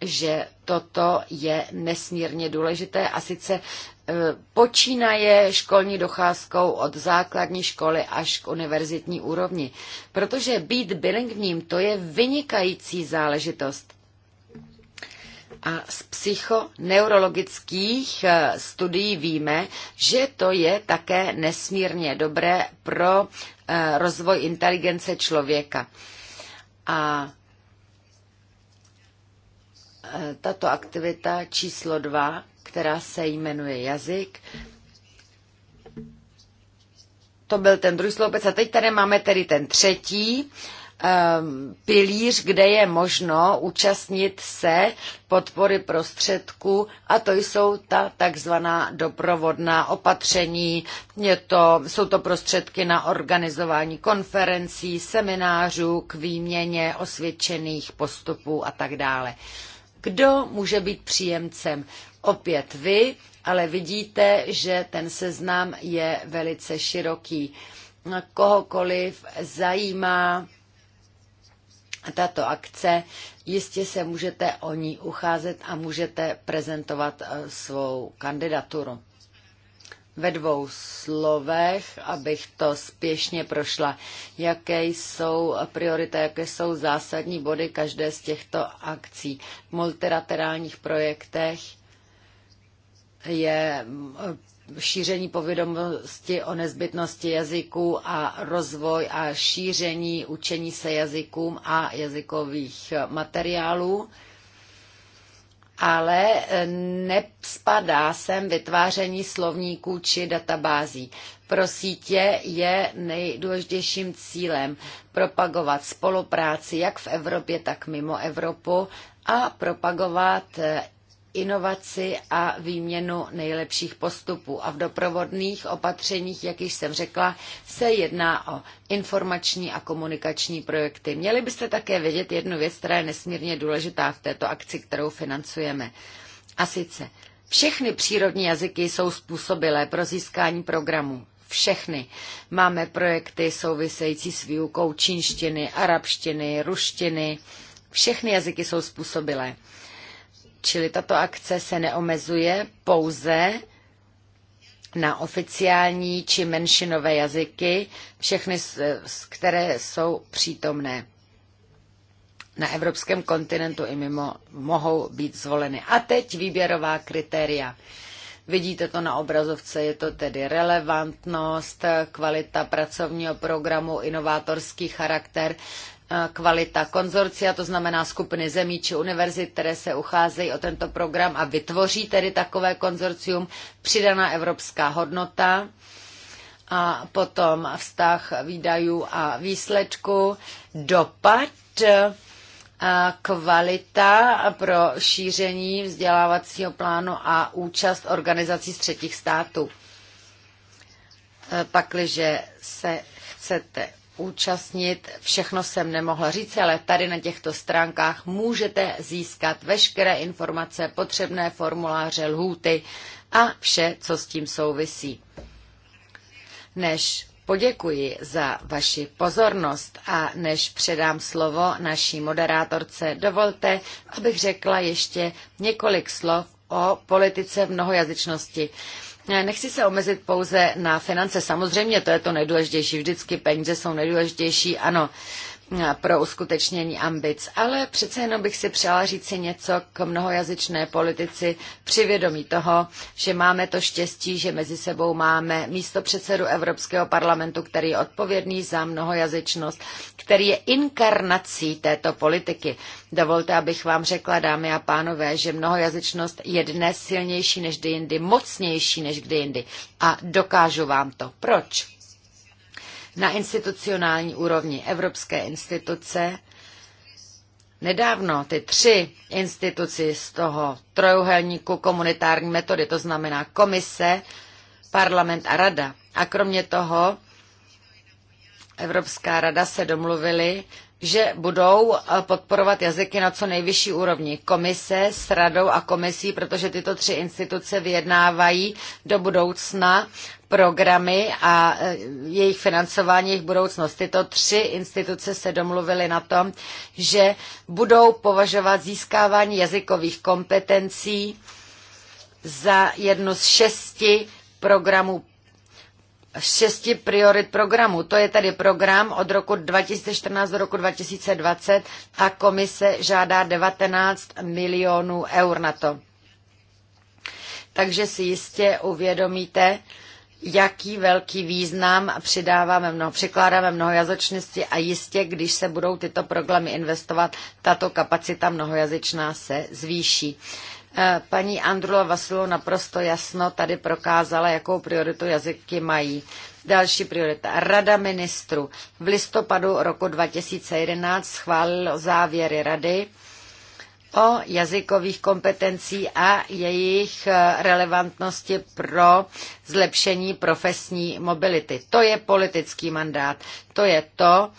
že toto je nesmírně důležité a sice e, počínaje školní docházkou od základní školy až k univerzitní úrovni. Protože být bilingvním to je vynikající záležitost. A z psychoneurologických e, studií víme, že to je také nesmírně dobré pro e, rozvoj inteligence člověka. A tato aktivita číslo dva, která se jmenuje jazyk, to byl ten druhý sloupec. A teď tady máme tedy ten třetí um, pilíř, kde je možno účastnit se podpory prostředků a to jsou ta takzvaná doprovodná opatření. Je to, jsou to prostředky na organizování konferencí, seminářů, k výměně osvědčených postupů a tak dále. Uh, kdo může být příjemcem? Opět vy, ale vidíte, že ten seznam je velice široký. Kohokoliv zajímá tato akce, jistě se můžete o ní ucházet a můžete prezentovat eh, svou kandidaturu ve dvou slovech, abych to spěšně prošla. Jaké jsou priority, jaké jsou zásadní body každé z těchto akcí v multilaterálních projektech? je eh, šíření povědomosti o nezbytnosti jazyků a rozvoj a šíření učení se jazykům a jazykových materiálů ale eh, nespadá sem vytváření slovníků či databází. Pro sítě je nejdůležitějším cílem propagovat spolupráci jak v Evropě, tak mimo Evropu a propagovat eh, inovaci a výměnu nejlepších postupů. A v doprovodných opatřeních, jak již jsem řekla, se jedná o informační a komunikační projekty. Měli byste také vědět jednu věc, která je nesmírně důležitá v této akci, kterou financujeme. A sice všechny přírodní jazyky jsou způsobilé pro získání programu všechny. Máme projekty související s výukou čínštiny, arabštiny, ruštiny. Všechny jazyky jsou způsobilé. Čili tato akce se neomezuje pouze na oficiální či menšinové jazyky, všechny, které jsou přítomné na evropském kontinentu i mimo, mohou být zvoleny. A teď výběrová kritéria. Vidíte to na obrazovce, je to tedy relevantnost, kvalita pracovního programu, inovátorský charakter, Eh, kvalita konzorcia, to znamená skupiny zemí či univerzit, které se ucházejí o tento program a vytvoří tedy takové konzorcium, přidaná evropská hodnota a potom vztah výdajů a výsledku, dopad, eh, kvalita pro šíření vzdělávacího plánu a účast organizací z třetích států. Eh, Pakliže se chcete účastnit, všechno jsem nemohla říct, ale tady na těchto stránkách můžete získat veškeré informace, potřebné formuláře, lhůty a vše, co s tím souvisí. Než poděkuji za vaši pozornost a než předám slovo naší moderátorce, dovolte, abych řekla ještě několik slov o politice mnohojazyčnosti. Nechci se omezit pouze na finance. Samozřejmě to je to nejdůležitější. Vždycky peníze jsou nejdůležitější, ano pro uskutečnění ambic, ale přece jenom bych si přála říci něco k mnohojazyčné politici při vědomí toho, že máme to štěstí, že mezi sebou máme místo předsedu Evropského parlamentu, který je odpovědný za mnohojazyčnost, který je inkarnací této politiky. Dovolte, abych vám řekla, dámy a pánové, že mnohojazyčnost je dnes silnější než kdy jindy, mocnější než kdy jindy. A dokážu vám to. Proč? na institucionální úrovni evropské instituce. Nedávno ty tři instituci z toho trojuhelníku komunitární metody, to znamená komise, parlament a rada. A kromě toho Evropská rada se domluvili že budou eh, podporovat jazyky na co nejvyšší úrovni. Komise s radou a komisí, protože tyto tři instituce vyjednávají do budoucna programy a eh, jejich financování, jejich budoucnost. Tyto tři instituce se domluvily na tom, že budou považovat získávání jazykových kompetencí za jednu z šesti programů šesti priorit programu. To je tedy program od roku 2014 do roku 2020 a komise žádá 19 milionů eur na to. Takže si jistě uvědomíte, jaký velký význam přidáváme mnoho, přikládáme mnohojazyčnosti a jistě, když se budou tyto programy investovat, tato kapacita mnohojazyčná se zvýší. Eh, paní Andrula Vasilu naprosto jasno tady prokázala, jakou prioritu jazyky mají. Další priorita. Rada ministrů v listopadu roku 2011 schválil závěry rady o jazykových kompetencích a jejich eh, relevantnosti pro zlepšení profesní mobility. To je politický mandát. To je to,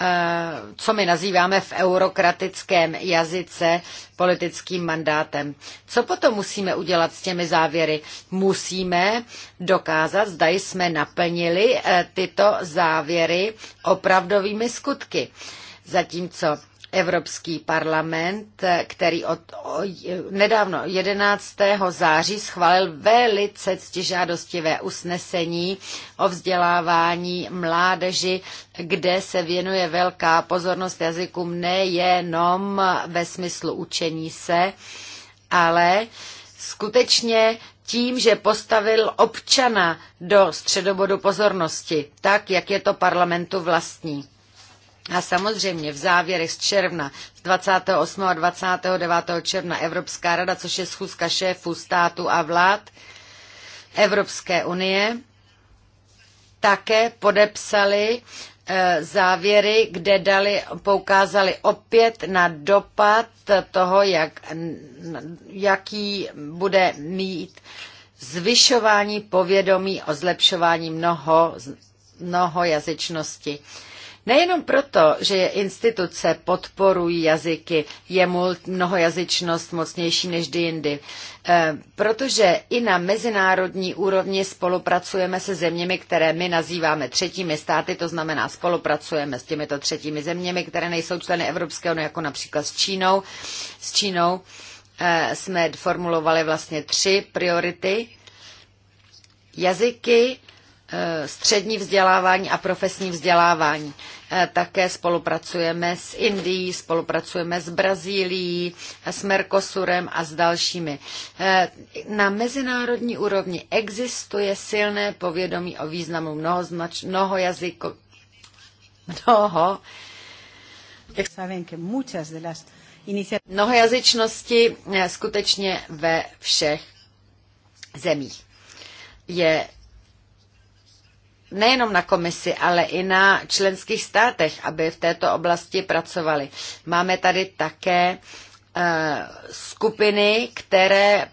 Eh, co my nazýváme v eurokratickém jazyce politickým mandátem. Co potom musíme udělat s těmi závěry? Musíme dokázat, zda jsme naplnili eh, tyto závěry opravdovými skutky. Zatímco Evropský parlament, který od nedávno 11. září schválil velice ctižádostivé usnesení o vzdělávání mládeži, kde se věnuje velká pozornost jazykům nejenom ve smyslu učení se, ale skutečně tím, že postavil občana do středobodu pozornosti, tak jak je to parlamentu vlastní. A samozřejmě v závěrech z června, z 28. a 29. června Evropská rada, což je schůzka šéfů států a vlád Evropské unie, také podepsali eh, závěry, kde dali, poukázali opět na dopad toho, jak, jaký bude mít zvyšování povědomí o zlepšování mnoho, mnoho jazyčnosti. Nejenom proto, že instituce podporují jazyky, je mnohojazyčnost mocnější než kdy jindy, e, protože i na mezinárodní úrovni spolupracujeme se zeměmi, které my nazýváme třetími státy, to znamená spolupracujeme s těmito třetími zeměmi, které nejsou členy Evropské unie, jako například s Čínou. S Čínou e, jsme formulovali vlastně tři priority. Jazyky, Eh, střední vzdělávání a profesní vzdělávání. Eh, také spolupracujeme s Indií, spolupracujeme s Brazílií, s Mercosurem a s dalšími. Eh, na mezinárodní úrovni existuje silné povědomí o významu mnoho, znač, mnoho jazyků. Mnoho. Mnohojazyčnosti skutečně ve všech zemích. Je nejenom na komisi, ale i na členských státech, aby v této oblasti pracovali. Máme tady také eh, skupiny, které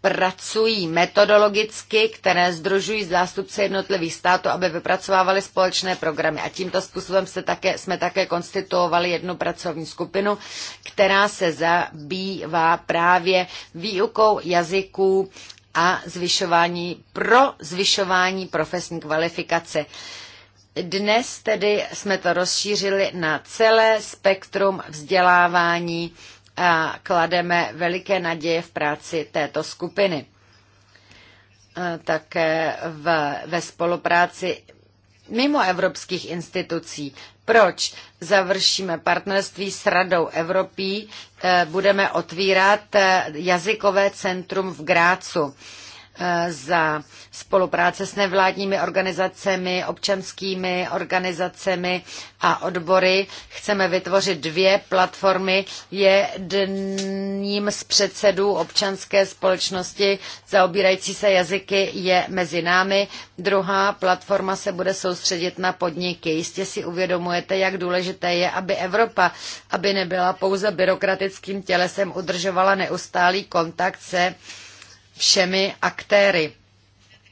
pracují metodologicky, které združují zástupce jednotlivých států, aby vypracovávali společné programy. A tímto způsobem se také, jsme také konstituovali jednu pracovní skupinu, která se zabývá právě výukou jazyků a zvyšování pro zvyšování profesní kvalifikace. Dnes tedy jsme to rozšířili na celé spektrum vzdělávání a klademe veliké naděje v práci této skupiny. Také v, ve spolupráci mimo evropských institucí proč završíme partnerství s Radou Evropy? Eh, budeme otvírat eh, jazykové centrum v Grácu za spolupráce s nevládními organizacemi, občanskými organizacemi a odbory. Chceme vytvořit dvě platformy. Jedním z předsedů občanské společnosti zaobírající se jazyky je mezi námi. Druhá platforma se bude soustředit na podniky. Jistě si uvědomujete, jak důležité je, aby Evropa, aby nebyla pouze byrokratickým tělesem, udržovala neustálý kontakt se všemi aktéry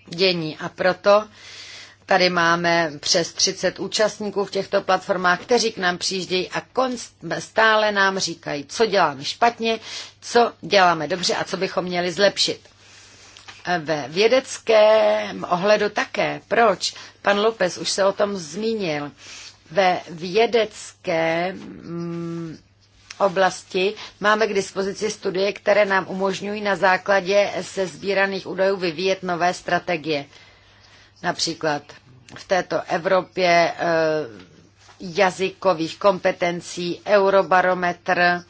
dění. A proto tady máme přes 30 účastníků v těchto platformách, kteří k nám přijíždějí a stále nám říkají, co děláme špatně, co děláme dobře a co bychom měli zlepšit ve vědeckém ohledu také. Proč? Pan Lopez už se o tom zmínil. Ve vědeckém oblasti máme k dispozici studie, které nám umožňují na základě sbíraných údajů vyvíjet nové strategie. Například v této Evropě eh, jazykových kompetencí, eurobarometr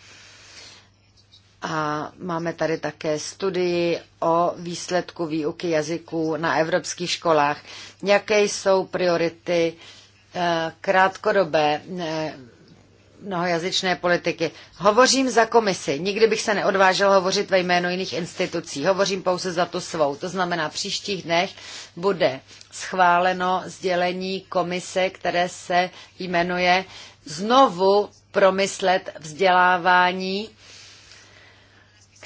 a máme tady také studii o výsledku výuky jazyků na evropských školách. Jaké jsou priority eh, krátkodobé eh, mnohojazyčné politiky. Hovořím za komisi. Nikdy bych se neodvážel hovořit ve jménu jiných institucí. Hovořím pouze za tu svou. To znamená, v příštích dnech bude schváleno sdělení komise, které se jmenuje znovu promyslet vzdělávání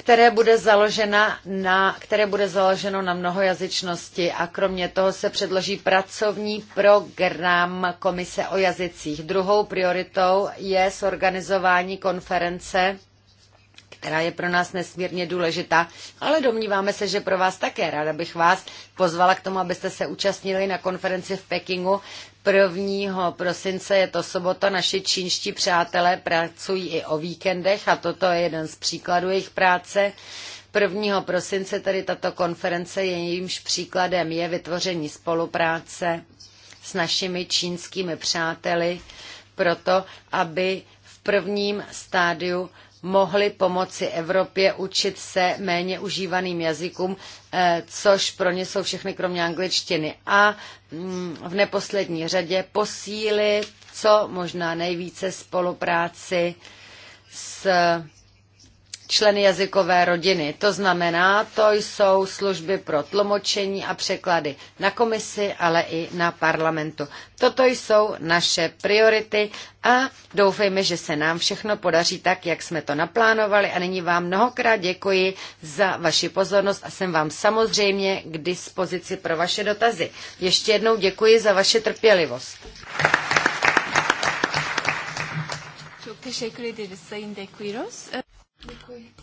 které bude, založena na, které bude založeno na mnohojazyčnosti a kromě toho se předloží pracovní program Komise o jazycích. Druhou prioritou je zorganizování konference která je pro nás nesmírně důležitá, ale domníváme se, že pro vás také. Ráda bych vás pozvala k tomu, abyste se účastnili na konferenci v Pekingu. 1. prosince je to sobota, naši čínští přátelé pracují i o víkendech a toto je jeden z příkladů jejich práce. 1. prosince tedy tato konference je jejímž příkladem je vytvoření spolupráce s našimi čínskými přáteli proto, aby v prvním stádiu mohli pomoci Evropě učit se méně užívaným jazykům, eh, což pro ně jsou všechny kromě angličtiny. A mm, v neposlední řadě posílit co možná nejvíce spolupráci s členy jazykové rodiny. To znamená, to jsou služby pro tlumočení a překlady na komisi, ale i na parlamentu. Toto jsou naše priority a doufejme, že se nám všechno podaří tak, jak jsme to naplánovali. A nyní vám mnohokrát děkuji za vaši pozornost a jsem vám samozřejmě k dispozici pro vaše dotazy. Ještě jednou děkuji za vaše trpělivost. teşekkür ederiz Sayın Dekuiros. Děkuji.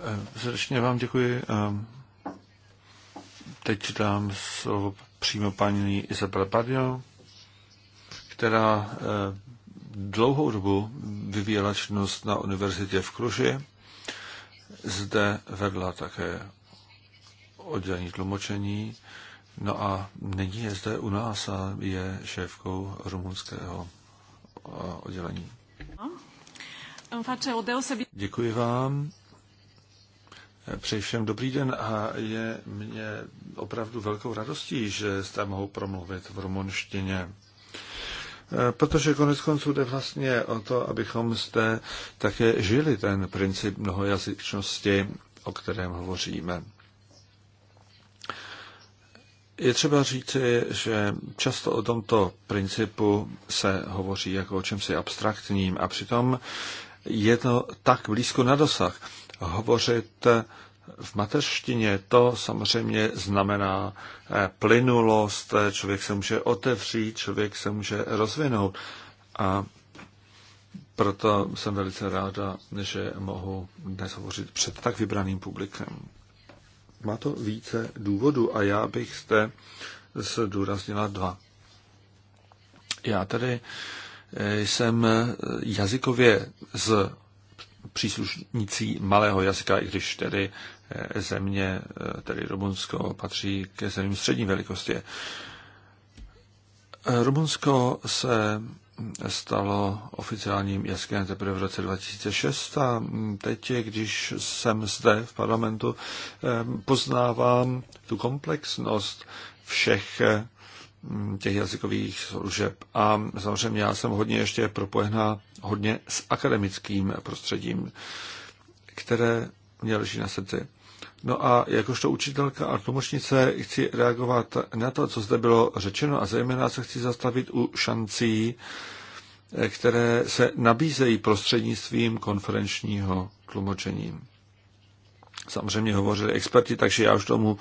Eh, srdečně vám děkuji. Ehm, teď dám slovo přímo paní Isabel Padio, která eh, dlouhou dobu vyvíjela činnost na univerzitě v Kruži. Zde vedla také oddělení tlumočení. No a nyní je zde u nás a je šéfkou rumunského eh, oddělení. Děkuji vám. Přeji všem dobrý den a je mě opravdu velkou radostí, že jste mohu promluvit v rumunštině. Protože konec konců jde vlastně o to, abychom zde také žili ten princip mnohojazyčnosti, o kterém hovoříme. Je třeba říci, že často o tomto principu se hovoří jako o čemsi abstraktním a přitom je to tak blízko na dosah. Hovořit v mateřštině to samozřejmě znamená eh, plynulost, eh, člověk se může otevřít, člověk se může rozvinout. A proto jsem velice ráda, že mohu dnes hovořit před tak vybraným publikem. Má to více důvodů a já bych zde zdůraznila dva. Já tedy jsem jazykově z příslušnící malého jazyka, i když tedy eh, země, eh, tedy Rumunsko, patří ke zemím střední velikosti. Rumunsko se stalo oficiálním jazykem teprve v roce 2006 a teď, když jsem zde v parlamentu, eh, poznávám tu komplexnost všech Mm, těch jazykových služeb. A samozřejmě já jsem hodně ještě propojená hodně s akademickým prostředím, které mě leží na srdci. No a jakožto učitelka a tlumočnice chci reagovat na to, co zde bylo řečeno a zejména se chci zastavit u šancí, které se nabízejí prostřednictvím konferenčního tlumočení. Samozřejmě hovořili experti, takže já už tomu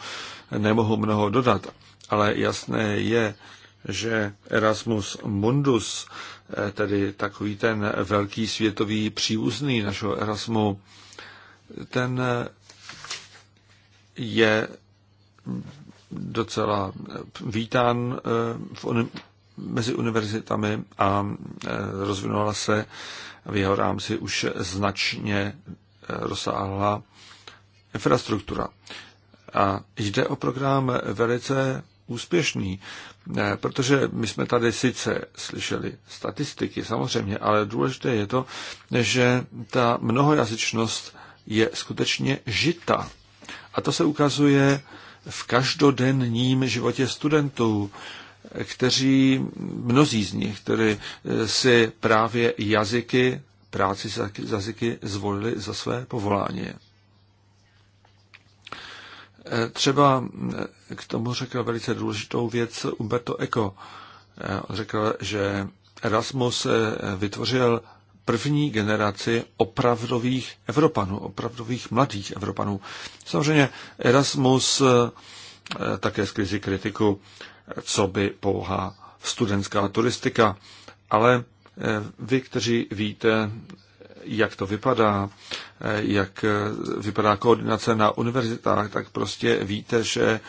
nemohu mnoho dodat ale jasné je, že Erasmus Mundus, eh, tedy takový ten velký světový příuzný našeho Erasmu, ten eh, je docela eh, vítán v on, mezi univerzitami a rozvinula se v jeho rámci už značně rozsáhla infrastruktura. A jde o program velice úspěšný, eh, protože my jsme tady sice slyšeli statistiky samozřejmě, ale důležité je to, že ta mnohojazyčnost je skutečně žita. A to se ukazuje v každodenním životě studentů, kteří, mnozí z nich, kteří eh, si právě jazyky, práci s jazyky zvolili za své povolání. Třeba eh, k tomu řekl velice důležitou věc Umberto Eco. Eh, on řekl, že Erasmus eh, vytvořil první generaci opravdových Evropanů, opravdových mladých Evropanů. Samozřejmě Erasmus také skrizi kritiku, co by pouhá studentská turistika, ale vy, kteří víte, jak to vypadá, eh, jak eh, vypadá koordinace na univerzitách, tak prostě víte, že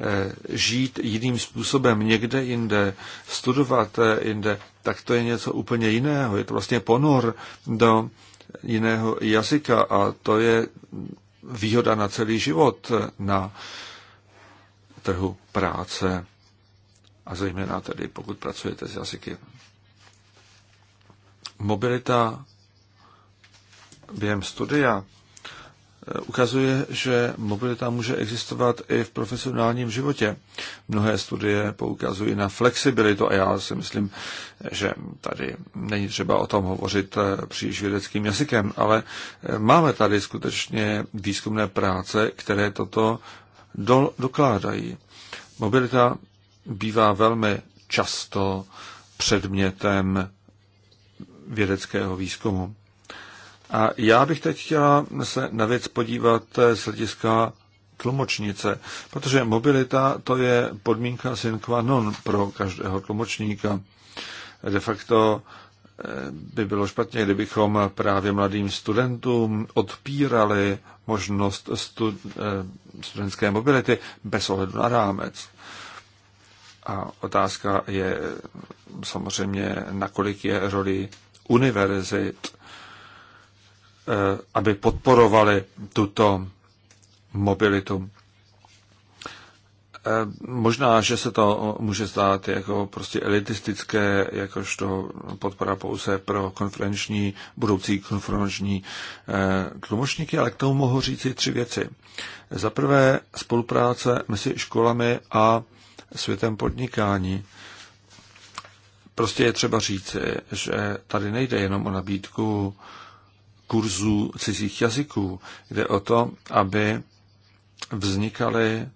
eh, žít jiným způsobem někde jinde, studovat jinde, tak to je něco úplně jiného. Je to vlastně ponor do jiného jazyka a to je výhoda na celý život na trhu práce a zejména tedy pokud pracujete s jazyky. Mobilita během studia, eh, ukazuje, že mobilita může existovat i v profesionálním životě. Mnohé studie poukazují na flexibilitu a já si myslím, že tady není třeba o tom hovořit eh, příliš vědeckým jazykem, ale eh, máme tady skutečně výzkumné práce, které toto do, dokládají. Mobilita bývá velmi často předmětem vědeckého výzkumu. A já bych teď chtěla se na věc podívat eh, z hlediska tlumočnice, protože mobilita to je podmínka sin qua non pro každého tlumočníka. De facto eh, by bylo špatně, kdybychom právě mladým studentům odpírali možnost stud, eh, studentské mobility bez ohledu na rámec. A otázka je samozřejmě, nakolik je roli univerzit Eh, aby podporovali tuto mobilitu. Eh, možná, že se to může zdát jako prostě elitistické, jakožto podpora pouze pro konferenční, budoucí konferenční eh, tlumočníky, ale k tomu mohu říci tři věci. Za prvé spolupráce mezi školami a světem podnikání. Prostě je třeba říci, že tady nejde jenom o nabídku kurzů cizích jazyků. Jde o to, aby vznikaly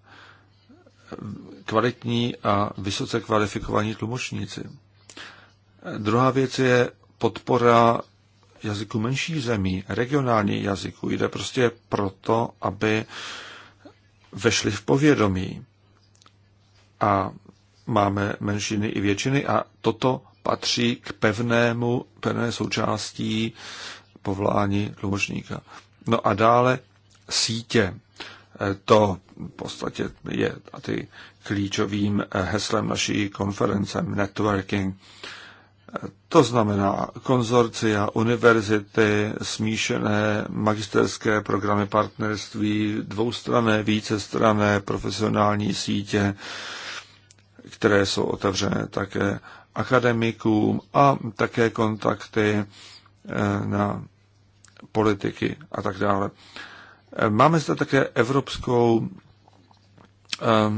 kvalitní a vysoce kvalifikovaní tlumočníci. Druhá věc je podpora jazyku menší zemí, regionální jazyku. Jde prostě proto, aby vešli v povědomí. A máme menšiny i většiny a toto patří k pevnému, pevné součástí povolání tlumočníka. No a dále sítě. E, to v podstatě je ty klíčovým e, heslem naší konference networking. E, to znamená konzorcia, univerzity, smíšené magisterské programy partnerství, dvoustrané, vícestrané profesionální sítě, které jsou otevřené také akademikům a také kontakty na politiky a tak dále. Eh, máme zde také evropskou, eh,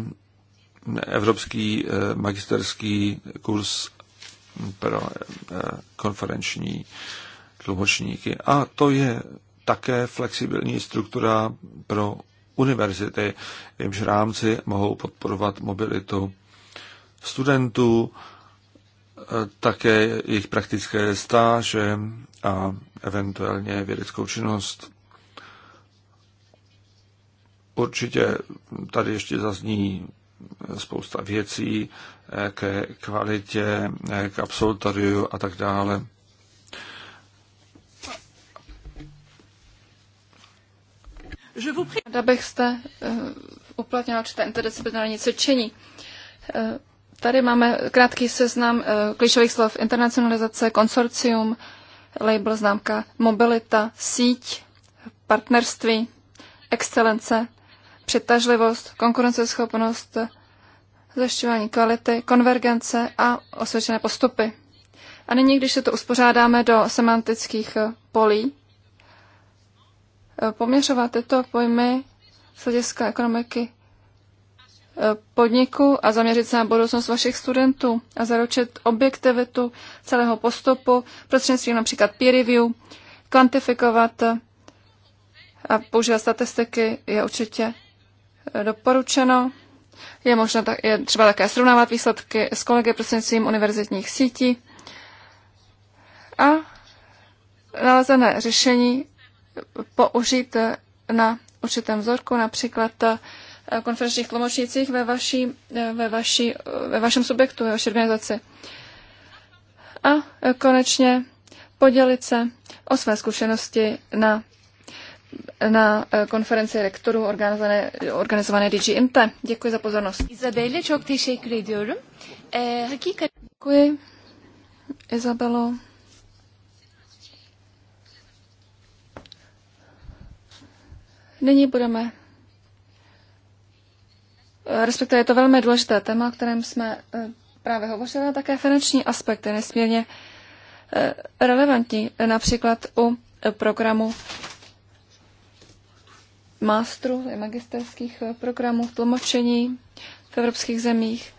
evropský eh, magisterský kurz pro konferenční tlumočníky. A to je také flexibilní struktura pro univerzity, jimž rámci mohou podporovat mobilitu studentů, také jejich praktické stáže a eventuálně vědeckou činnost. Určitě tady ještě zazní spousta věcí ke kvalitě, k absolutoriu a tak dále. Ráda bych jste uh, eh, uplatnila určité interdisciplinární cvičení. Uh, tady máme krátký seznam uh, klíčových slov internacionalizace, konsorcium, uh, label známka mobilita, síť, partnerství, excelence, přitažlivost, konkurenceschopnost, zajišťování kvality, konvergence a osvědčené postupy. A nyní, když se to uspořádáme do semantických eh, polí, eh, poměřovat tyto pojmy z hlediska ekonomiky podniku a zaměřit se na budoucnost vašich studentů a zaručit objektivitu celého postupu prostřednictvím například peer review, kvantifikovat a používat statistiky je určitě eh, doporučeno. Je, možno, je třeba také srovnávat výsledky s kolegy prostřednictvím univerzitních sítí a nalezené řešení použít na určitém vzorku, například eh, Eh, konferenčních tlumočnících ve, vaší, eh, ve, vaší, eh, ve vašem subjektu, ve vaší organizaci. A konečně podělit se o své zkušenosti na, na konferenci rektorů organizované, organizované DG INTE. Děkuji za pozornost. Izabelle, çok teşekkür ediyorum. E, hakikat... Děkuji, Izabelo. Nyní budeme respektive je to velmi důležité téma, o kterém jsme eh, právě hovořili, a také finanční aspekt je nesmírně eh, relevantní, například u programu mástru, magisterských eh, programů v tlumočení v evropských zemích.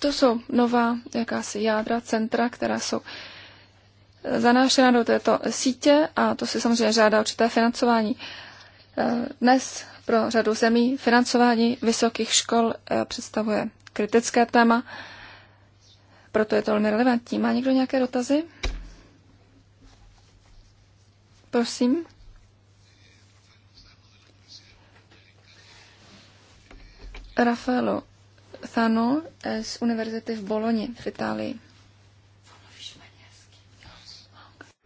To jsou nová jakási jádra, centra, která jsou zanášena do této sítě a to si samozřejmě žádá určité financování. Dnes pro řadu zemí financování vysokých škol eh, představuje kritické téma, proto je to velmi relevantní. Má někdo nějaké dotazy? Prosím. Rafaelo Thano z Univerzity v Boloni v Itálii.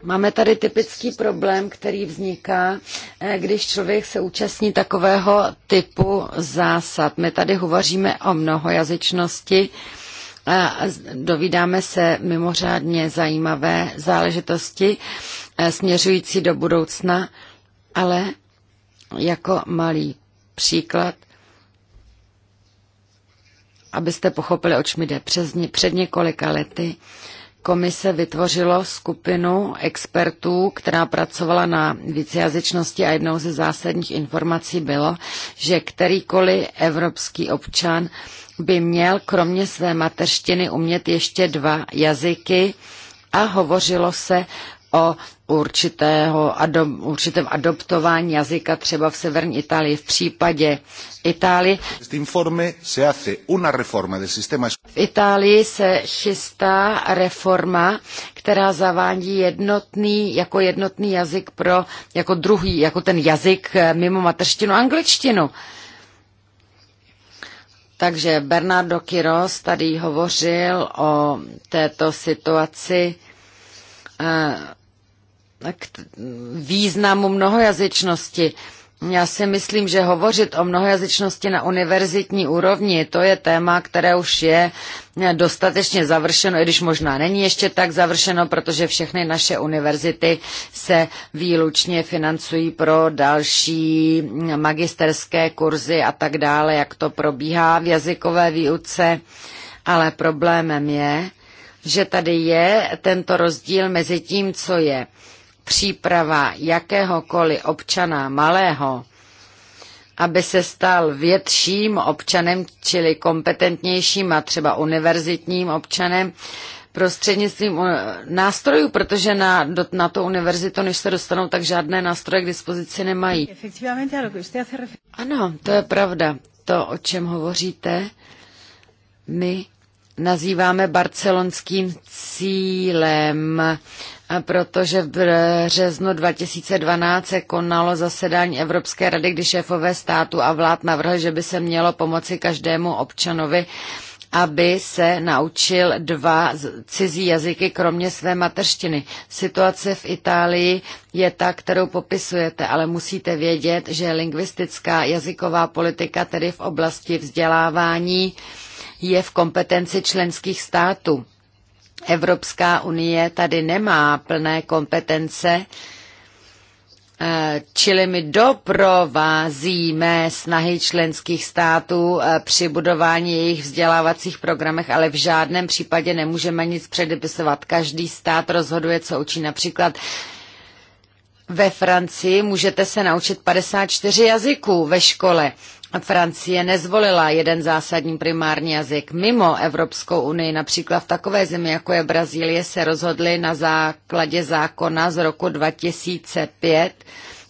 Máme tady typický problém, který vzniká, eh, když člověk se účastní takového typu zásad. My tady hovoříme o mnohojazyčnosti a dovídáme se mimořádně zajímavé záležitosti eh, směřující do budoucna, ale jako malý příklad, abyste pochopili, oč mi jde. před několika lety komise vytvořilo skupinu expertů, která pracovala na vícejazyčnosti a jednou ze zásadních informací bylo, že kterýkoliv evropský občan by měl kromě své mateřštiny umět ještě dva jazyky a hovořilo se o určitého, ado, určitém adoptování jazyka třeba v severní Itálii. V případě Itálie v Itálii se chystá reforma, která zavádí jednotný, jako jednotný jazyk pro, jako druhý, jako ten jazyk eh, mimo mateřštinu angličtinu. Takže Bernardo Quiros tady hovořil o této situaci eh, k významu mnohojazyčnosti. Já si myslím, že hovořit o mnohojazyčnosti na univerzitní úrovni, to je téma, které už je dostatečně završeno, i když možná není ještě tak završeno, protože všechny naše univerzity se výlučně financují pro další magisterské kurzy a tak dále, jak to probíhá v jazykové výuce. Ale problémem je, že tady je tento rozdíl mezi tím, co je příprava jakéhokoliv občana malého, aby se stal větším občanem, čili kompetentnějším a třeba univerzitním občanem, prostřednictvím nástrojů, protože na, do, na to univerzitu, než se dostanou, tak žádné nástroje k dispozici nemají. Ano, to je pravda. To, o čem hovoříte, my nazýváme barcelonským cílem protože v březnu 2012 se konalo zasedání Evropské rady, kdy šéfové státu a vlád navrhli, že by se mělo pomoci každému občanovi aby se naučil dva cizí jazyky, kromě své mateřštiny. Situace v Itálii je ta, kterou popisujete, ale musíte vědět, že lingvistická jazyková politika, tedy v oblasti vzdělávání, je v kompetenci členských států. Evropská unie tady nemá plné kompetence, eh, čili my doprovázíme snahy členských států eh, při budování jejich vzdělávacích programech, ale v žádném případě nemůžeme nic předepisovat. Každý stát rozhoduje, co učí. Například ve Francii můžete se naučit 54 jazyků ve škole. Francie nezvolila jeden zásadní primární jazyk mimo Evropskou unii. Například v takové zemi, jako je Brazílie, se rozhodli na základě zákona z roku 2005,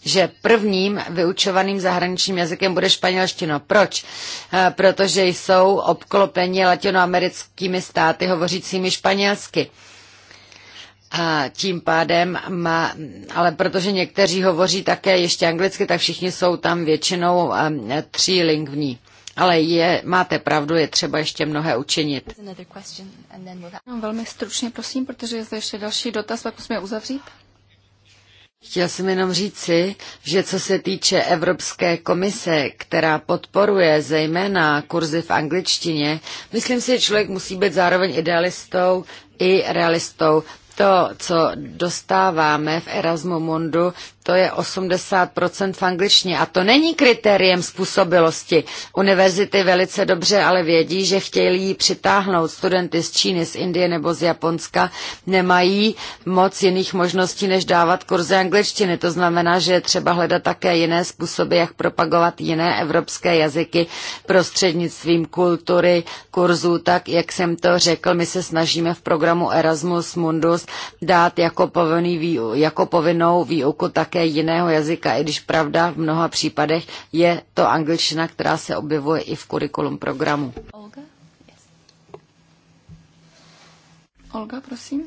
že prvním vyučovaným zahraničním jazykem bude španělština. Proč? Eh, protože jsou obklopeni latinoamerickými státy hovořícími španělsky. A tím pádem má, ale protože někteří hovoří také ještě anglicky, tak všichni jsou tam většinou um, lingvní. Ale je, máte pravdu, je třeba ještě mnohé učinit. No, velmi stručně, prosím, protože je zde ještě další dotaz, pak musíme uzavřít. Chtěl jsem jenom říci, že co se týče Evropské komise, která podporuje zejména kurzy v angličtině, myslím si, že člověk musí být zároveň idealistou i realistou to, co dostáváme v Erasmu Mundu, to je 80% v angličtině. A to není kritériem způsobilosti. Univerzity velice dobře ale vědí, že chtějí ji přitáhnout. Studenty z Číny, z Indie nebo z Japonska nemají moc jiných možností, než dávat kurzy angličtiny. To znamená, že je třeba hledat také jiné způsoby, jak propagovat jiné evropské jazyky prostřednictvím kultury, kurzů, tak jak jsem to řekl, my se snažíme v programu Erasmus Mundus dát jako, povinný, jako povinnou výuku tak také jiného jazyka, i když pravda v mnoha případech je to angličtina, která se objevuje i v kurikulum programu. Olga? Yes. Olga, prosím.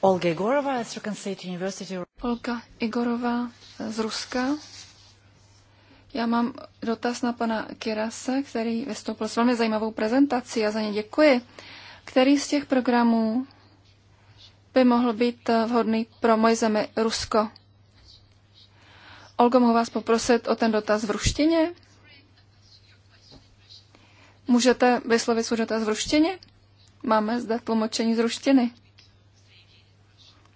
Olga Igorová, Astrakhan State University. Olga Igorová z Ruska. Já mám dotaz na pana Kirase, který vystoupil s velmi zajímavou prezentací a za ně děkuji. Který z těch programů by mohl být eh, vhodný pro moje zemi Rusko. Olgo, mohu vás poprosit o ten dotaz v ruštině? Můžete vyslovit svůj dotaz v ruštině? Máme zde tlumočení z ruštiny.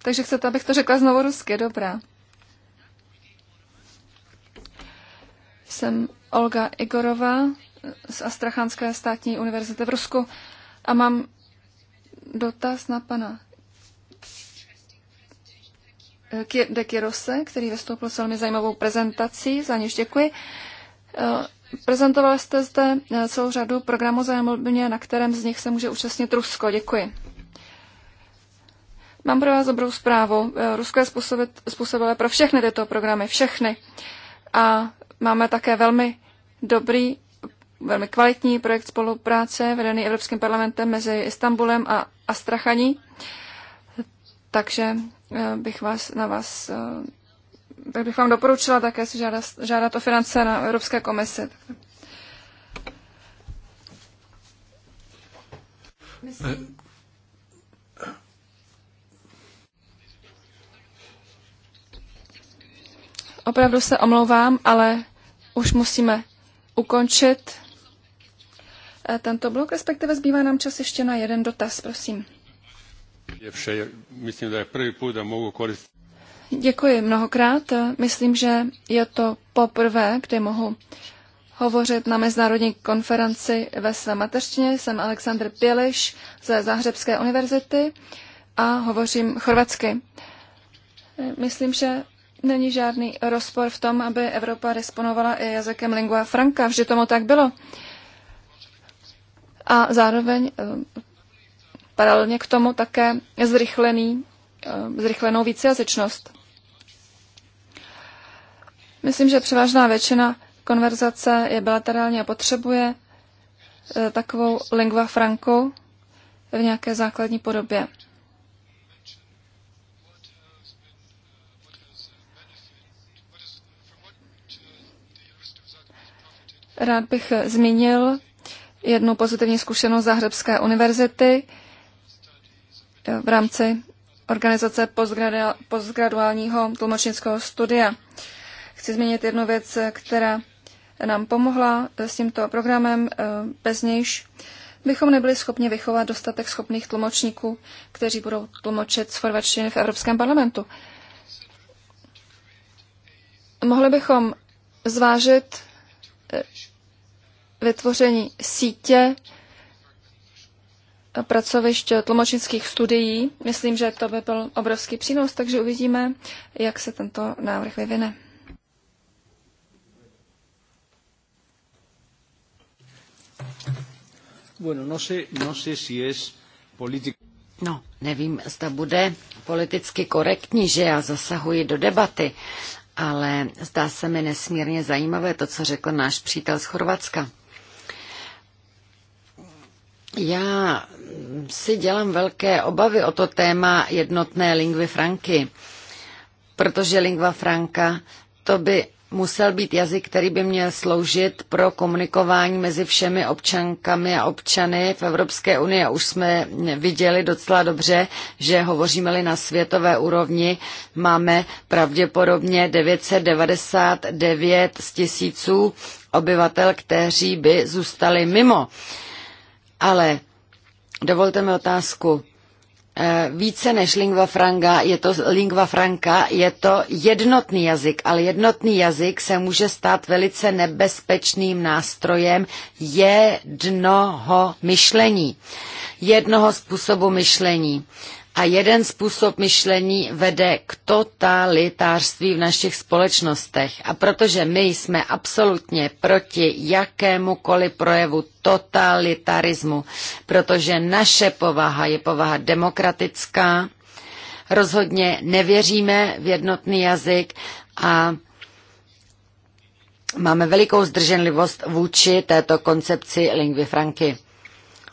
Takže chcete, abych to řekla znovu rusky, dobrá. Jsem Olga Igorová eh, z Astrachanské státní univerzity v Rusku a mám dotaz na pana Eh, de Kirose, který vystoupil s velmi zajímavou prezentací, za něž děkuji. Eh, prezentoval jste zde eh, celou řadu programů zajímavě, na kterém z nich se může účastnit Rusko. Děkuji. Mám pro vás dobrou zprávu. Rusko je způsobilé pro všechny tyto programy, všechny. A máme také velmi dobrý, velmi kvalitní projekt spolupráce vedený Evropským parlamentem mezi Istanbulem a Astrachaní. Takže Eh, bych vás na vás eh, tak bych vám doporučila také si žádat, žádat o finance na Evropské komisi. Eh, opravdu se omlouvám, ale už musíme ukončit tento blok, respektive zbývá nám čas ještě na jeden dotaz, prosím je vše. Myslím, je Děkuji mnohokrát. Myslím, že je to poprvé, kdy mohu hovořit na mezinárodní konferenci ve své mateřštině. Jsem Aleksandr Pěliš ze Záhřebské univerzity a hovořím chorvatsky. Myslím, že není žádný rozpor v tom, aby Evropa disponovala i jazykem lingua franca. Vždy tomu tak bylo. A zároveň Paralelně k tomu také zrychlený, eh, zrychlenou vícejazyčnost. Myslím, že převážná většina konverzace je bilaterálně a potřebuje eh, takovou lingua franco v nějaké základní podobě. Rád bych zmínil jednu pozitivní zkušenost Zahrebské univerzity, v rámci organizace postgraduálního tlumočnického studia. Chci zmínit jednu věc, která nám pomohla s tímto programem, bez nějž bychom nebyli schopni vychovat dostatek schopných tlumočníků, kteří budou tlumočit z chorvačtiny v Evropském parlamentu. Mohli bychom zvážit eh, vytvoření sítě pracovišť tlumočnických studií. Myslím, že to by byl obrovský přínos, takže uvidíme, jak se tento návrh vyvine. Bueno, no sé, no sé si es político. No, nevím, zda bude politicky korektní, že já zasahuji do debaty, ale zdá se mi nesmírně zajímavé to, co řekl náš přítel z Chorvatska. Já si dělám velké obavy o to téma jednotné lingvy franky, protože lingva franka to by musel být jazyk, který by měl sloužit pro komunikování mezi všemi občankami a občany v Evropské unii. už jsme viděli docela dobře, že hovoříme-li na světové úrovni, máme pravděpodobně 999 z tisíců obyvatel, kteří by zůstali mimo ale dovolte mi otázku. Eh, více než lingua franca, je to, lingua franca je to jednotný jazyk, ale jednotný jazyk se může stát velice nebezpečným nástrojem jednoho myšlení, jednoho způsobu myšlení. A jeden způsob myšlení vede k totalitářství v našich společnostech. A protože my jsme absolutně proti jakémukoliv projevu totalitarismu, protože naše povaha je povaha demokratická, rozhodně nevěříme v jednotný jazyk a máme velikou zdrženlivost vůči této koncepci lingvy franky.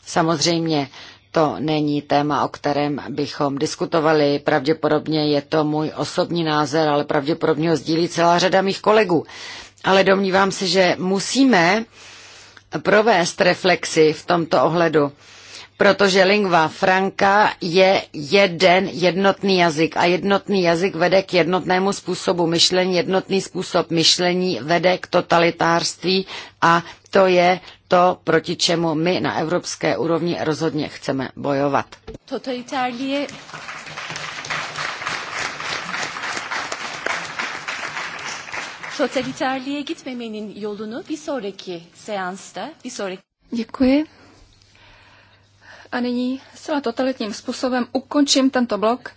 Samozřejmě to není téma, o kterém bychom diskutovali. Pravděpodobně je to můj osobní názor, ale pravděpodobně ho sdílí celá řada mých kolegů. Ale domnívám se, že musíme provést reflexi v tomto ohledu, protože lingva franca je jeden jednotný jazyk a jednotný jazyk vede k jednotnému způsobu myšlení, jednotný způsob myšlení vede k totalitářství a to je to, proti čemu my na evropské úrovni rozhodně chceme bojovat. Totalitarní Totaliterliğe gitmemenin yolunu bir sonraki seansta, bir sonraki... Děkuji. A nyní zcela totalitním způsobem ukončím tento blok,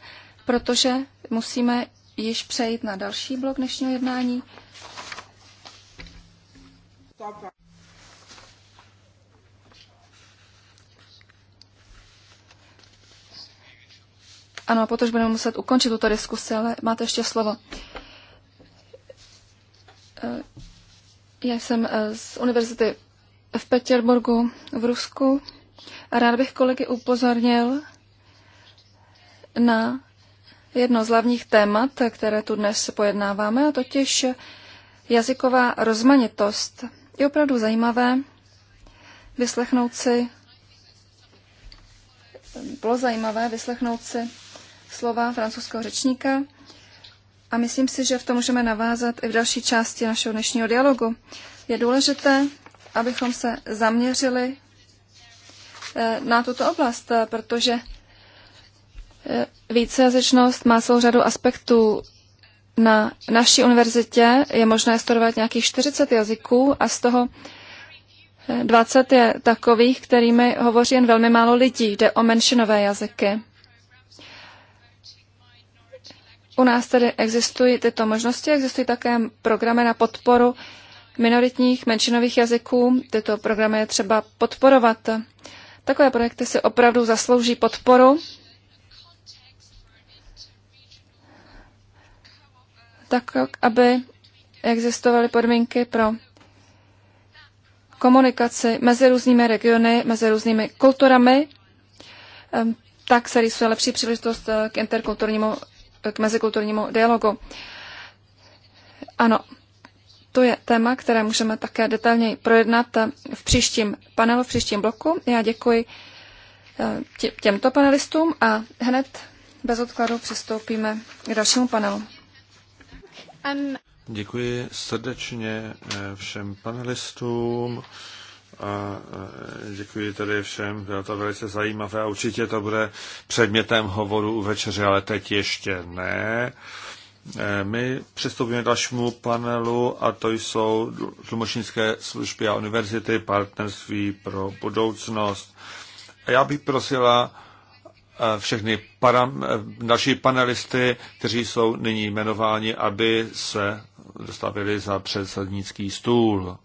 protože musíme již přejít na další blok dnešního jednání. Ano, protože budeme muset ukončit tuto diskusi, ale máte ještě slovo. Eh, já jsem eh, z univerzity v Petěrborgu v Rusku a rád bych kolegy upozornil na jedno z hlavních témat, které tu dnes pojednáváme, a totiž jazyková rozmanitost. Je opravdu zajímavé vyslechnout si, bylo zajímavé vyslechnout si slova francouzského řečníka a myslím si, že v tom můžeme navázat i v další části našeho dnešního dialogu. Je důležité, abychom se zaměřili eh, na tuto oblast, eh, protože eh, vícejazyčnost má celou řadu aspektů. Na naší univerzitě je možné studovat nějakých 40 jazyků a z toho 20 je takových, kterými hovoří jen velmi málo lidí. Jde o menšinové jazyky. U nás tedy existují tyto možnosti, existují také programy na podporu minoritních menšinových jazyků. Tyto programy je třeba podporovat. Takové projekty si opravdu zaslouží podporu. Tak, aby existovaly podmínky pro komunikaci mezi různými regiony, mezi různými kulturami, tak se rýsuje lepší příležitost eh, k interkulturnímu k mezikulturnímu dialogu. Ano, to je téma, které můžeme také detailněji projednat v příštím panelu, v příštím bloku. Já děkuji eh, těmto panelistům a hned bez odkladu přistoupíme k dalšímu panelu. Děkuji srdečně eh, všem panelistům a e, děkuji tedy všem, bylo to velice zajímavé a určitě to bude předmětem hovoru u večeře, ale teď ještě ne. E, my přistoupíme k dalšímu panelu a to jsou tlumočnické služby a univerzity, partnerství pro budoucnost. A já bych prosila e, všechny param, další panelisty, kteří jsou nyní jmenováni, aby se dostavili za předsednický stůl.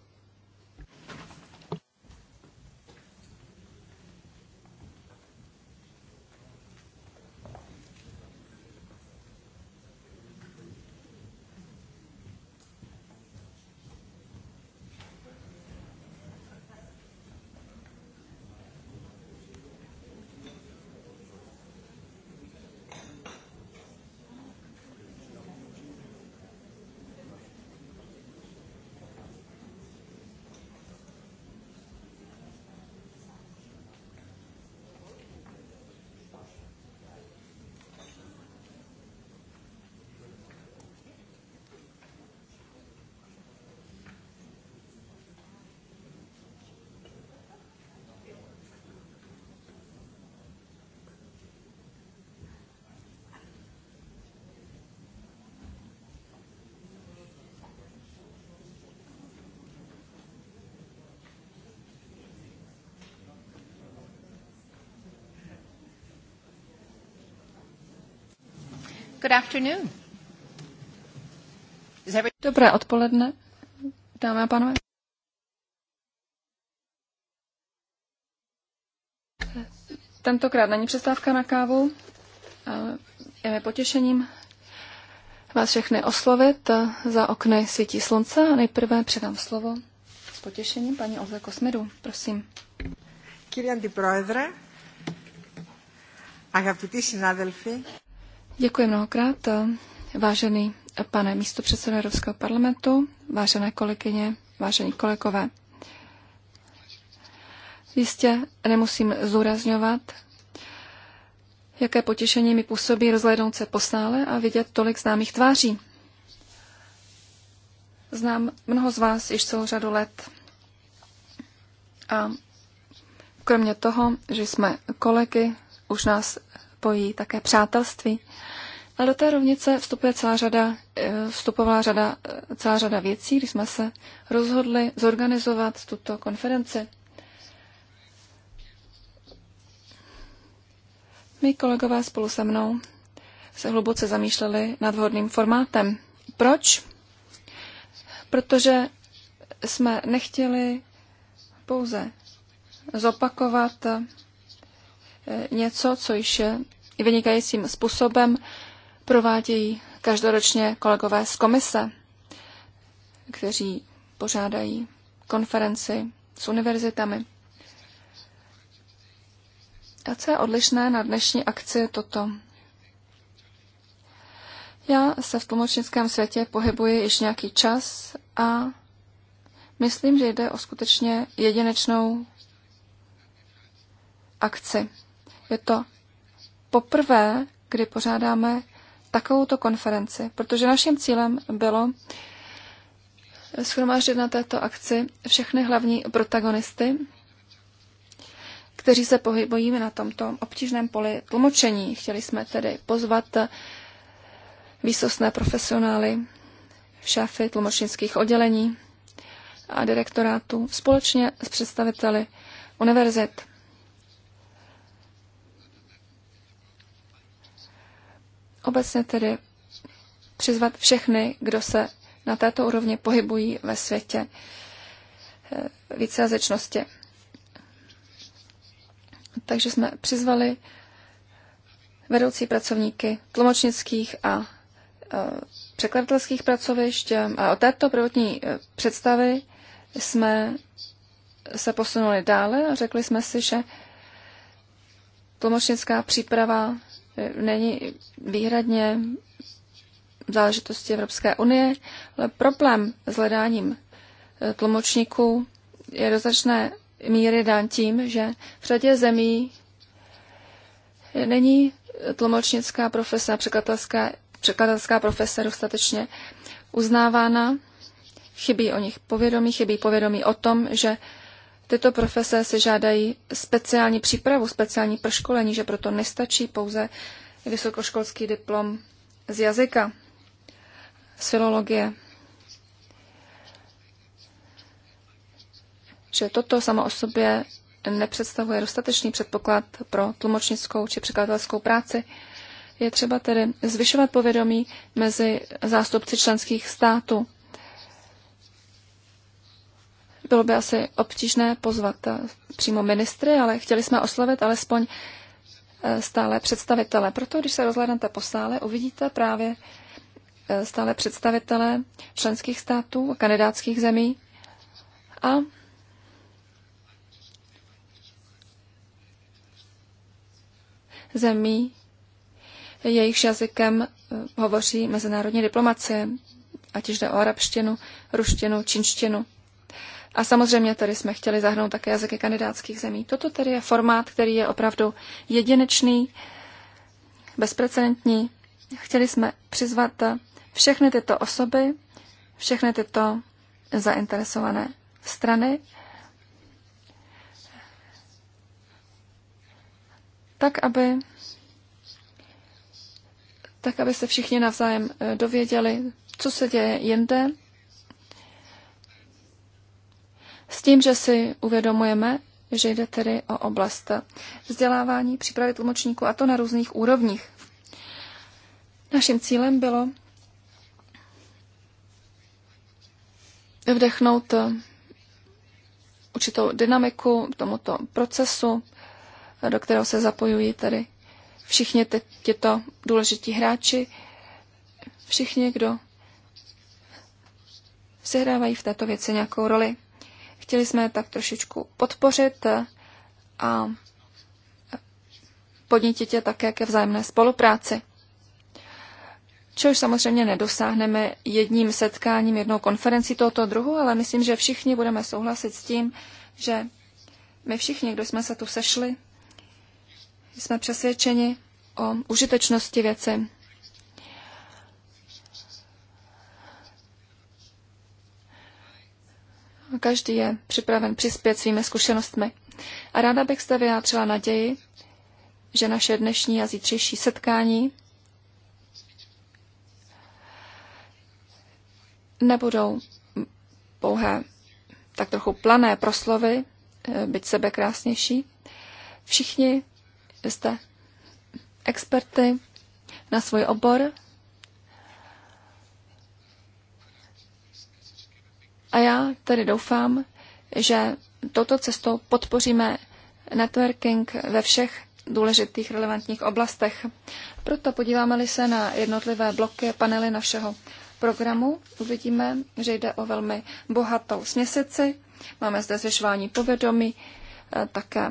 Good afternoon. Dobré odpoledne, dámy a pánové. Tentokrát není přestávka na kávu. Je mi potěšením vás všechny oslovit. Za okny svítí slunce a nejprve předám slovo s potěšením paní Olze Kosmedu. Prosím. Kyrie Antiproedre, αγαπητοί συνάδελφοι, Děkuji mnohokrát. Vážený pane místopředsedo Evropského parlamentu, vážené kolegyně, vážení kolegové. Jistě nemusím zúrazňovat, jaké potěšení mi působí rozhlednout se po sále a vidět tolik známých tváří. Znám mnoho z vás již celou řadu let. A kromě toho, že jsme kolegy, už nás spojí také přátelství. A do té rovnice vstupuje celá řada, eh, vstupovala řada, eh, celá řada věcí, když jsme se rozhodli zorganizovat tuto konferenci. Mí kolegové spolu se mnou se hluboce zamýšleli nad vhodným formátem. Proč? Protože jsme nechtěli pouze zopakovat něco, co již vynikajícím způsobem provádějí každoročně kolegové z komise, kteří pořádají konferenci s univerzitami. A co je odlišné na dnešní akci je toto. Já se v tlumočnickém světě pohybuji již nějaký čas a myslím, že jde o skutečně jedinečnou akci. Je to poprvé, kdy pořádáme takovouto konferenci, protože naším cílem bylo schromáždit na této akci všechny hlavní protagonisty, kteří se pohybují na tomto obtížném poli tlumočení. Chtěli jsme tedy pozvat výsostné profesionály, šéfy tlumočnických oddělení a direktorátů společně s představiteli univerzit. obecně tedy přizvat všechny, kdo se na této úrovni pohybují ve světě eh, vícejazyčnosti. Takže jsme přizvali vedoucí pracovníky tlumočnických a eh, překladatelských pracovišť a od této prvotní eh, představy jsme se posunuli dále a řekli jsme si, že tlumočnická příprava není výhradně záležitosti Evropské unie, ale problém s hledáním eh, tlumočníků je do značné míry dán tím, že v řadě zemí není tlumočnická profese překladatelská, překladatelská profese dostatečně uznávána. Chybí o nich povědomí, chybí povědomí o tom, že Tyto profese se žádají speciální přípravu, speciální proškolení, že proto nestačí pouze vysokoškolský diplom z jazyka, z filologie. Že toto samo o sobě nepředstavuje dostatečný předpoklad pro tlumočnickou či překladatelskou práci. Je třeba tedy zvyšovat povědomí mezi zástupci členských států bylo by asi obtížné pozvat eh, přímo ministry, ale chtěli jsme oslovit alespoň eh, stále představitele. Proto, když se rozhlednete po sále, uvidíte právě eh, stále představitele členských států a kandidátských zemí a zemí, jejichž jazykem hovoří mezinárodní diplomacie, ať už jde o arabštinu, ruštinu, čínštinu. A samozřejmě tady jsme chtěli zahrnout také jazyky kandidátských zemí. Toto tedy je formát, který je opravdu jedinečný, bezprecedentní. Chtěli jsme přizvat všechny tyto osoby, všechny tyto zainteresované strany, tak, aby tak, aby se všichni navzájem eh, dověděli, co se děje jinde s tím, že si uvědomujeme, že jde tedy o oblast vzdělávání, přípravy tlumočníků a to na různých úrovních. Naším cílem bylo vdechnout určitou dynamiku k tomuto procesu, do kterého se zapojují tedy všichni tyto důležití hráči, všichni, kdo sehrávají v této věci nějakou roli. Chtěli jsme tak trošičku podpořit a podnítit je také ke vzájemné spolupráci. což samozřejmě nedosáhneme jedním setkáním, jednou konferencí tohoto druhu, ale myslím, že všichni budeme souhlasit s tím, že my všichni, kdo jsme se tu sešli, jsme přesvědčeni o užitečnosti věci, Každý je připraven přispět svými zkušenostmi. A ráda bych zde vyjádřila naději, že naše dnešní a zítřejší setkání nebudou pouhé tak trochu plané proslovy, eh, byť sebe krásnější. Všichni jste experty na svůj obor A já tedy doufám, že toto cestou podpoříme networking ve všech důležitých relevantních oblastech. Proto podíváme-li se na jednotlivé bloky a panely našeho programu, uvidíme, že jde o velmi bohatou směsici. Máme zde zvyšování povědomí, eh, také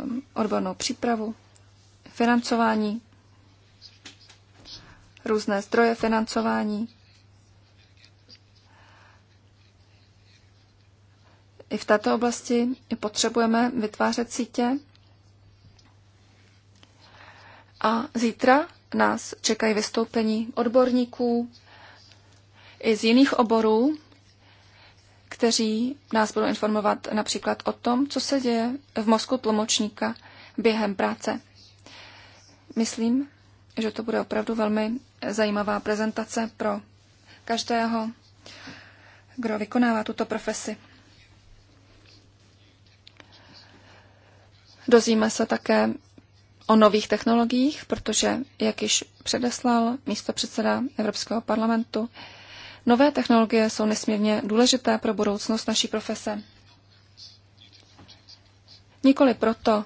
ehm, odbornou přípravu, financování, různé zdroje financování, I v této oblasti potřebujeme vytvářet sítě. A zítra nás čekají vystoupení odborníků i z jiných oborů, kteří nás budou informovat například o tom, co se děje v mozku tlumočníka během práce. Myslím, že to bude opravdu velmi zajímavá prezentace pro každého, kdo vykonává tuto profesi. Dozvíme se také o nových technologiích, protože, jak již předeslal místo předseda Evropského parlamentu, nové technologie jsou nesmírně důležité pro budoucnost naší profese. Nikoli proto,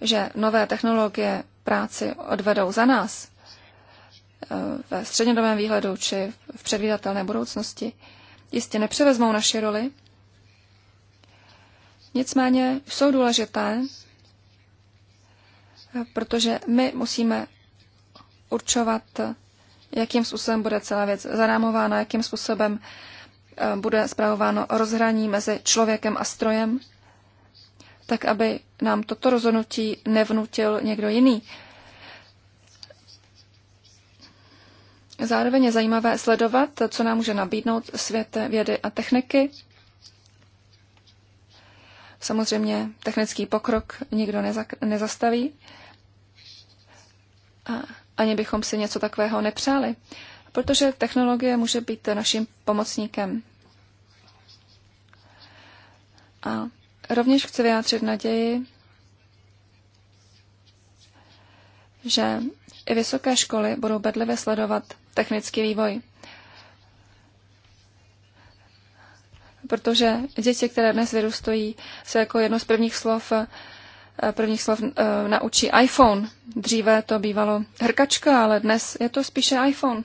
že nové technologie práci odvedou za nás eh, ve střednědobém výhledu či v předvídatelné budoucnosti, jistě nepřevezmou naši roli. Nicméně jsou důležité protože my musíme určovat, jakým způsobem bude celá věc zarámována, jakým způsobem eh, bude zpravováno rozhraní mezi člověkem a strojem, tak aby nám toto rozhodnutí nevnutil někdo jiný. Zároveň je zajímavé sledovat, co nám může nabídnout svět vědy a techniky Samozřejmě technický pokrok nikdo nezastaví. A ani bychom si něco takového nepřáli, protože technologie může být naším pomocníkem. A rovněž chci vyjádřit naději, že i vysoké školy budou bedlivě sledovat technický vývoj. protože děti, které dnes vyrůstají, se jako jedno z prvních slov, eh, prvních slov eh, naučí iPhone. Dříve to bývalo hrkačka, ale dnes je to spíše iPhone.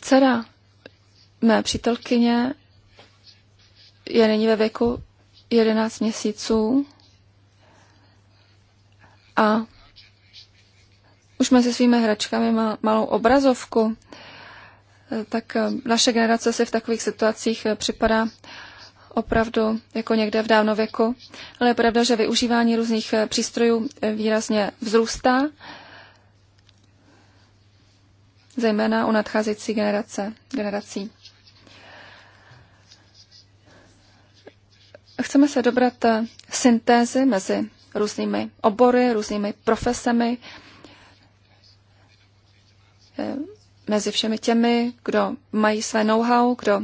Dcera mé přítelkyně je nyní ve věku 11 měsíců a už mezi svými hračkami mal, malou obrazovku, eh, tak eh, naše generace si v takových situacích eh, připadá opravdu jako někde v dávnověku. Ale je pravda, že využívání různých přístrojů výrazně vzrůstá, zejména u nadcházející generace, generací. Chceme se dobrat syntézy mezi různými obory, různými profesemi, Eh, mezi všemi těmi, kdo mají své know-how, kdo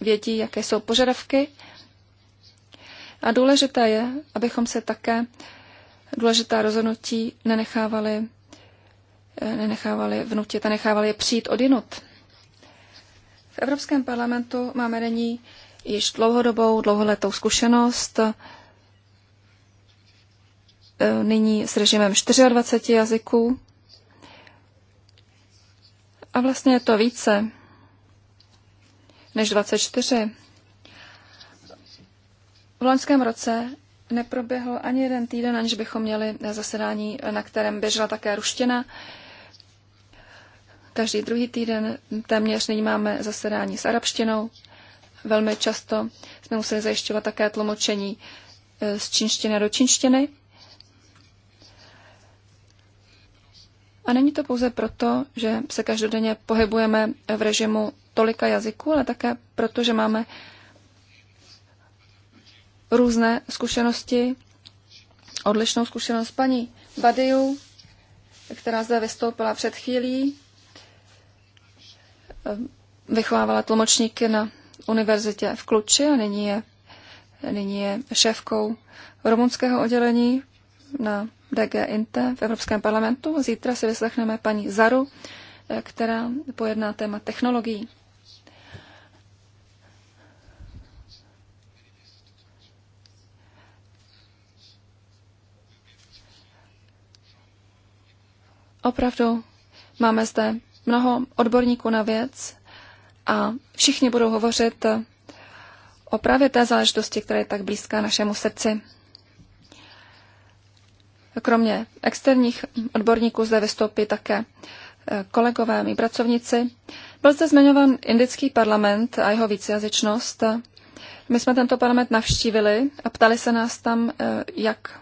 vědí, jaké jsou požadavky. A důležité je, abychom se také důležitá rozhodnutí nenechávali, eh, nenechávali vnutit a nechávali je přijít odinut. V Evropském parlamentu máme není již dlouhodobou, dlouholetou zkušenost eh, nyní s režimem 24 jazyků. A vlastně je to více než 24. V loňském roce neproběhl ani jeden týden, aniž bychom měli zasedání, na kterém běžela také ruština. Každý druhý týden téměř nyní máme zasedání s arabštinou. Velmi často jsme museli zajišťovat také tlumočení eh, z čínštiny do čínštiny. A není to pouze proto, že se každodenně pohybujeme v režimu tolika jazyků, ale také proto, že máme různé zkušenosti, odlišnou zkušenost paní Badiu, která zde vystoupila před chvílí, vychovávala tlumočníky na univerzitě v Kluči a nyní je, nyní je šéfkou rumunského oddělení na DG INTE v Evropském parlamentu. Zítra si vyslechneme paní Zaru, eh, která pojedná téma technologií. Opravdu máme zde mnoho odborníků na věc a všichni budou hovořit o právě té záležitosti, která je tak blízká našemu srdci. Kromě externích odborníků zde vystoupí také eh, kolegové, mý pracovníci. Byl zde zmiňován indický parlament a jeho vícejazyčnost. My jsme tento parlament navštívili a ptali se nás tam, eh, jak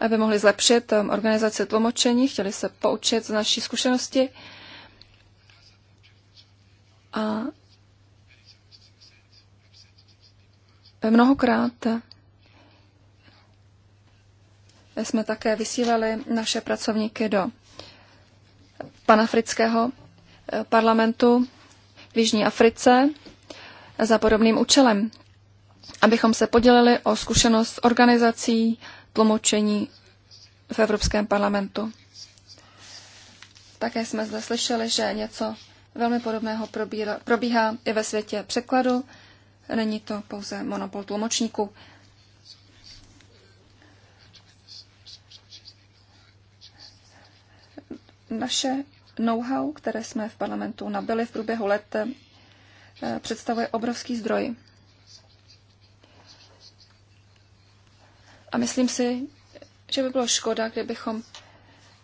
aby mohli zlepšit eh, organizaci tlumočení, chtěli se poučit z naší zkušenosti. A mnohokrát jsme také vysílali naše pracovníky do panafrického eh, parlamentu v Jižní Africe eh, za podobným účelem, abychom se podělili o zkušenost organizací tlumočení v Evropském parlamentu. Také jsme zde slyšeli, že něco velmi podobného probíhá i ve světě překladu. Není to pouze monopol tlumočníků. Naše know-how, které jsme v parlamentu nabili v průběhu let, eh, představuje obrovský zdroj. A myslím si, že by bylo škoda, kdybychom,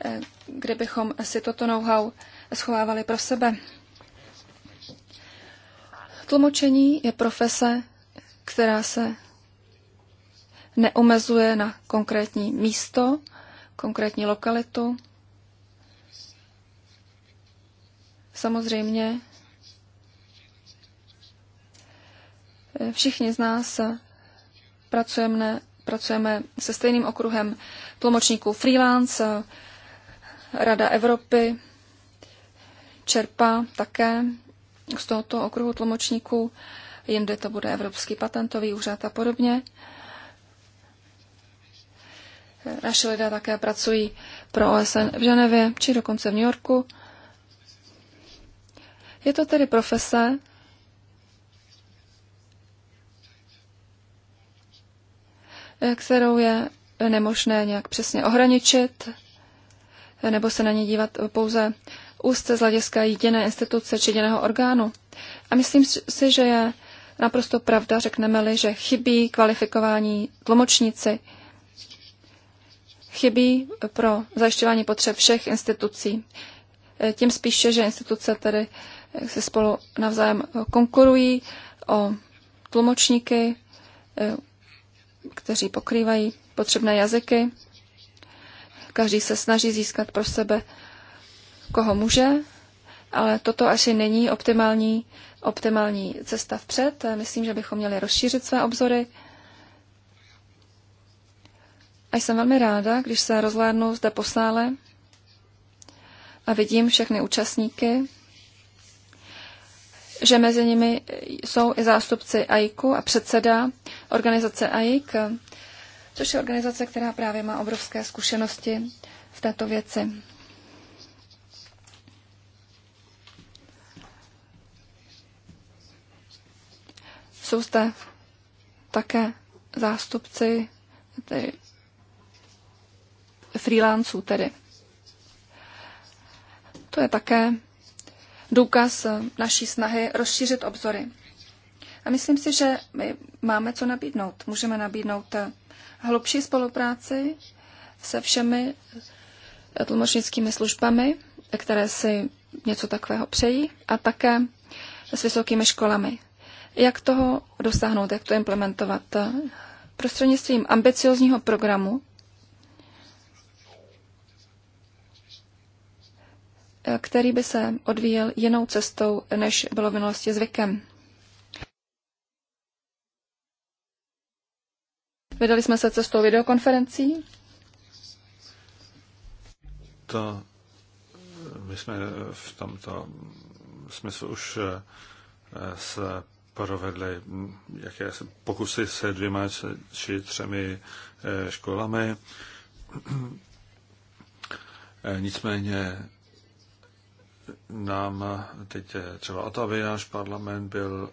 eh, kdybychom si toto know-how schovávali pro sebe. Tlumočení je profese, která se neomezuje na konkrétní místo, konkrétní lokalitu, Samozřejmě eh, všichni z nás eh, pracujeme, pracujeme se stejným okruhem tlumočníků freelance, eh, Rada Evropy čerpá také z tohoto okruhu tlumočníků, jinde to bude Evropský patentový úřad a podobně. Naši lidé také pracují pro OSN v Ženevě či dokonce v New Yorku. Je to tedy profese, kterou je nemožné nějak přesně ohraničit, nebo se na ně dívat pouze úzce z hlediska jediné instituce či jediného orgánu. A myslím si, že je naprosto pravda, řekneme-li, že chybí kvalifikování tlumočníci, chybí pro zajišťování potřeb všech institucí. Tím spíše, že instituce tedy jak se spolu navzájem konkurují o tlumočníky, eh, kteří pokrývají potřebné jazyky. Každý se snaží získat pro sebe, koho může, ale toto asi není optimální, optimální cesta vpřed. Myslím, že bychom měli rozšířit své obzory. A jsem velmi ráda, když se rozhlédnu zde po sále a vidím všechny účastníky, že mezi nimi jsou i zástupci AIKu a předseda organizace AIK, což je organizace, která právě má obrovské zkušenosti v této věci. Jsou zde také zástupci tedy freelanců tedy. To je také důkaz eh, naší snahy rozšířit obzory. A myslím si, že my máme co nabídnout. Můžeme nabídnout eh, hlubší spolupráci se všemi eh, tlumočnickými službami, které si něco takového přejí, a také s vysokými školami. Jak toho dosáhnout, jak to implementovat? Prostřednictvím ambiciozního programu, který by se odvíjel jinou cestou, než bylo v minulosti zvykem. Vydali jsme se cestou videokonferencí. To, my jsme v tomto smyslu už eh, se provedli hm, jaké pokusy se dvěma či třemi eh, školami. Eh, nicméně nám teď třeba o to, aby náš parlament byl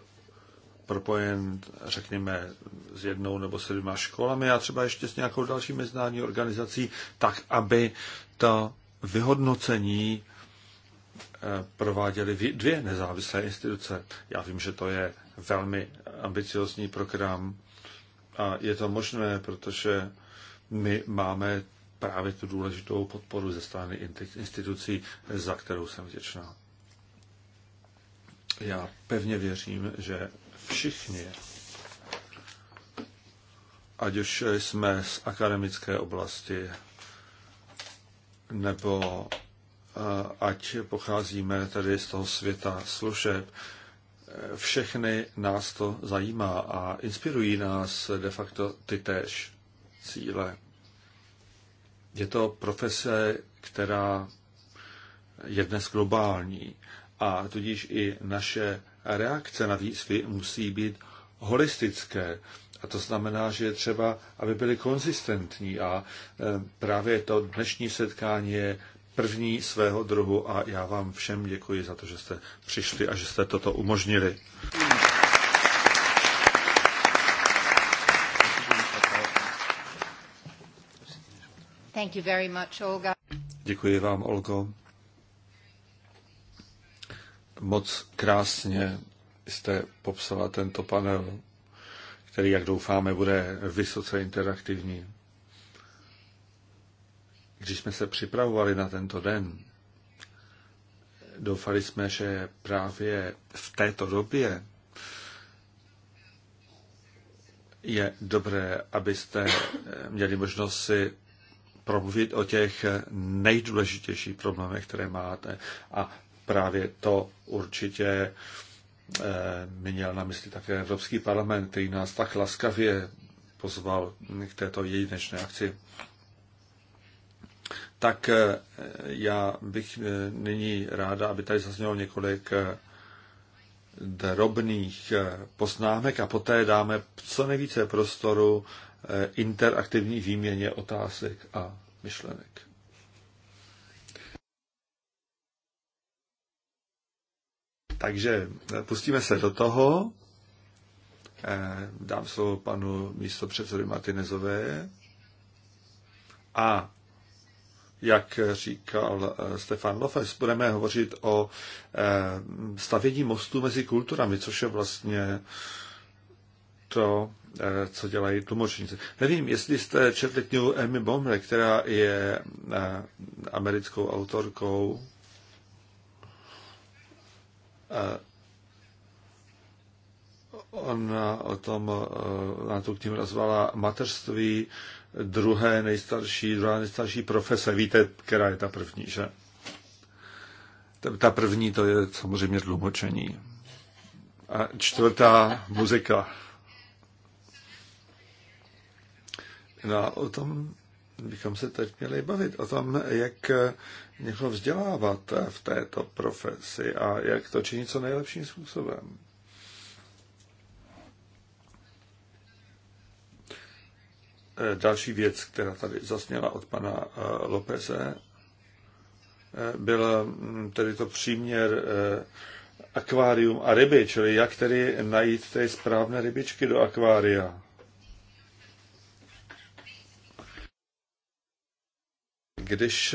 propojen, řekněme, s jednou nebo se dvěma školami a třeba ještě s nějakou další mezinárodní organizací, tak aby to vyhodnocení eh, prováděly dvě nezávislé instituce. Já vím, že to je velmi ambiciozní program a je to možné, protože my máme právě tu důležitou podporu ze strany institucí, za kterou jsem vděčná. Já pevně věřím, že všichni, ať už jsme z akademické oblasti, nebo eh, ať pocházíme tedy z toho světa služeb, eh, všechny nás to zajímá a inspirují nás de facto ty též cíle. Je to profese, která je dnes globální a tudíž i naše reakce na výzvy musí být holistické. A to znamená, že je třeba, aby byly konzistentní a e, právě to dnešní setkání je první svého druhu a já vám všem děkuji za to, že jste přišli a že jste toto umožnili. Thank you very much, Olga. Děkuji vám, Olgo. Moc krásně jste popsala tento panel, který, jak doufáme, bude vysoce interaktivní. Když jsme se připravovali na tento den, doufali jsme, že právě v této době je dobré, abyste měli možnost si promluvit o těch nejdůležitějších problémech, které máte. A právě to určitě eh, měl na mysli také Evropský parlament, který nás tak laskavě pozval k této jedinečné akci. Tak eh, já bych eh, nyní ráda, aby tady zaznělo několik drobných poznámek a poté dáme co nejvíce prostoru Eh, interaktivní výměně otázek a myšlenek. Takže eh, pustíme se do toho. Eh, dám slovo panu místopředsedovi Martinezové. A jak říkal Stefan Lofes, budeme hovořit o stavění mostu mezi kulturami, což je vlastně to, eh, co dělají tlumočníci. Nevím, jestli jste četli knihu Emmy Bomre, která je eh, americkou autorkou. Eh, ona o tom, na tu knihu nazvala Mateřství druhé nejstarší, druhá nejstarší profese. Víte, která je ta první, že? Ta první to je samozřejmě tlumočení. A čtvrtá muzika. No a o tom bychom se teď měli bavit, o tom, jak někoho vzdělávat v této profesi a jak to činit co nejlepším způsobem. Další věc, která tady zasněla od pana eh, Lopeze, eh, byl mm, tedy to příměr eh, akvárium a ryby, čili jak tedy najít ty správné rybičky do akvária. Když,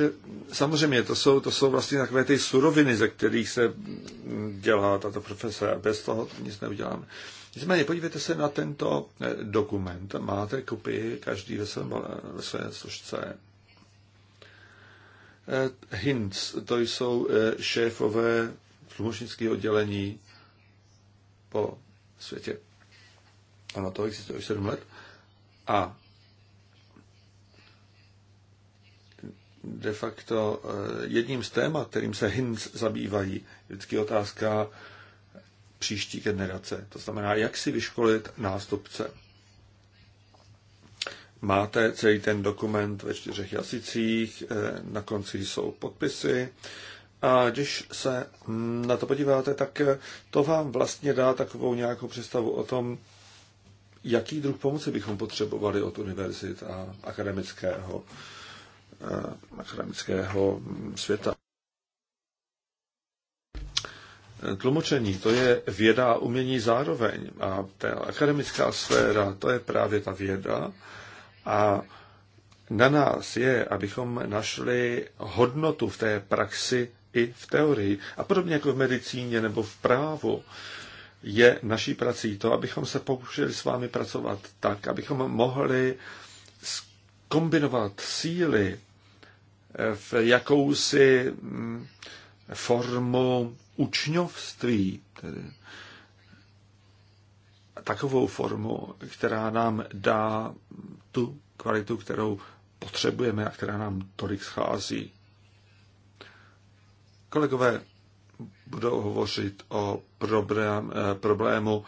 samozřejmě, to jsou, to jsou vlastně takové ty suroviny, ze kterých se dělá tato profese a bez toho nic neuděláme. Nicméně, podívejte se na tento eh, dokument. Máte kopii každý ve, svém, ve své složce. Eh, hints, to jsou eh, šéfové tlumočnického oddělení po světě. Ano, to existuje už sedm let. A de facto eh, jedním z témat, kterým se HINS zabývají, vždycky otázka příští generace. To znamená, jak si vyškolit nástupce. Máte celý ten dokument ve čtyřech jazycích, eh, na konci jsou podpisy. A když se na to podíváte, tak eh, to vám vlastně dá takovou nějakou představu o tom, jaký druh pomoci bychom potřebovali od univerzit a akademického Eh, akademického světa. Tlumočení, to je věda a umění zároveň. A ta akademická sféra, to je právě ta věda. A na nás je, abychom našli hodnotu v té praxi i v teorii. A podobně jako v medicíně nebo v právu je naší prací to, abychom se pokusili s vámi pracovat tak, abychom mohli kombinovat síly v jakousi mm, formu učňovství, tedy takovou formu, která nám dá tu kvalitu, kterou potřebujeme a která nám tolik schází. Kolegové budou hovořit o problém, eh, problému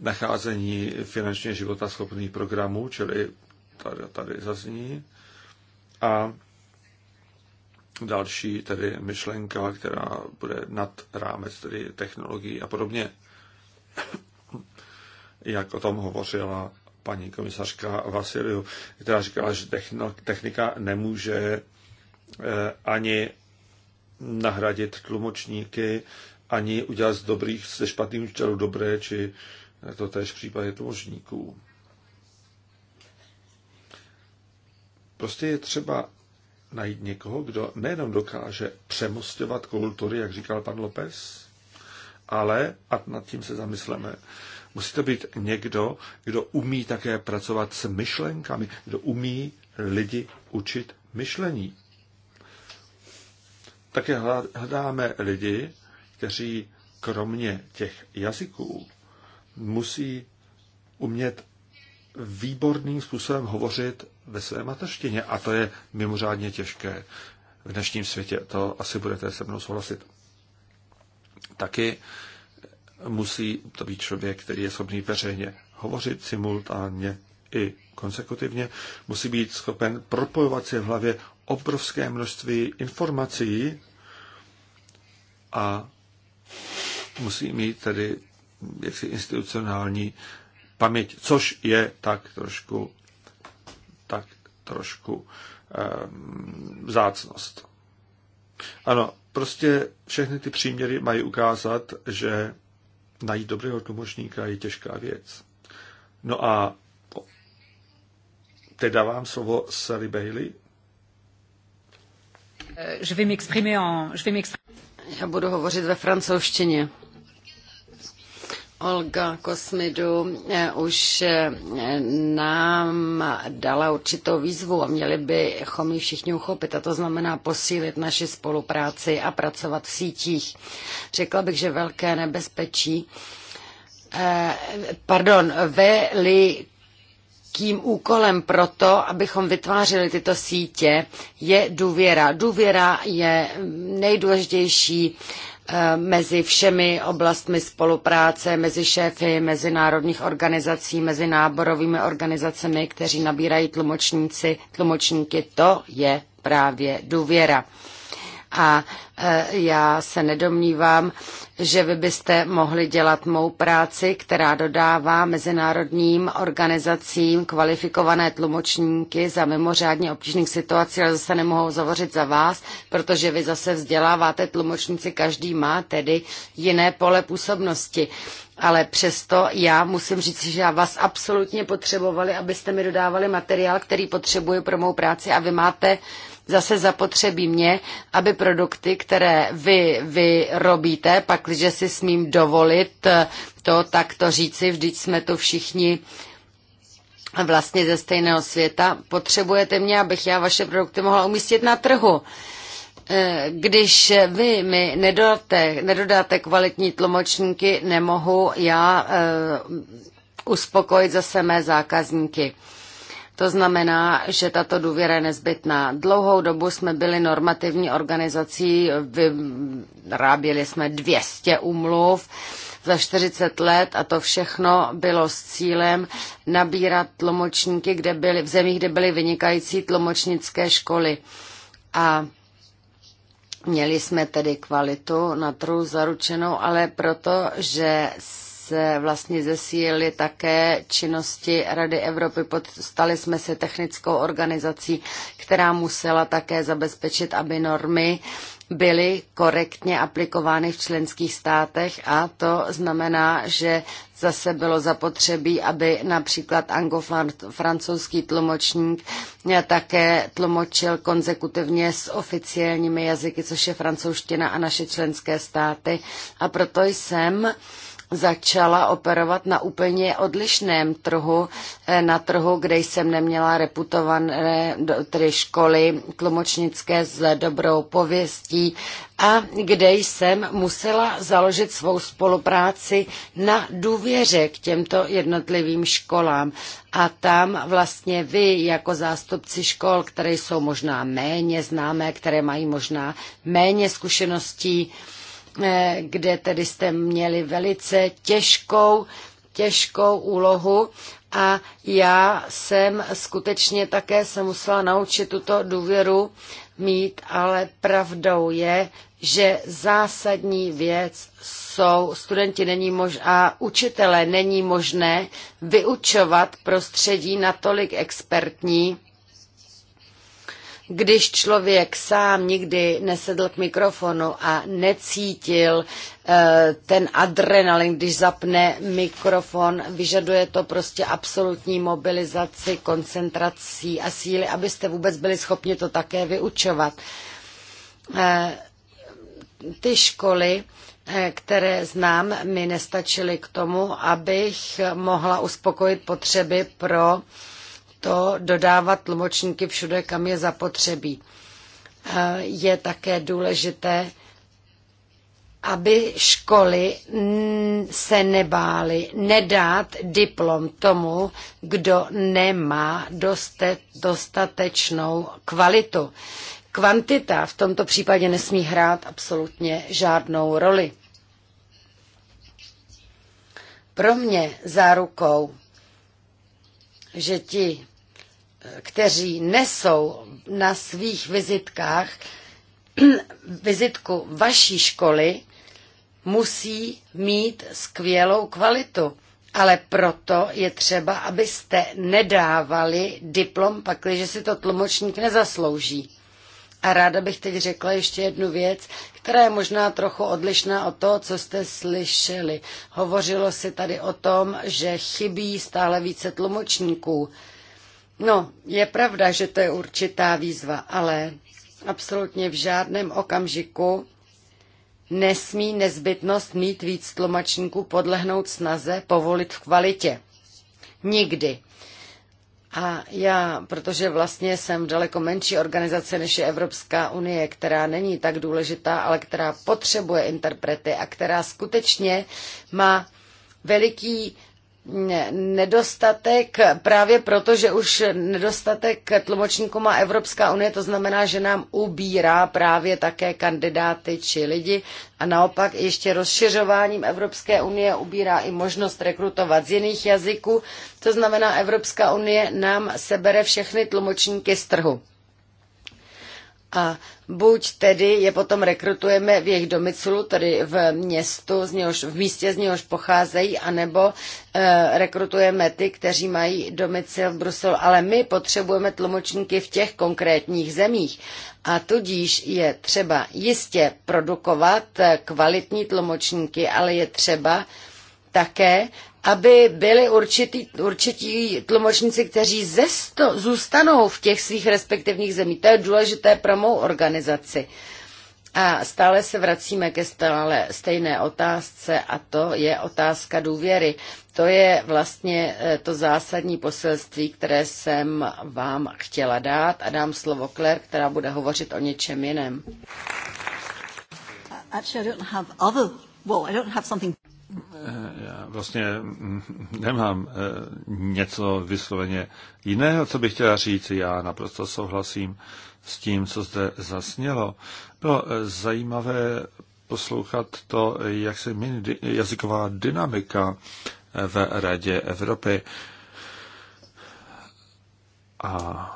nacházení finančně schopných programů, čili tady, tady zazní. A další tedy myšlenka, která bude nad rámec tedy technologií a podobně. Jak o tom hovořila paní komisařka Vasiliu, která říkala, že technika nemůže eh, ani nahradit tlumočníky, ani udělat z dobrých, ze špatných čelu dobré, či to též v případě tlumočníků. Prostě je třeba najít někoho, kdo nejenom dokáže přemostovat kultury, jak říkal pan López, ale, a nad tím se zamysleme, musí to být někdo, kdo umí také pracovat s myšlenkami, kdo umí lidi učit myšlení. Také hledáme lidi, kteří kromě těch jazyků musí umět výborným způsobem hovořit ve své mateřtině a to je mimořádně těžké v dnešním světě. To asi budete se mnou souhlasit. Taky musí to být člověk, který je schopný veřejně hovořit simultánně i konsekutivně, musí být schopen propojovat si v hlavě obrovské množství informací a musí mít tedy jaksi institucionální paměť, což je tak trošku, tak trošku ehm, zácnost. Ano, prostě všechny ty příměry mají ukázat, že najít dobrého tlumočníka je těžká věc. No a teď dávám slovo Sally Bailey. Je eh, vais m'exprimer en... Já budu hovořit ve francouzštině. Olga Kosmidu eh, už eh, nám dala určitou výzvu a měli bychom ji všichni uchopit. A to znamená posílit naši spolupráci a pracovat v sítích. Řekla bych, že velké nebezpečí, eh, pardon, veli tím úkolem pro to, abychom vytvářeli tyto sítě, je důvěra. Důvěra je mm, nejdůležitější Eh, mezi všemi oblastmi spolupráce, mezi šéfy mezinárodních organizací, mezi náborovými organizacemi, kteří nabírají tlumočníci, tlumočníky, to je právě důvěra a e, já se nedomnívám, že vy byste mohli dělat mou práci, která dodává mezinárodním organizacím kvalifikované tlumočníky za mimořádně obtížných situací, ale zase nemohou zavořit za vás, protože vy zase vzděláváte tlumočníci, každý má tedy jiné pole působnosti. Ale přesto já musím říct, že já vás absolutně potřebovali, abyste mi dodávali materiál, který potřebuji pro mou práci a vy máte uh, zase zapotřebí mě, aby produkty, které vy vyrobíte, pakliže si smím dovolit eh, to takto říci, vždyť jsme tu všichni vlastně ze stejného světa, potřebujete mě, abych já vaše produkty mohla umístit na trhu eh, když vy mi nedodáte, nedodáte kvalitní tlumočníky, nemohu já uh, uspokojit zase mé zákazníky. To znamená, že tato důvěra je nezbytná. Dlouhou dobu jsme byli normativní organizací, vyráběli jsme 200 umluv za 40 let a to všechno bylo s cílem nabírat tlumočníky kde byly, v zemích, kde byly vynikající tlumočnické školy. A měli jsme tedy kvalitu na trhu zaručenou, ale proto, že se vlastně zesílily také činnosti Rady Evropy. Stali jsme se technickou organizací, která musela také zabezpečit, aby normy byly korektně aplikovány v členských státech a to znamená, že zase bylo zapotřebí, aby například anglo-francouzský tlumočník také tlumočil konzekutivně s oficiálními jazyky, což je francouzština a naše členské státy. A proto jsem začala operovat na úplně odlišném trhu, eh, na trhu, kde jsem neměla reputované tedy školy tlumočnické s dobrou pověstí a kde jsem musela založit svou spolupráci na důvěře k těmto jednotlivým školám. A tam vlastně vy jako zástupci škol, které jsou možná méně známé, které mají možná méně zkušeností, Eh, kde tedy jste měli velice těžkou, těžkou úlohu a já jsem skutečně také se musela naučit tuto důvěru mít, ale pravdou je, že zásadní věc jsou studenti není mož, a učitele není možné vyučovat prostředí natolik expertní, když člověk sám nikdy nesedl k mikrofonu a necítil eh, ten adrenalin, když zapne mikrofon, vyžaduje to prostě absolutní mobilizaci, koncentrací a síly, abyste vůbec byli schopni to také vyučovat. Eh, ty školy, eh, které znám, mi nestačily k tomu, abych mohla uspokojit potřeby pro to dodávat tlumočníky všude, kam je zapotřebí. E, je také důležité, aby školy se nebály nedát diplom tomu, kdo nemá dostatečnou kvalitu. Kvantita v tomto případě nesmí hrát absolutně žádnou roli. Pro mě zárukou že ti, eh, kteří nesou na svých vizitkách vizitku vaší školy, musí mít skvělou kvalitu. Ale proto je třeba, abyste nedávali diplom, pakliže si to tlumočník nezaslouží. A ráda bych teď řekla ještě jednu věc, která je možná trochu odlišná od toho, co jste slyšeli. Hovořilo se tady o tom, že chybí stále více tlumočníků. No, je pravda, že to je určitá výzva, ale absolutně v žádném okamžiku nesmí nezbytnost mít víc tlumočníků podlehnout snaze povolit v kvalitě. Nikdy. A já, protože vlastně jsem daleko menší organizace než je Evropská unie, která není tak důležitá, ale která potřebuje interprety a která skutečně má veliký nedostatek právě proto, že už nedostatek tlumočníků má Evropská unie, to znamená, že nám ubírá právě také kandidáty či lidi a naopak ještě rozšiřováním Evropské unie ubírá i možnost rekrutovat z jiných jazyků, to znamená Evropská unie nám sebere všechny tlumočníky z trhu. A buď tedy je potom rekrutujeme v jejich domiculu, tedy v městu, z něhož, v místě, z něhož pocházejí, anebo e, rekrutujeme ty, kteří mají domicil v Bruselu. Ale my potřebujeme tlumočníky v těch konkrétních zemích. A tudíž je třeba jistě produkovat eh, kvalitní tlumočníky, ale je třeba také aby byli určitý, určití tlumočníci, kteří zesto, zůstanou v těch svých respektivních zemích. To je důležité pro mou organizaci. A stále se vracíme ke stále stejné otázce a to je otázka důvěry. To je vlastně eh, to zásadní poselství, které jsem vám chtěla dát a dám slovo Claire, která bude hovořit o něčem jiném. Actually, I don't have other... well, I don't have something... Eh, já vlastně hm, nemám eh, něco vysloveně jiného, co bych chtěla říct. Já naprosto souhlasím s tím, co zde zasnělo. Bylo eh, zajímavé poslouchat to, jak se mění jazyková dynamika v Radě Evropy. A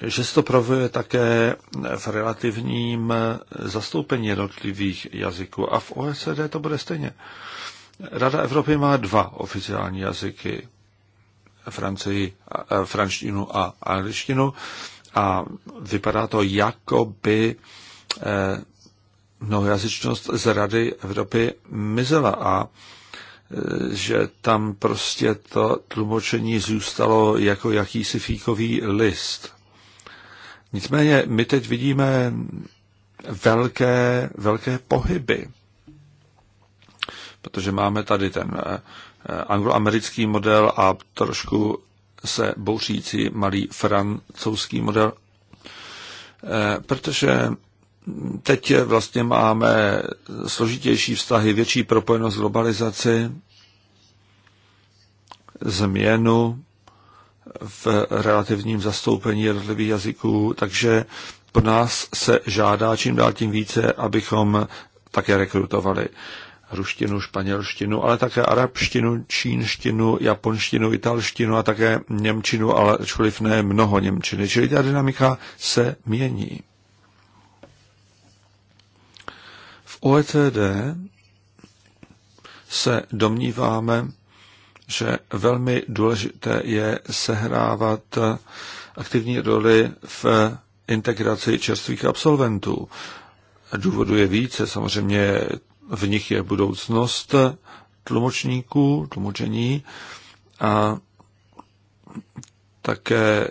že se to provuje také v relativním zastoupení jednotlivých jazyků. A v OECD to bude stejně. Rada Evropy má dva oficiální jazyky. Francii, eh, franštinu a angličtinu a vypadá to jako by eh, mnohojazyčnost z Rady Evropy mizela a eh, že tam prostě to tlumočení zůstalo jako jakýsi fíkový list. Nicméně my teď vidíme velké, velké pohyby protože máme tady ten eh, eh, angloamerický model a trošku se bouřící malý francouzský model, eh, protože teď vlastně máme složitější vztahy, větší propojenost globalizaci, změnu v relativním zastoupení jednotlivých jazyků, takže po nás se žádá čím dál tím více, abychom také rekrutovali ruštinu, španělštinu, ale také arabštinu, čínštinu, japonštinu, italštinu a také němčinu, ale ačkoliv ne mnoho němčiny. Čili ta dynamika se mění. V OECD se domníváme, že velmi důležité je sehrávat aktivní roli v integraci čerstvých absolventů. Důvodu je více, samozřejmě v nich je budoucnost tlumočníků, tlumočení a také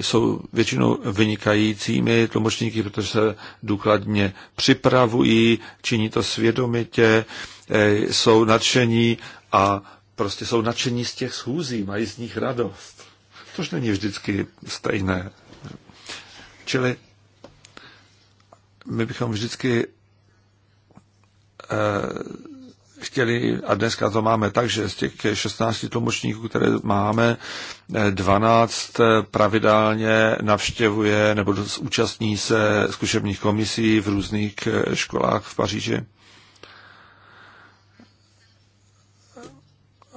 jsou většinou vynikajícími tlumočníky, protože se důkladně připravují, činí to svědomitě, eh, jsou nadšení a prostě jsou nadšení z těch schůzí, mají z nich radost. Což není vždycky stejné. Čili my bychom vždycky Eh, chtěli, a dneska to máme tak, že z těch 16 tlumočníků, které máme, 12 eh, eh, pravidelně navštěvuje nebo účastní se zkušebních komisí v různých školách v Paříži.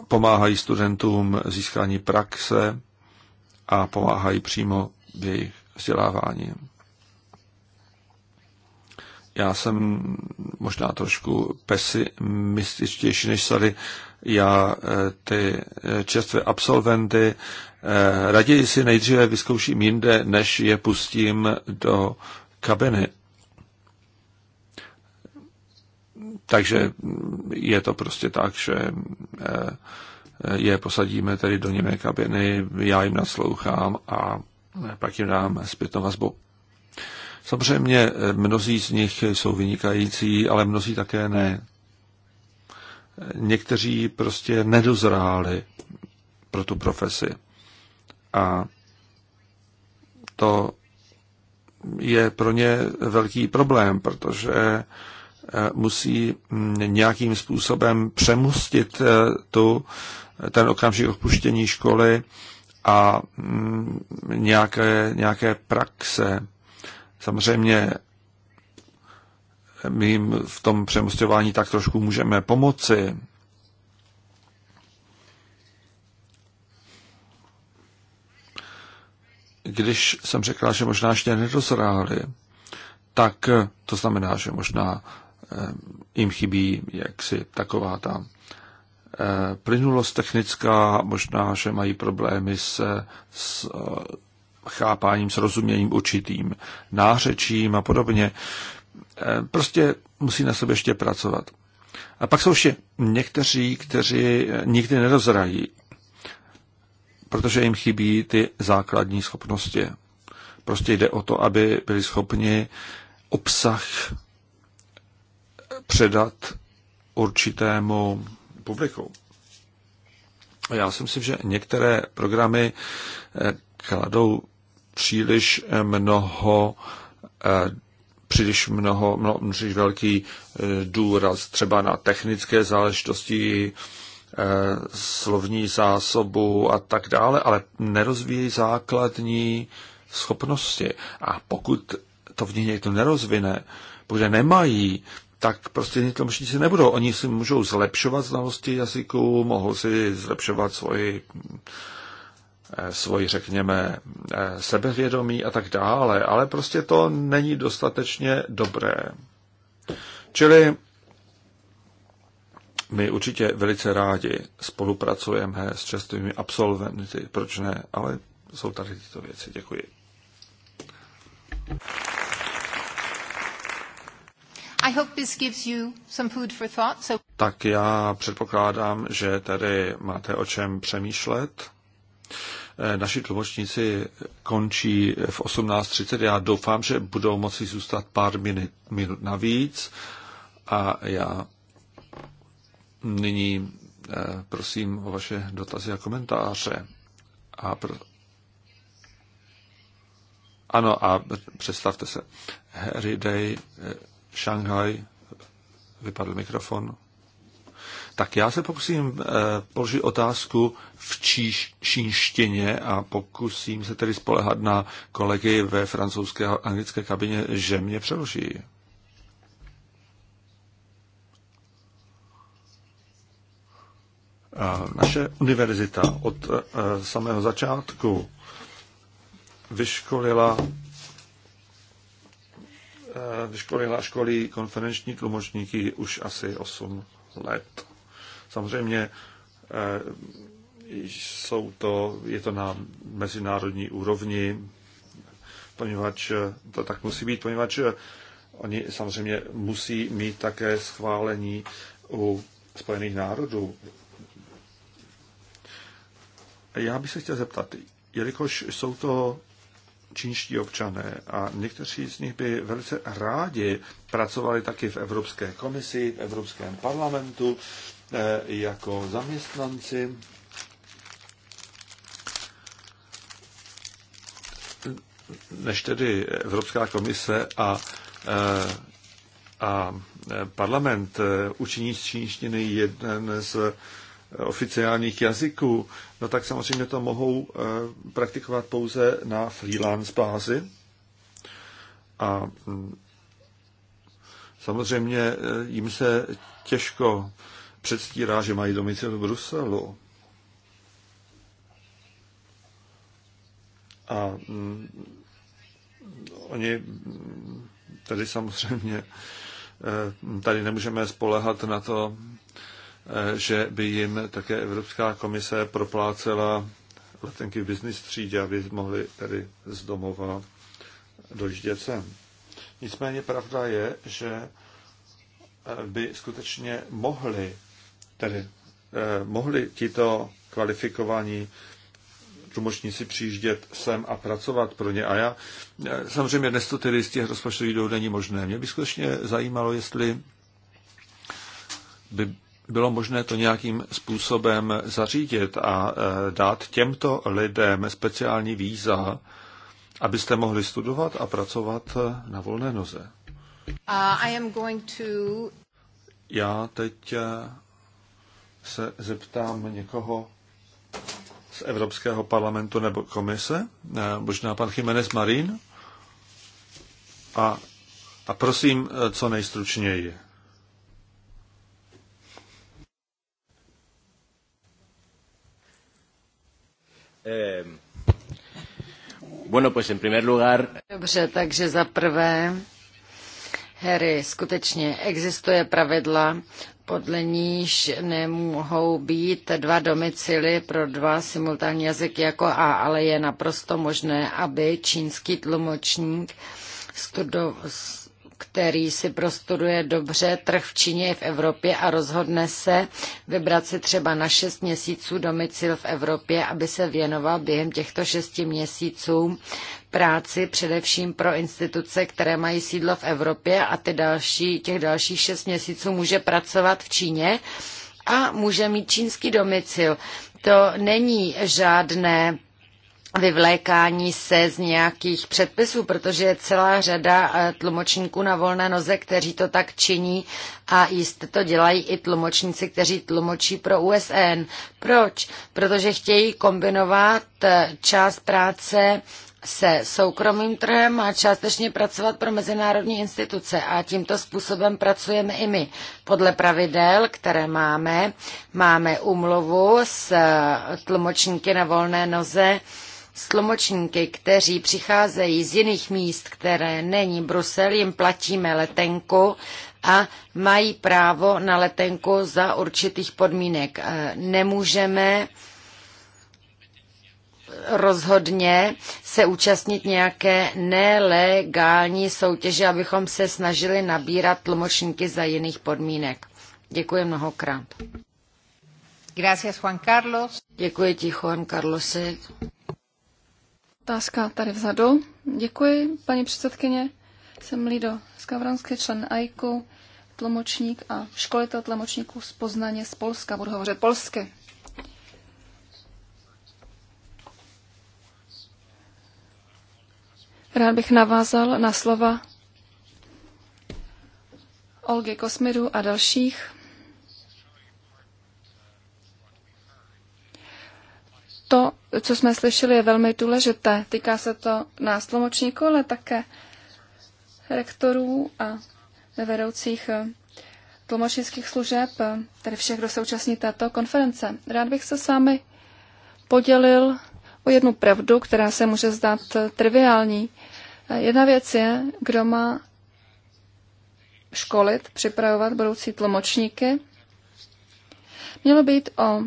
Pomáhají studentům získání praxe a pomáhají přímo v jejich vzdělávání já jsem možná trošku pesimističtější než tady. Já eh, ty eh, čerstvé absolventy eh, raději si nejdříve vyzkouším jinde, než je pustím do kabiny. Takže je to prostě tak, že je posadíme tady do němé kabiny, já jim naslouchám a pak jim dám zpětnou vazbu. Samozřejmě eh, mnozí z nich jsou vynikající, ale mnozí také ne. Někteří prostě nedozráli pro tu profesi. A to je pro ně velký problém, protože eh, musí mm, nějakým způsobem přemustit eh, tu, ten okamžik opuštění školy a mm, nějaké, nějaké praxe. Samozřejmě my jim v tom přemostování tak trošku můžeme pomoci. Když jsem řekla, že možná ještě nedozráli, tak to znamená, že možná eh, jim chybí jaksi taková ta eh, plynulost technická, možná, že mají problémy se s eh, chápáním, srozuměním určitým, nářečím a podobně. E, prostě musí na sobě ještě pracovat. A pak jsou ještě někteří, kteří nikdy nedozrají, protože jim chybí ty základní schopnosti. Prostě jde o to, aby byli schopni obsah předat určitému publiku. Já si myslím, že některé programy e, kladou Eh, eh, příliš mnoho příliš mnoho, mnoho příliš velký eh, důraz třeba na technické záležitosti, slovní zásobu a tak dále, ale nerozvíjí základní schopnosti. A pokud to v nich někdo nerozvine, protože nemají, tak prostě ty tlumočníci nebudou. Oni si můžou zlepšovat znalosti jazyku, mohou si zlepšovat svoji svoji, řekněme, eh, sebevědomí a tak dále, ale prostě to není dostatečně dobré. Čili my určitě velice rádi spolupracujeme s čestými absolventy, proč ne, ale jsou tady tyto věci. Děkuji. I hope this gives you some food for thought, so... Tak já předpokládám, že tady máte o čem přemýšlet. Eh, naši tlumočníci končí v 18.30. Já doufám, že budou moci zůstat pár minut, minut navíc. A já nyní eh, prosím o vaše dotazy a komentáře. A pro... Ano, a představte se. Harry Day, eh, Shanghai, vypadl mikrofon. Tak já se pokusím eh, položit otázku v číštině a pokusím se tedy spolehat na kolegy ve francouzské a anglické kabině, že mě přeloží. Eh, naše univerzita od eh, samého začátku vyškolila vyškolila školí konferenční tlumočníky už asi 8 let. Samozřejmě eh, jsou to, je to na mezinárodní úrovni, poněvadž eh, to tak musí být, poněvadž eh, oni samozřejmě musí mít také schválení u Spojených národů. Já bych se chtěl zeptat, jelikož jsou to čínští občané a někteří z nich by velice rádi pracovali taky v Evropské komisi, v Evropském parlamentu eh, jako zaměstnanci. Než tedy Evropská komise a, eh, a eh, parlament učiní z čínštiny jeden z oficiálních jazyků, no tak samozřejmě to mohou eh, praktikovat pouze na freelance bázi. A hm, samozřejmě eh, jim se těžko předstírá, že mají domicil v Bruselu. A hm, oni hm, tady samozřejmě, eh, tady nemůžeme spolehat na to, Eh, že by jim také Evropská komise proplácela letenky v business třídě, aby mohli tedy z domova dojíždět sem. Nicméně pravda je, že eh, by skutečně mohli, tedy eh, mohli tito kvalifikovaní tlumočníci přijíždět sem a pracovat pro ně. A já eh, samozřejmě dnes to tedy z těch rozpočtových důvodů není možné. Mě by skutečně zajímalo, jestli by bylo možné to nějakým způsobem zařídit a e, dát těmto lidem speciální víza, abyste mohli studovat a pracovat e, na volné noze. Uh, Já teď e, se zeptám někoho z Evropského parlamentu nebo komise, možná pan Jiménez Marín. A, a prosím, co nejstručněji. Eh, Dobře, takže za prvé, Harry, skutečně existuje pravidla, podle níž nemohou být dva domicily pro dva simultánní jazyky jako A, ale je naprosto možné, aby čínský tlumočník studoval který si prostuduje dobře trh v Číně i v Evropě a rozhodne se vybrat si třeba na 6 měsíců domicil v Evropě, aby se věnoval během těchto 6 měsíců práci především pro instituce, které mají sídlo v Evropě a ty další, těch dalších 6 měsíců může pracovat v Číně a může mít čínský domicil. To není žádné vyvlékání se z nějakých předpisů, protože je celá řada eh, tlumočníků na volné noze, kteří to tak činí a jistě to dělají i tlumočníci, kteří tlumočí pro USN. Proč? Protože chtějí kombinovat eh, část práce se soukromým trhem a částečně pracovat pro mezinárodní instituce. A tímto způsobem pracujeme i my. Podle pravidel, které máme, máme umluvu s eh, tlumočníky na volné noze, tlumočníky, kteří přicházejí z jiných míst, které není Brusel, jim platíme letenku a mají právo na letenku za určitých podmínek. E, nemůžeme e, rozhodně se účastnit nějaké nelegální soutěže, abychom se snažili nabírat tlumočníky za jiných podmínek. Děkuji mnohokrát. Gracias, Juan Carlos. Děkuji ti, Juan Carlos. Otázka tady vzadu. Děkuji, paní předsedkyně. Jsem Lido Skavranský, člen AIKu, tlumočník a školitel tlumočníků z Poznaně z Polska. Budu hovořit polsky. Rád bych navázal na slova Olgy Kosmiru a dalších. to, co jsme slyšeli, je velmi důležité. Týká se to nás tlumočníků, ale také rektorů a vedoucích eh, tlumočnických služeb, eh, tedy všech, kdo se účastní této konference. Rád bych se s vámi podělil o jednu pravdu, která se může zdát eh, triviální. Jedna věc je, kdo má školit, připravovat budoucí tlumočníky. Mělo být o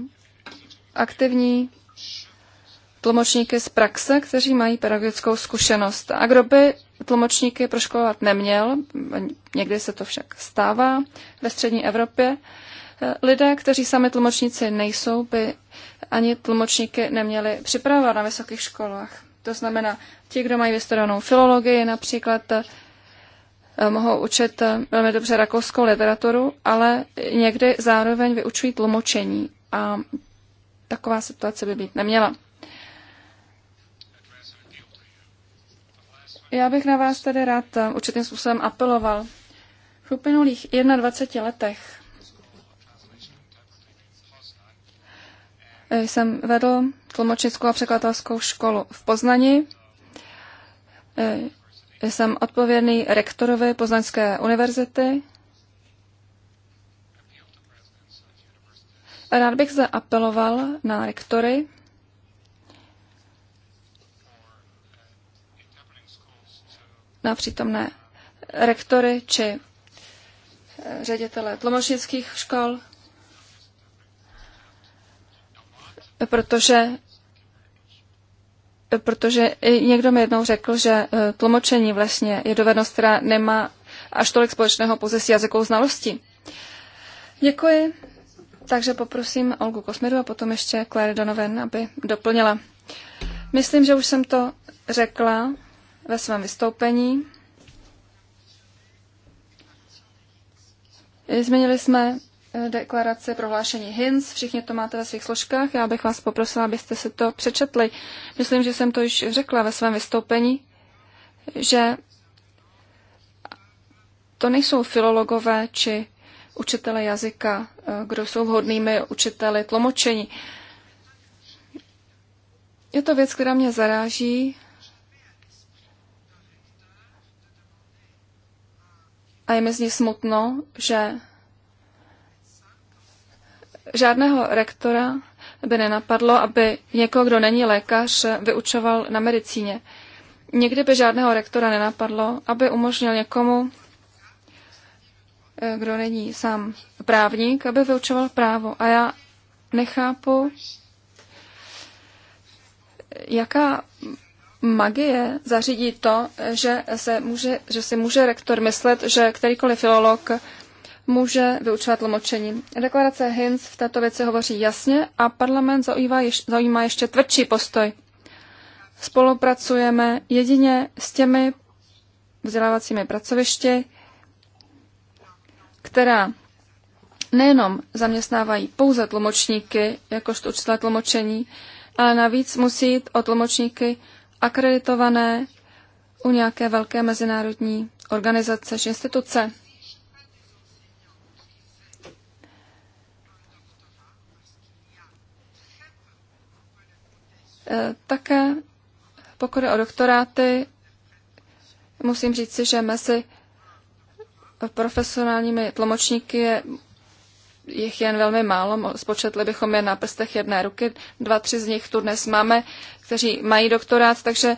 aktivní tlumočníky z praxe, kteří mají pedagogickou zkušenost. A kdo by tlumočníky proškolovat neměl, někdy se to však stává ve střední Evropě, lidé, kteří sami tlumočníci nejsou, by ani tlumočníky neměli připravovat na vysokých školách. To znamená, ti, kdo mají vystudovanou filologii například, mohou učit velmi dobře rakouskou literaturu, ale někdy zároveň vyučují tlumočení a taková situace by být neměla. Já bych na vás tady rád eh, určitým způsobem apeloval. V uplynulých 21 letech jsem vedl tlumočnickou a překladatelskou školu v Poznani. Eh, jsem odpovědný rektorovi Poznaňské univerzity. Rád bych zde apeloval na rektory, na přítomné rektory či eh, ředitele tlumočnických škol, protože protože někdo mi jednou řekl, že eh, tlumočení vlastně je dovednost, která nemá až tolik společného pouze s jazykou znalostí. Děkuji. Takže poprosím Olgu Kosmiru a potom ještě Claire Donovan, aby doplnila. Myslím, že už jsem to řekla ve svém vystoupení. Změnili jsme eh, deklarace prohlášení HINS, všichni to máte ve svých složkách, já bych vás poprosila, abyste si to přečetli. Myslím, že jsem to již řekla ve svém vystoupení, že to nejsou filologové či učitele jazyka, eh, kdo jsou vhodnými učiteli tlumočení. Je to věc, která mě zaráží a je mi z ní smutno, že žádného rektora by nenapadlo, aby někoho, kdo není lékař, vyučoval na medicíně. Nikdy by žádného rektora nenapadlo, aby umožnil někomu, eh, kdo není sám právník, aby vyučoval právo. A já nechápu, jaká magie zařídí to, že, se může, že si může rektor myslet, že kterýkoliv filolog může vyučovat tlumočení. Deklarace Hinz v této věci hovoří jasně a parlament zaujímá, ješ, zaujímá ještě tvrdší postoj. Spolupracujeme jedině s těmi vzdělávacími pracovišti, která nejenom zaměstnávají pouze tlumočníky, jakožto učitelé tlumočení, ale navíc musí jít o tlumočníky akreditované u nějaké velké mezinárodní organizace či instituce. E, také pokud je o doktoráty, musím říci, že mezi profesionálními tlumočníky je jich jen velmi málo, spočetli bychom je na prstech jedné ruky, dva, tři z nich tu dnes máme, kteří mají doktorát, takže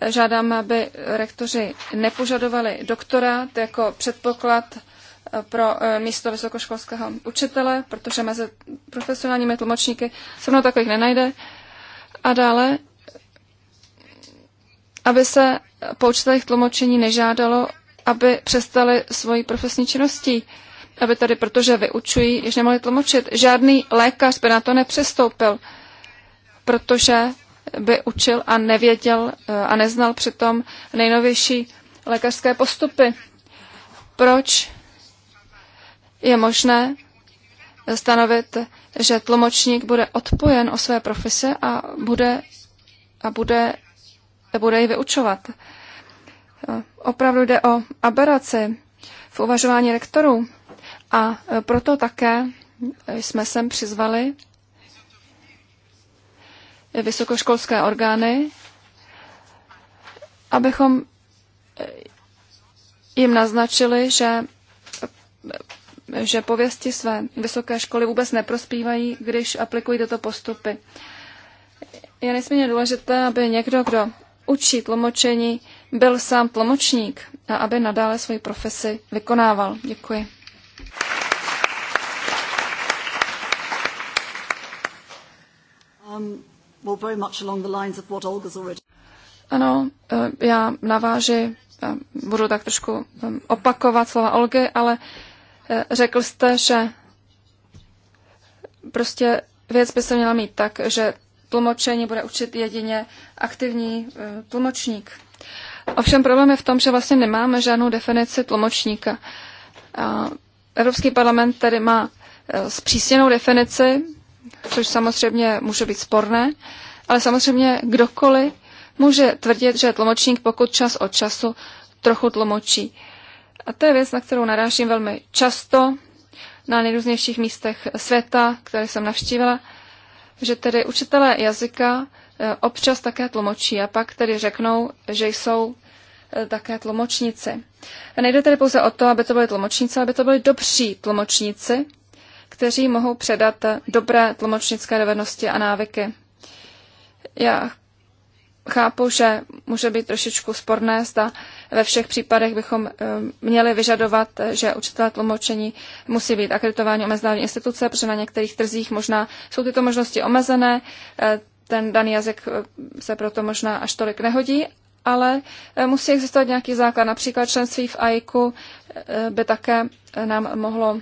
eh, žádám, aby rektoři nepožadovali doktorát jako předpoklad eh, pro eh, místo vysokoškolského učitele, protože mezi profesionálními tlumočníky se mnou takových nenajde. A dále, aby se po učitelích tlumočení nežádalo, aby přestali svoji profesní činností aby tady, protože vyučují, již nemohli tlumočit. Žádný lékař by na to nepřistoupil, protože by učil a nevěděl eh, a neznal přitom nejnovější lékařské postupy. Proč je možné stanovit, že tlumočník bude odpojen o své profese a bude, a bude, a bude ji vyučovat? Eh, opravdu jde o aberaci v uvažování rektorů. A proto také jsme sem přizvali vysokoškolské orgány, abychom jim naznačili, že, že pověsti své vysoké školy vůbec neprospívají, když aplikují tyto postupy. Je nesmírně důležité, aby někdo, kdo učí tlumočení, byl sám tlumočník a aby nadále svoji profesi vykonával. Děkuji. Ano, já naváži, eh, budu tak trošku eh, opakovat slova Olgy, ale eh, řekl jste, že prostě věc by se měla mít tak, že tlumočení bude učit jedině aktivní tlumočník. Ovšem problém je v tom, že vlastně nemáme žádnou definici tlumočníka. A Evropský parlament tedy má eh, zpřísněnou definici, což samozřejmě může být sporné, ale samozřejmě kdokoliv může tvrdit, že tlumočník pokud čas od času trochu tlumočí. A to je věc, na kterou narážím velmi často na nejrůznějších místech světa, které jsem navštívila, že tedy učitelé jazyka eh, občas také tlumočí a pak tedy řeknou, že jsou Eh, také tlumočníci. Nejde tedy pouze o to, aby to byly tlumočníci, ale aby to byly dobří tlumočníci, kteří mohou předat eh, dobré tlumočnické dovednosti a návyky. Já chápu, že může být trošičku sporné, zda ve všech případech bychom eh, měli vyžadovat, že učitelé tlumočení musí být akreditováni o mezinárodní instituce, protože na některých trzích možná jsou tyto možnosti omezené, ten daný jazyk se proto možná až tolik nehodí, ale eh, musí existovat nějaký základ. Například členství v AIKu eh, by také eh, nám mohlo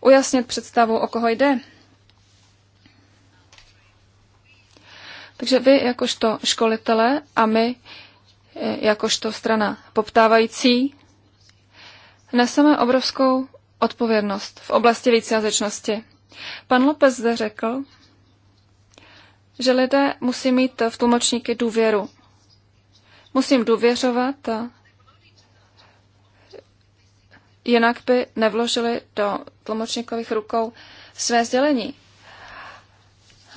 ujasnit představu, o koho jde. Takže vy jakožto školitele a my jakožto strana poptávající neseme obrovskou odpovědnost v oblasti vícejazyčnosti. Pan Lopez zde řekl, že lidé musí mít v tlumočníky důvěru. Musím důvěřovat, jinak by nevložili do tlumočníkových rukou své sdělení.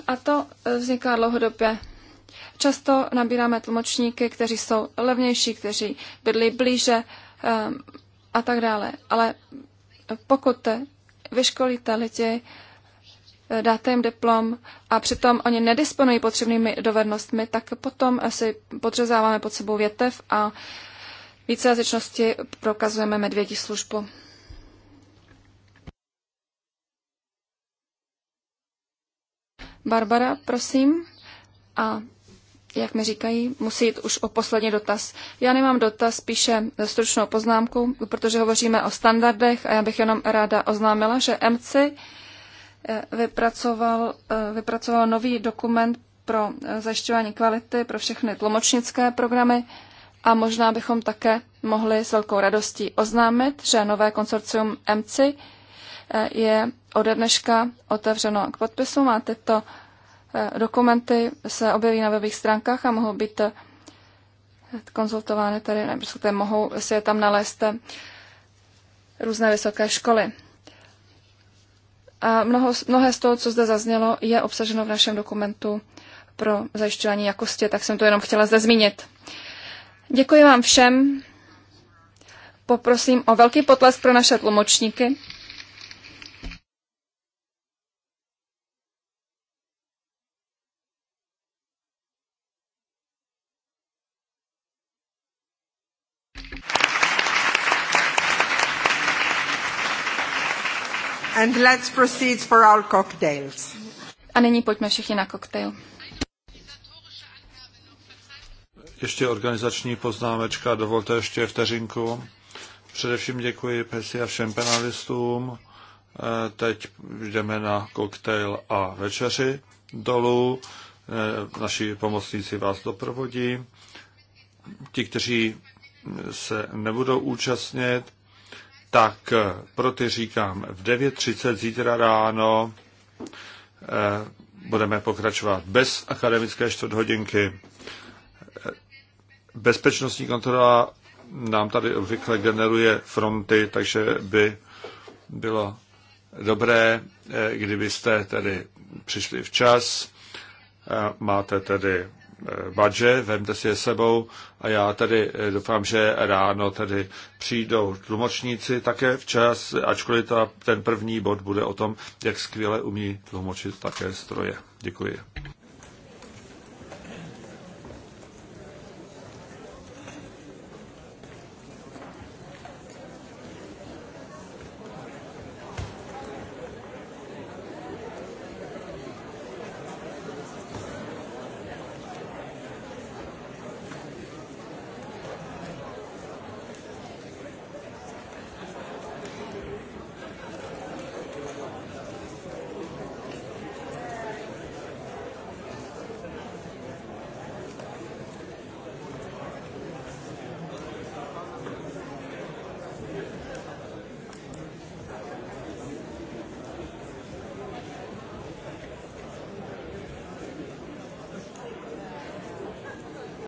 A to vzniká dlouhodobě. Často nabíráme tlumočníky, kteří jsou levnější, kteří bydlí blíže ehm, a tak dále. Ale pokud vyškolíte lidi dáte jim diplom a přitom oni nedisponují potřebnými dovednostmi, tak potom si podřezáváme pod sebou větev a vícejazyčnosti prokazujeme medvědí službu. Barbara, prosím. A jak mi říkají, musí jít už o poslední dotaz. Já nemám dotaz, spíše stručnou poznámku, protože hovoříme o standardech a já bych jenom ráda oznámila, že MC vypracoval, eh, vypracoval nový dokument pro eh, zajišťování kvality pro všechny tlumočnické programy a možná bychom také mohli s velkou radostí oznámit, že nové konsorcium MC eh, je ode dneška otevřeno k podpisu. a tyto dokumenty se objeví na webových stránkách a mohou být konzultovány tady, nebo mohou si je tam nalézt různé vysoké školy. A mnoho, mnohé z toho, co zde zaznělo, je obsaženo v našem dokumentu pro zajišťování jakosti, tak jsem to jenom chtěla zde zmínit. Děkuji vám všem. Poprosím o velký potlesk pro naše tlumočníky. let's proceed for our cocktails. A nyní pojďme všichni na koktejl. Ještě organizační poznámečka, dovolte ještě vteřinku. Především děkuji Pesi a všem penalistům. Eh, teď jdeme na koktejl a večeři dolů. Eh, naši pomocníci vás doprovodí. Ti, kteří se nebudou účastnit, tak pro ty říkám v 9.30 zítra ráno eh, budeme pokračovat bez akademické čtvrthodinky. Eh, bezpečnostní kontrola nám tady obvykle generuje fronty, takže by bylo dobré, eh, kdybyste tedy přišli včas. Máte tedy Eh, badže, vemte si je sebou a já tedy eh, doufám, že ráno tedy přijdou tlumočníci také včas, ačkoliv ta, ten první bod bude o tom, jak skvěle umí tlumočit také stroje. Děkuji.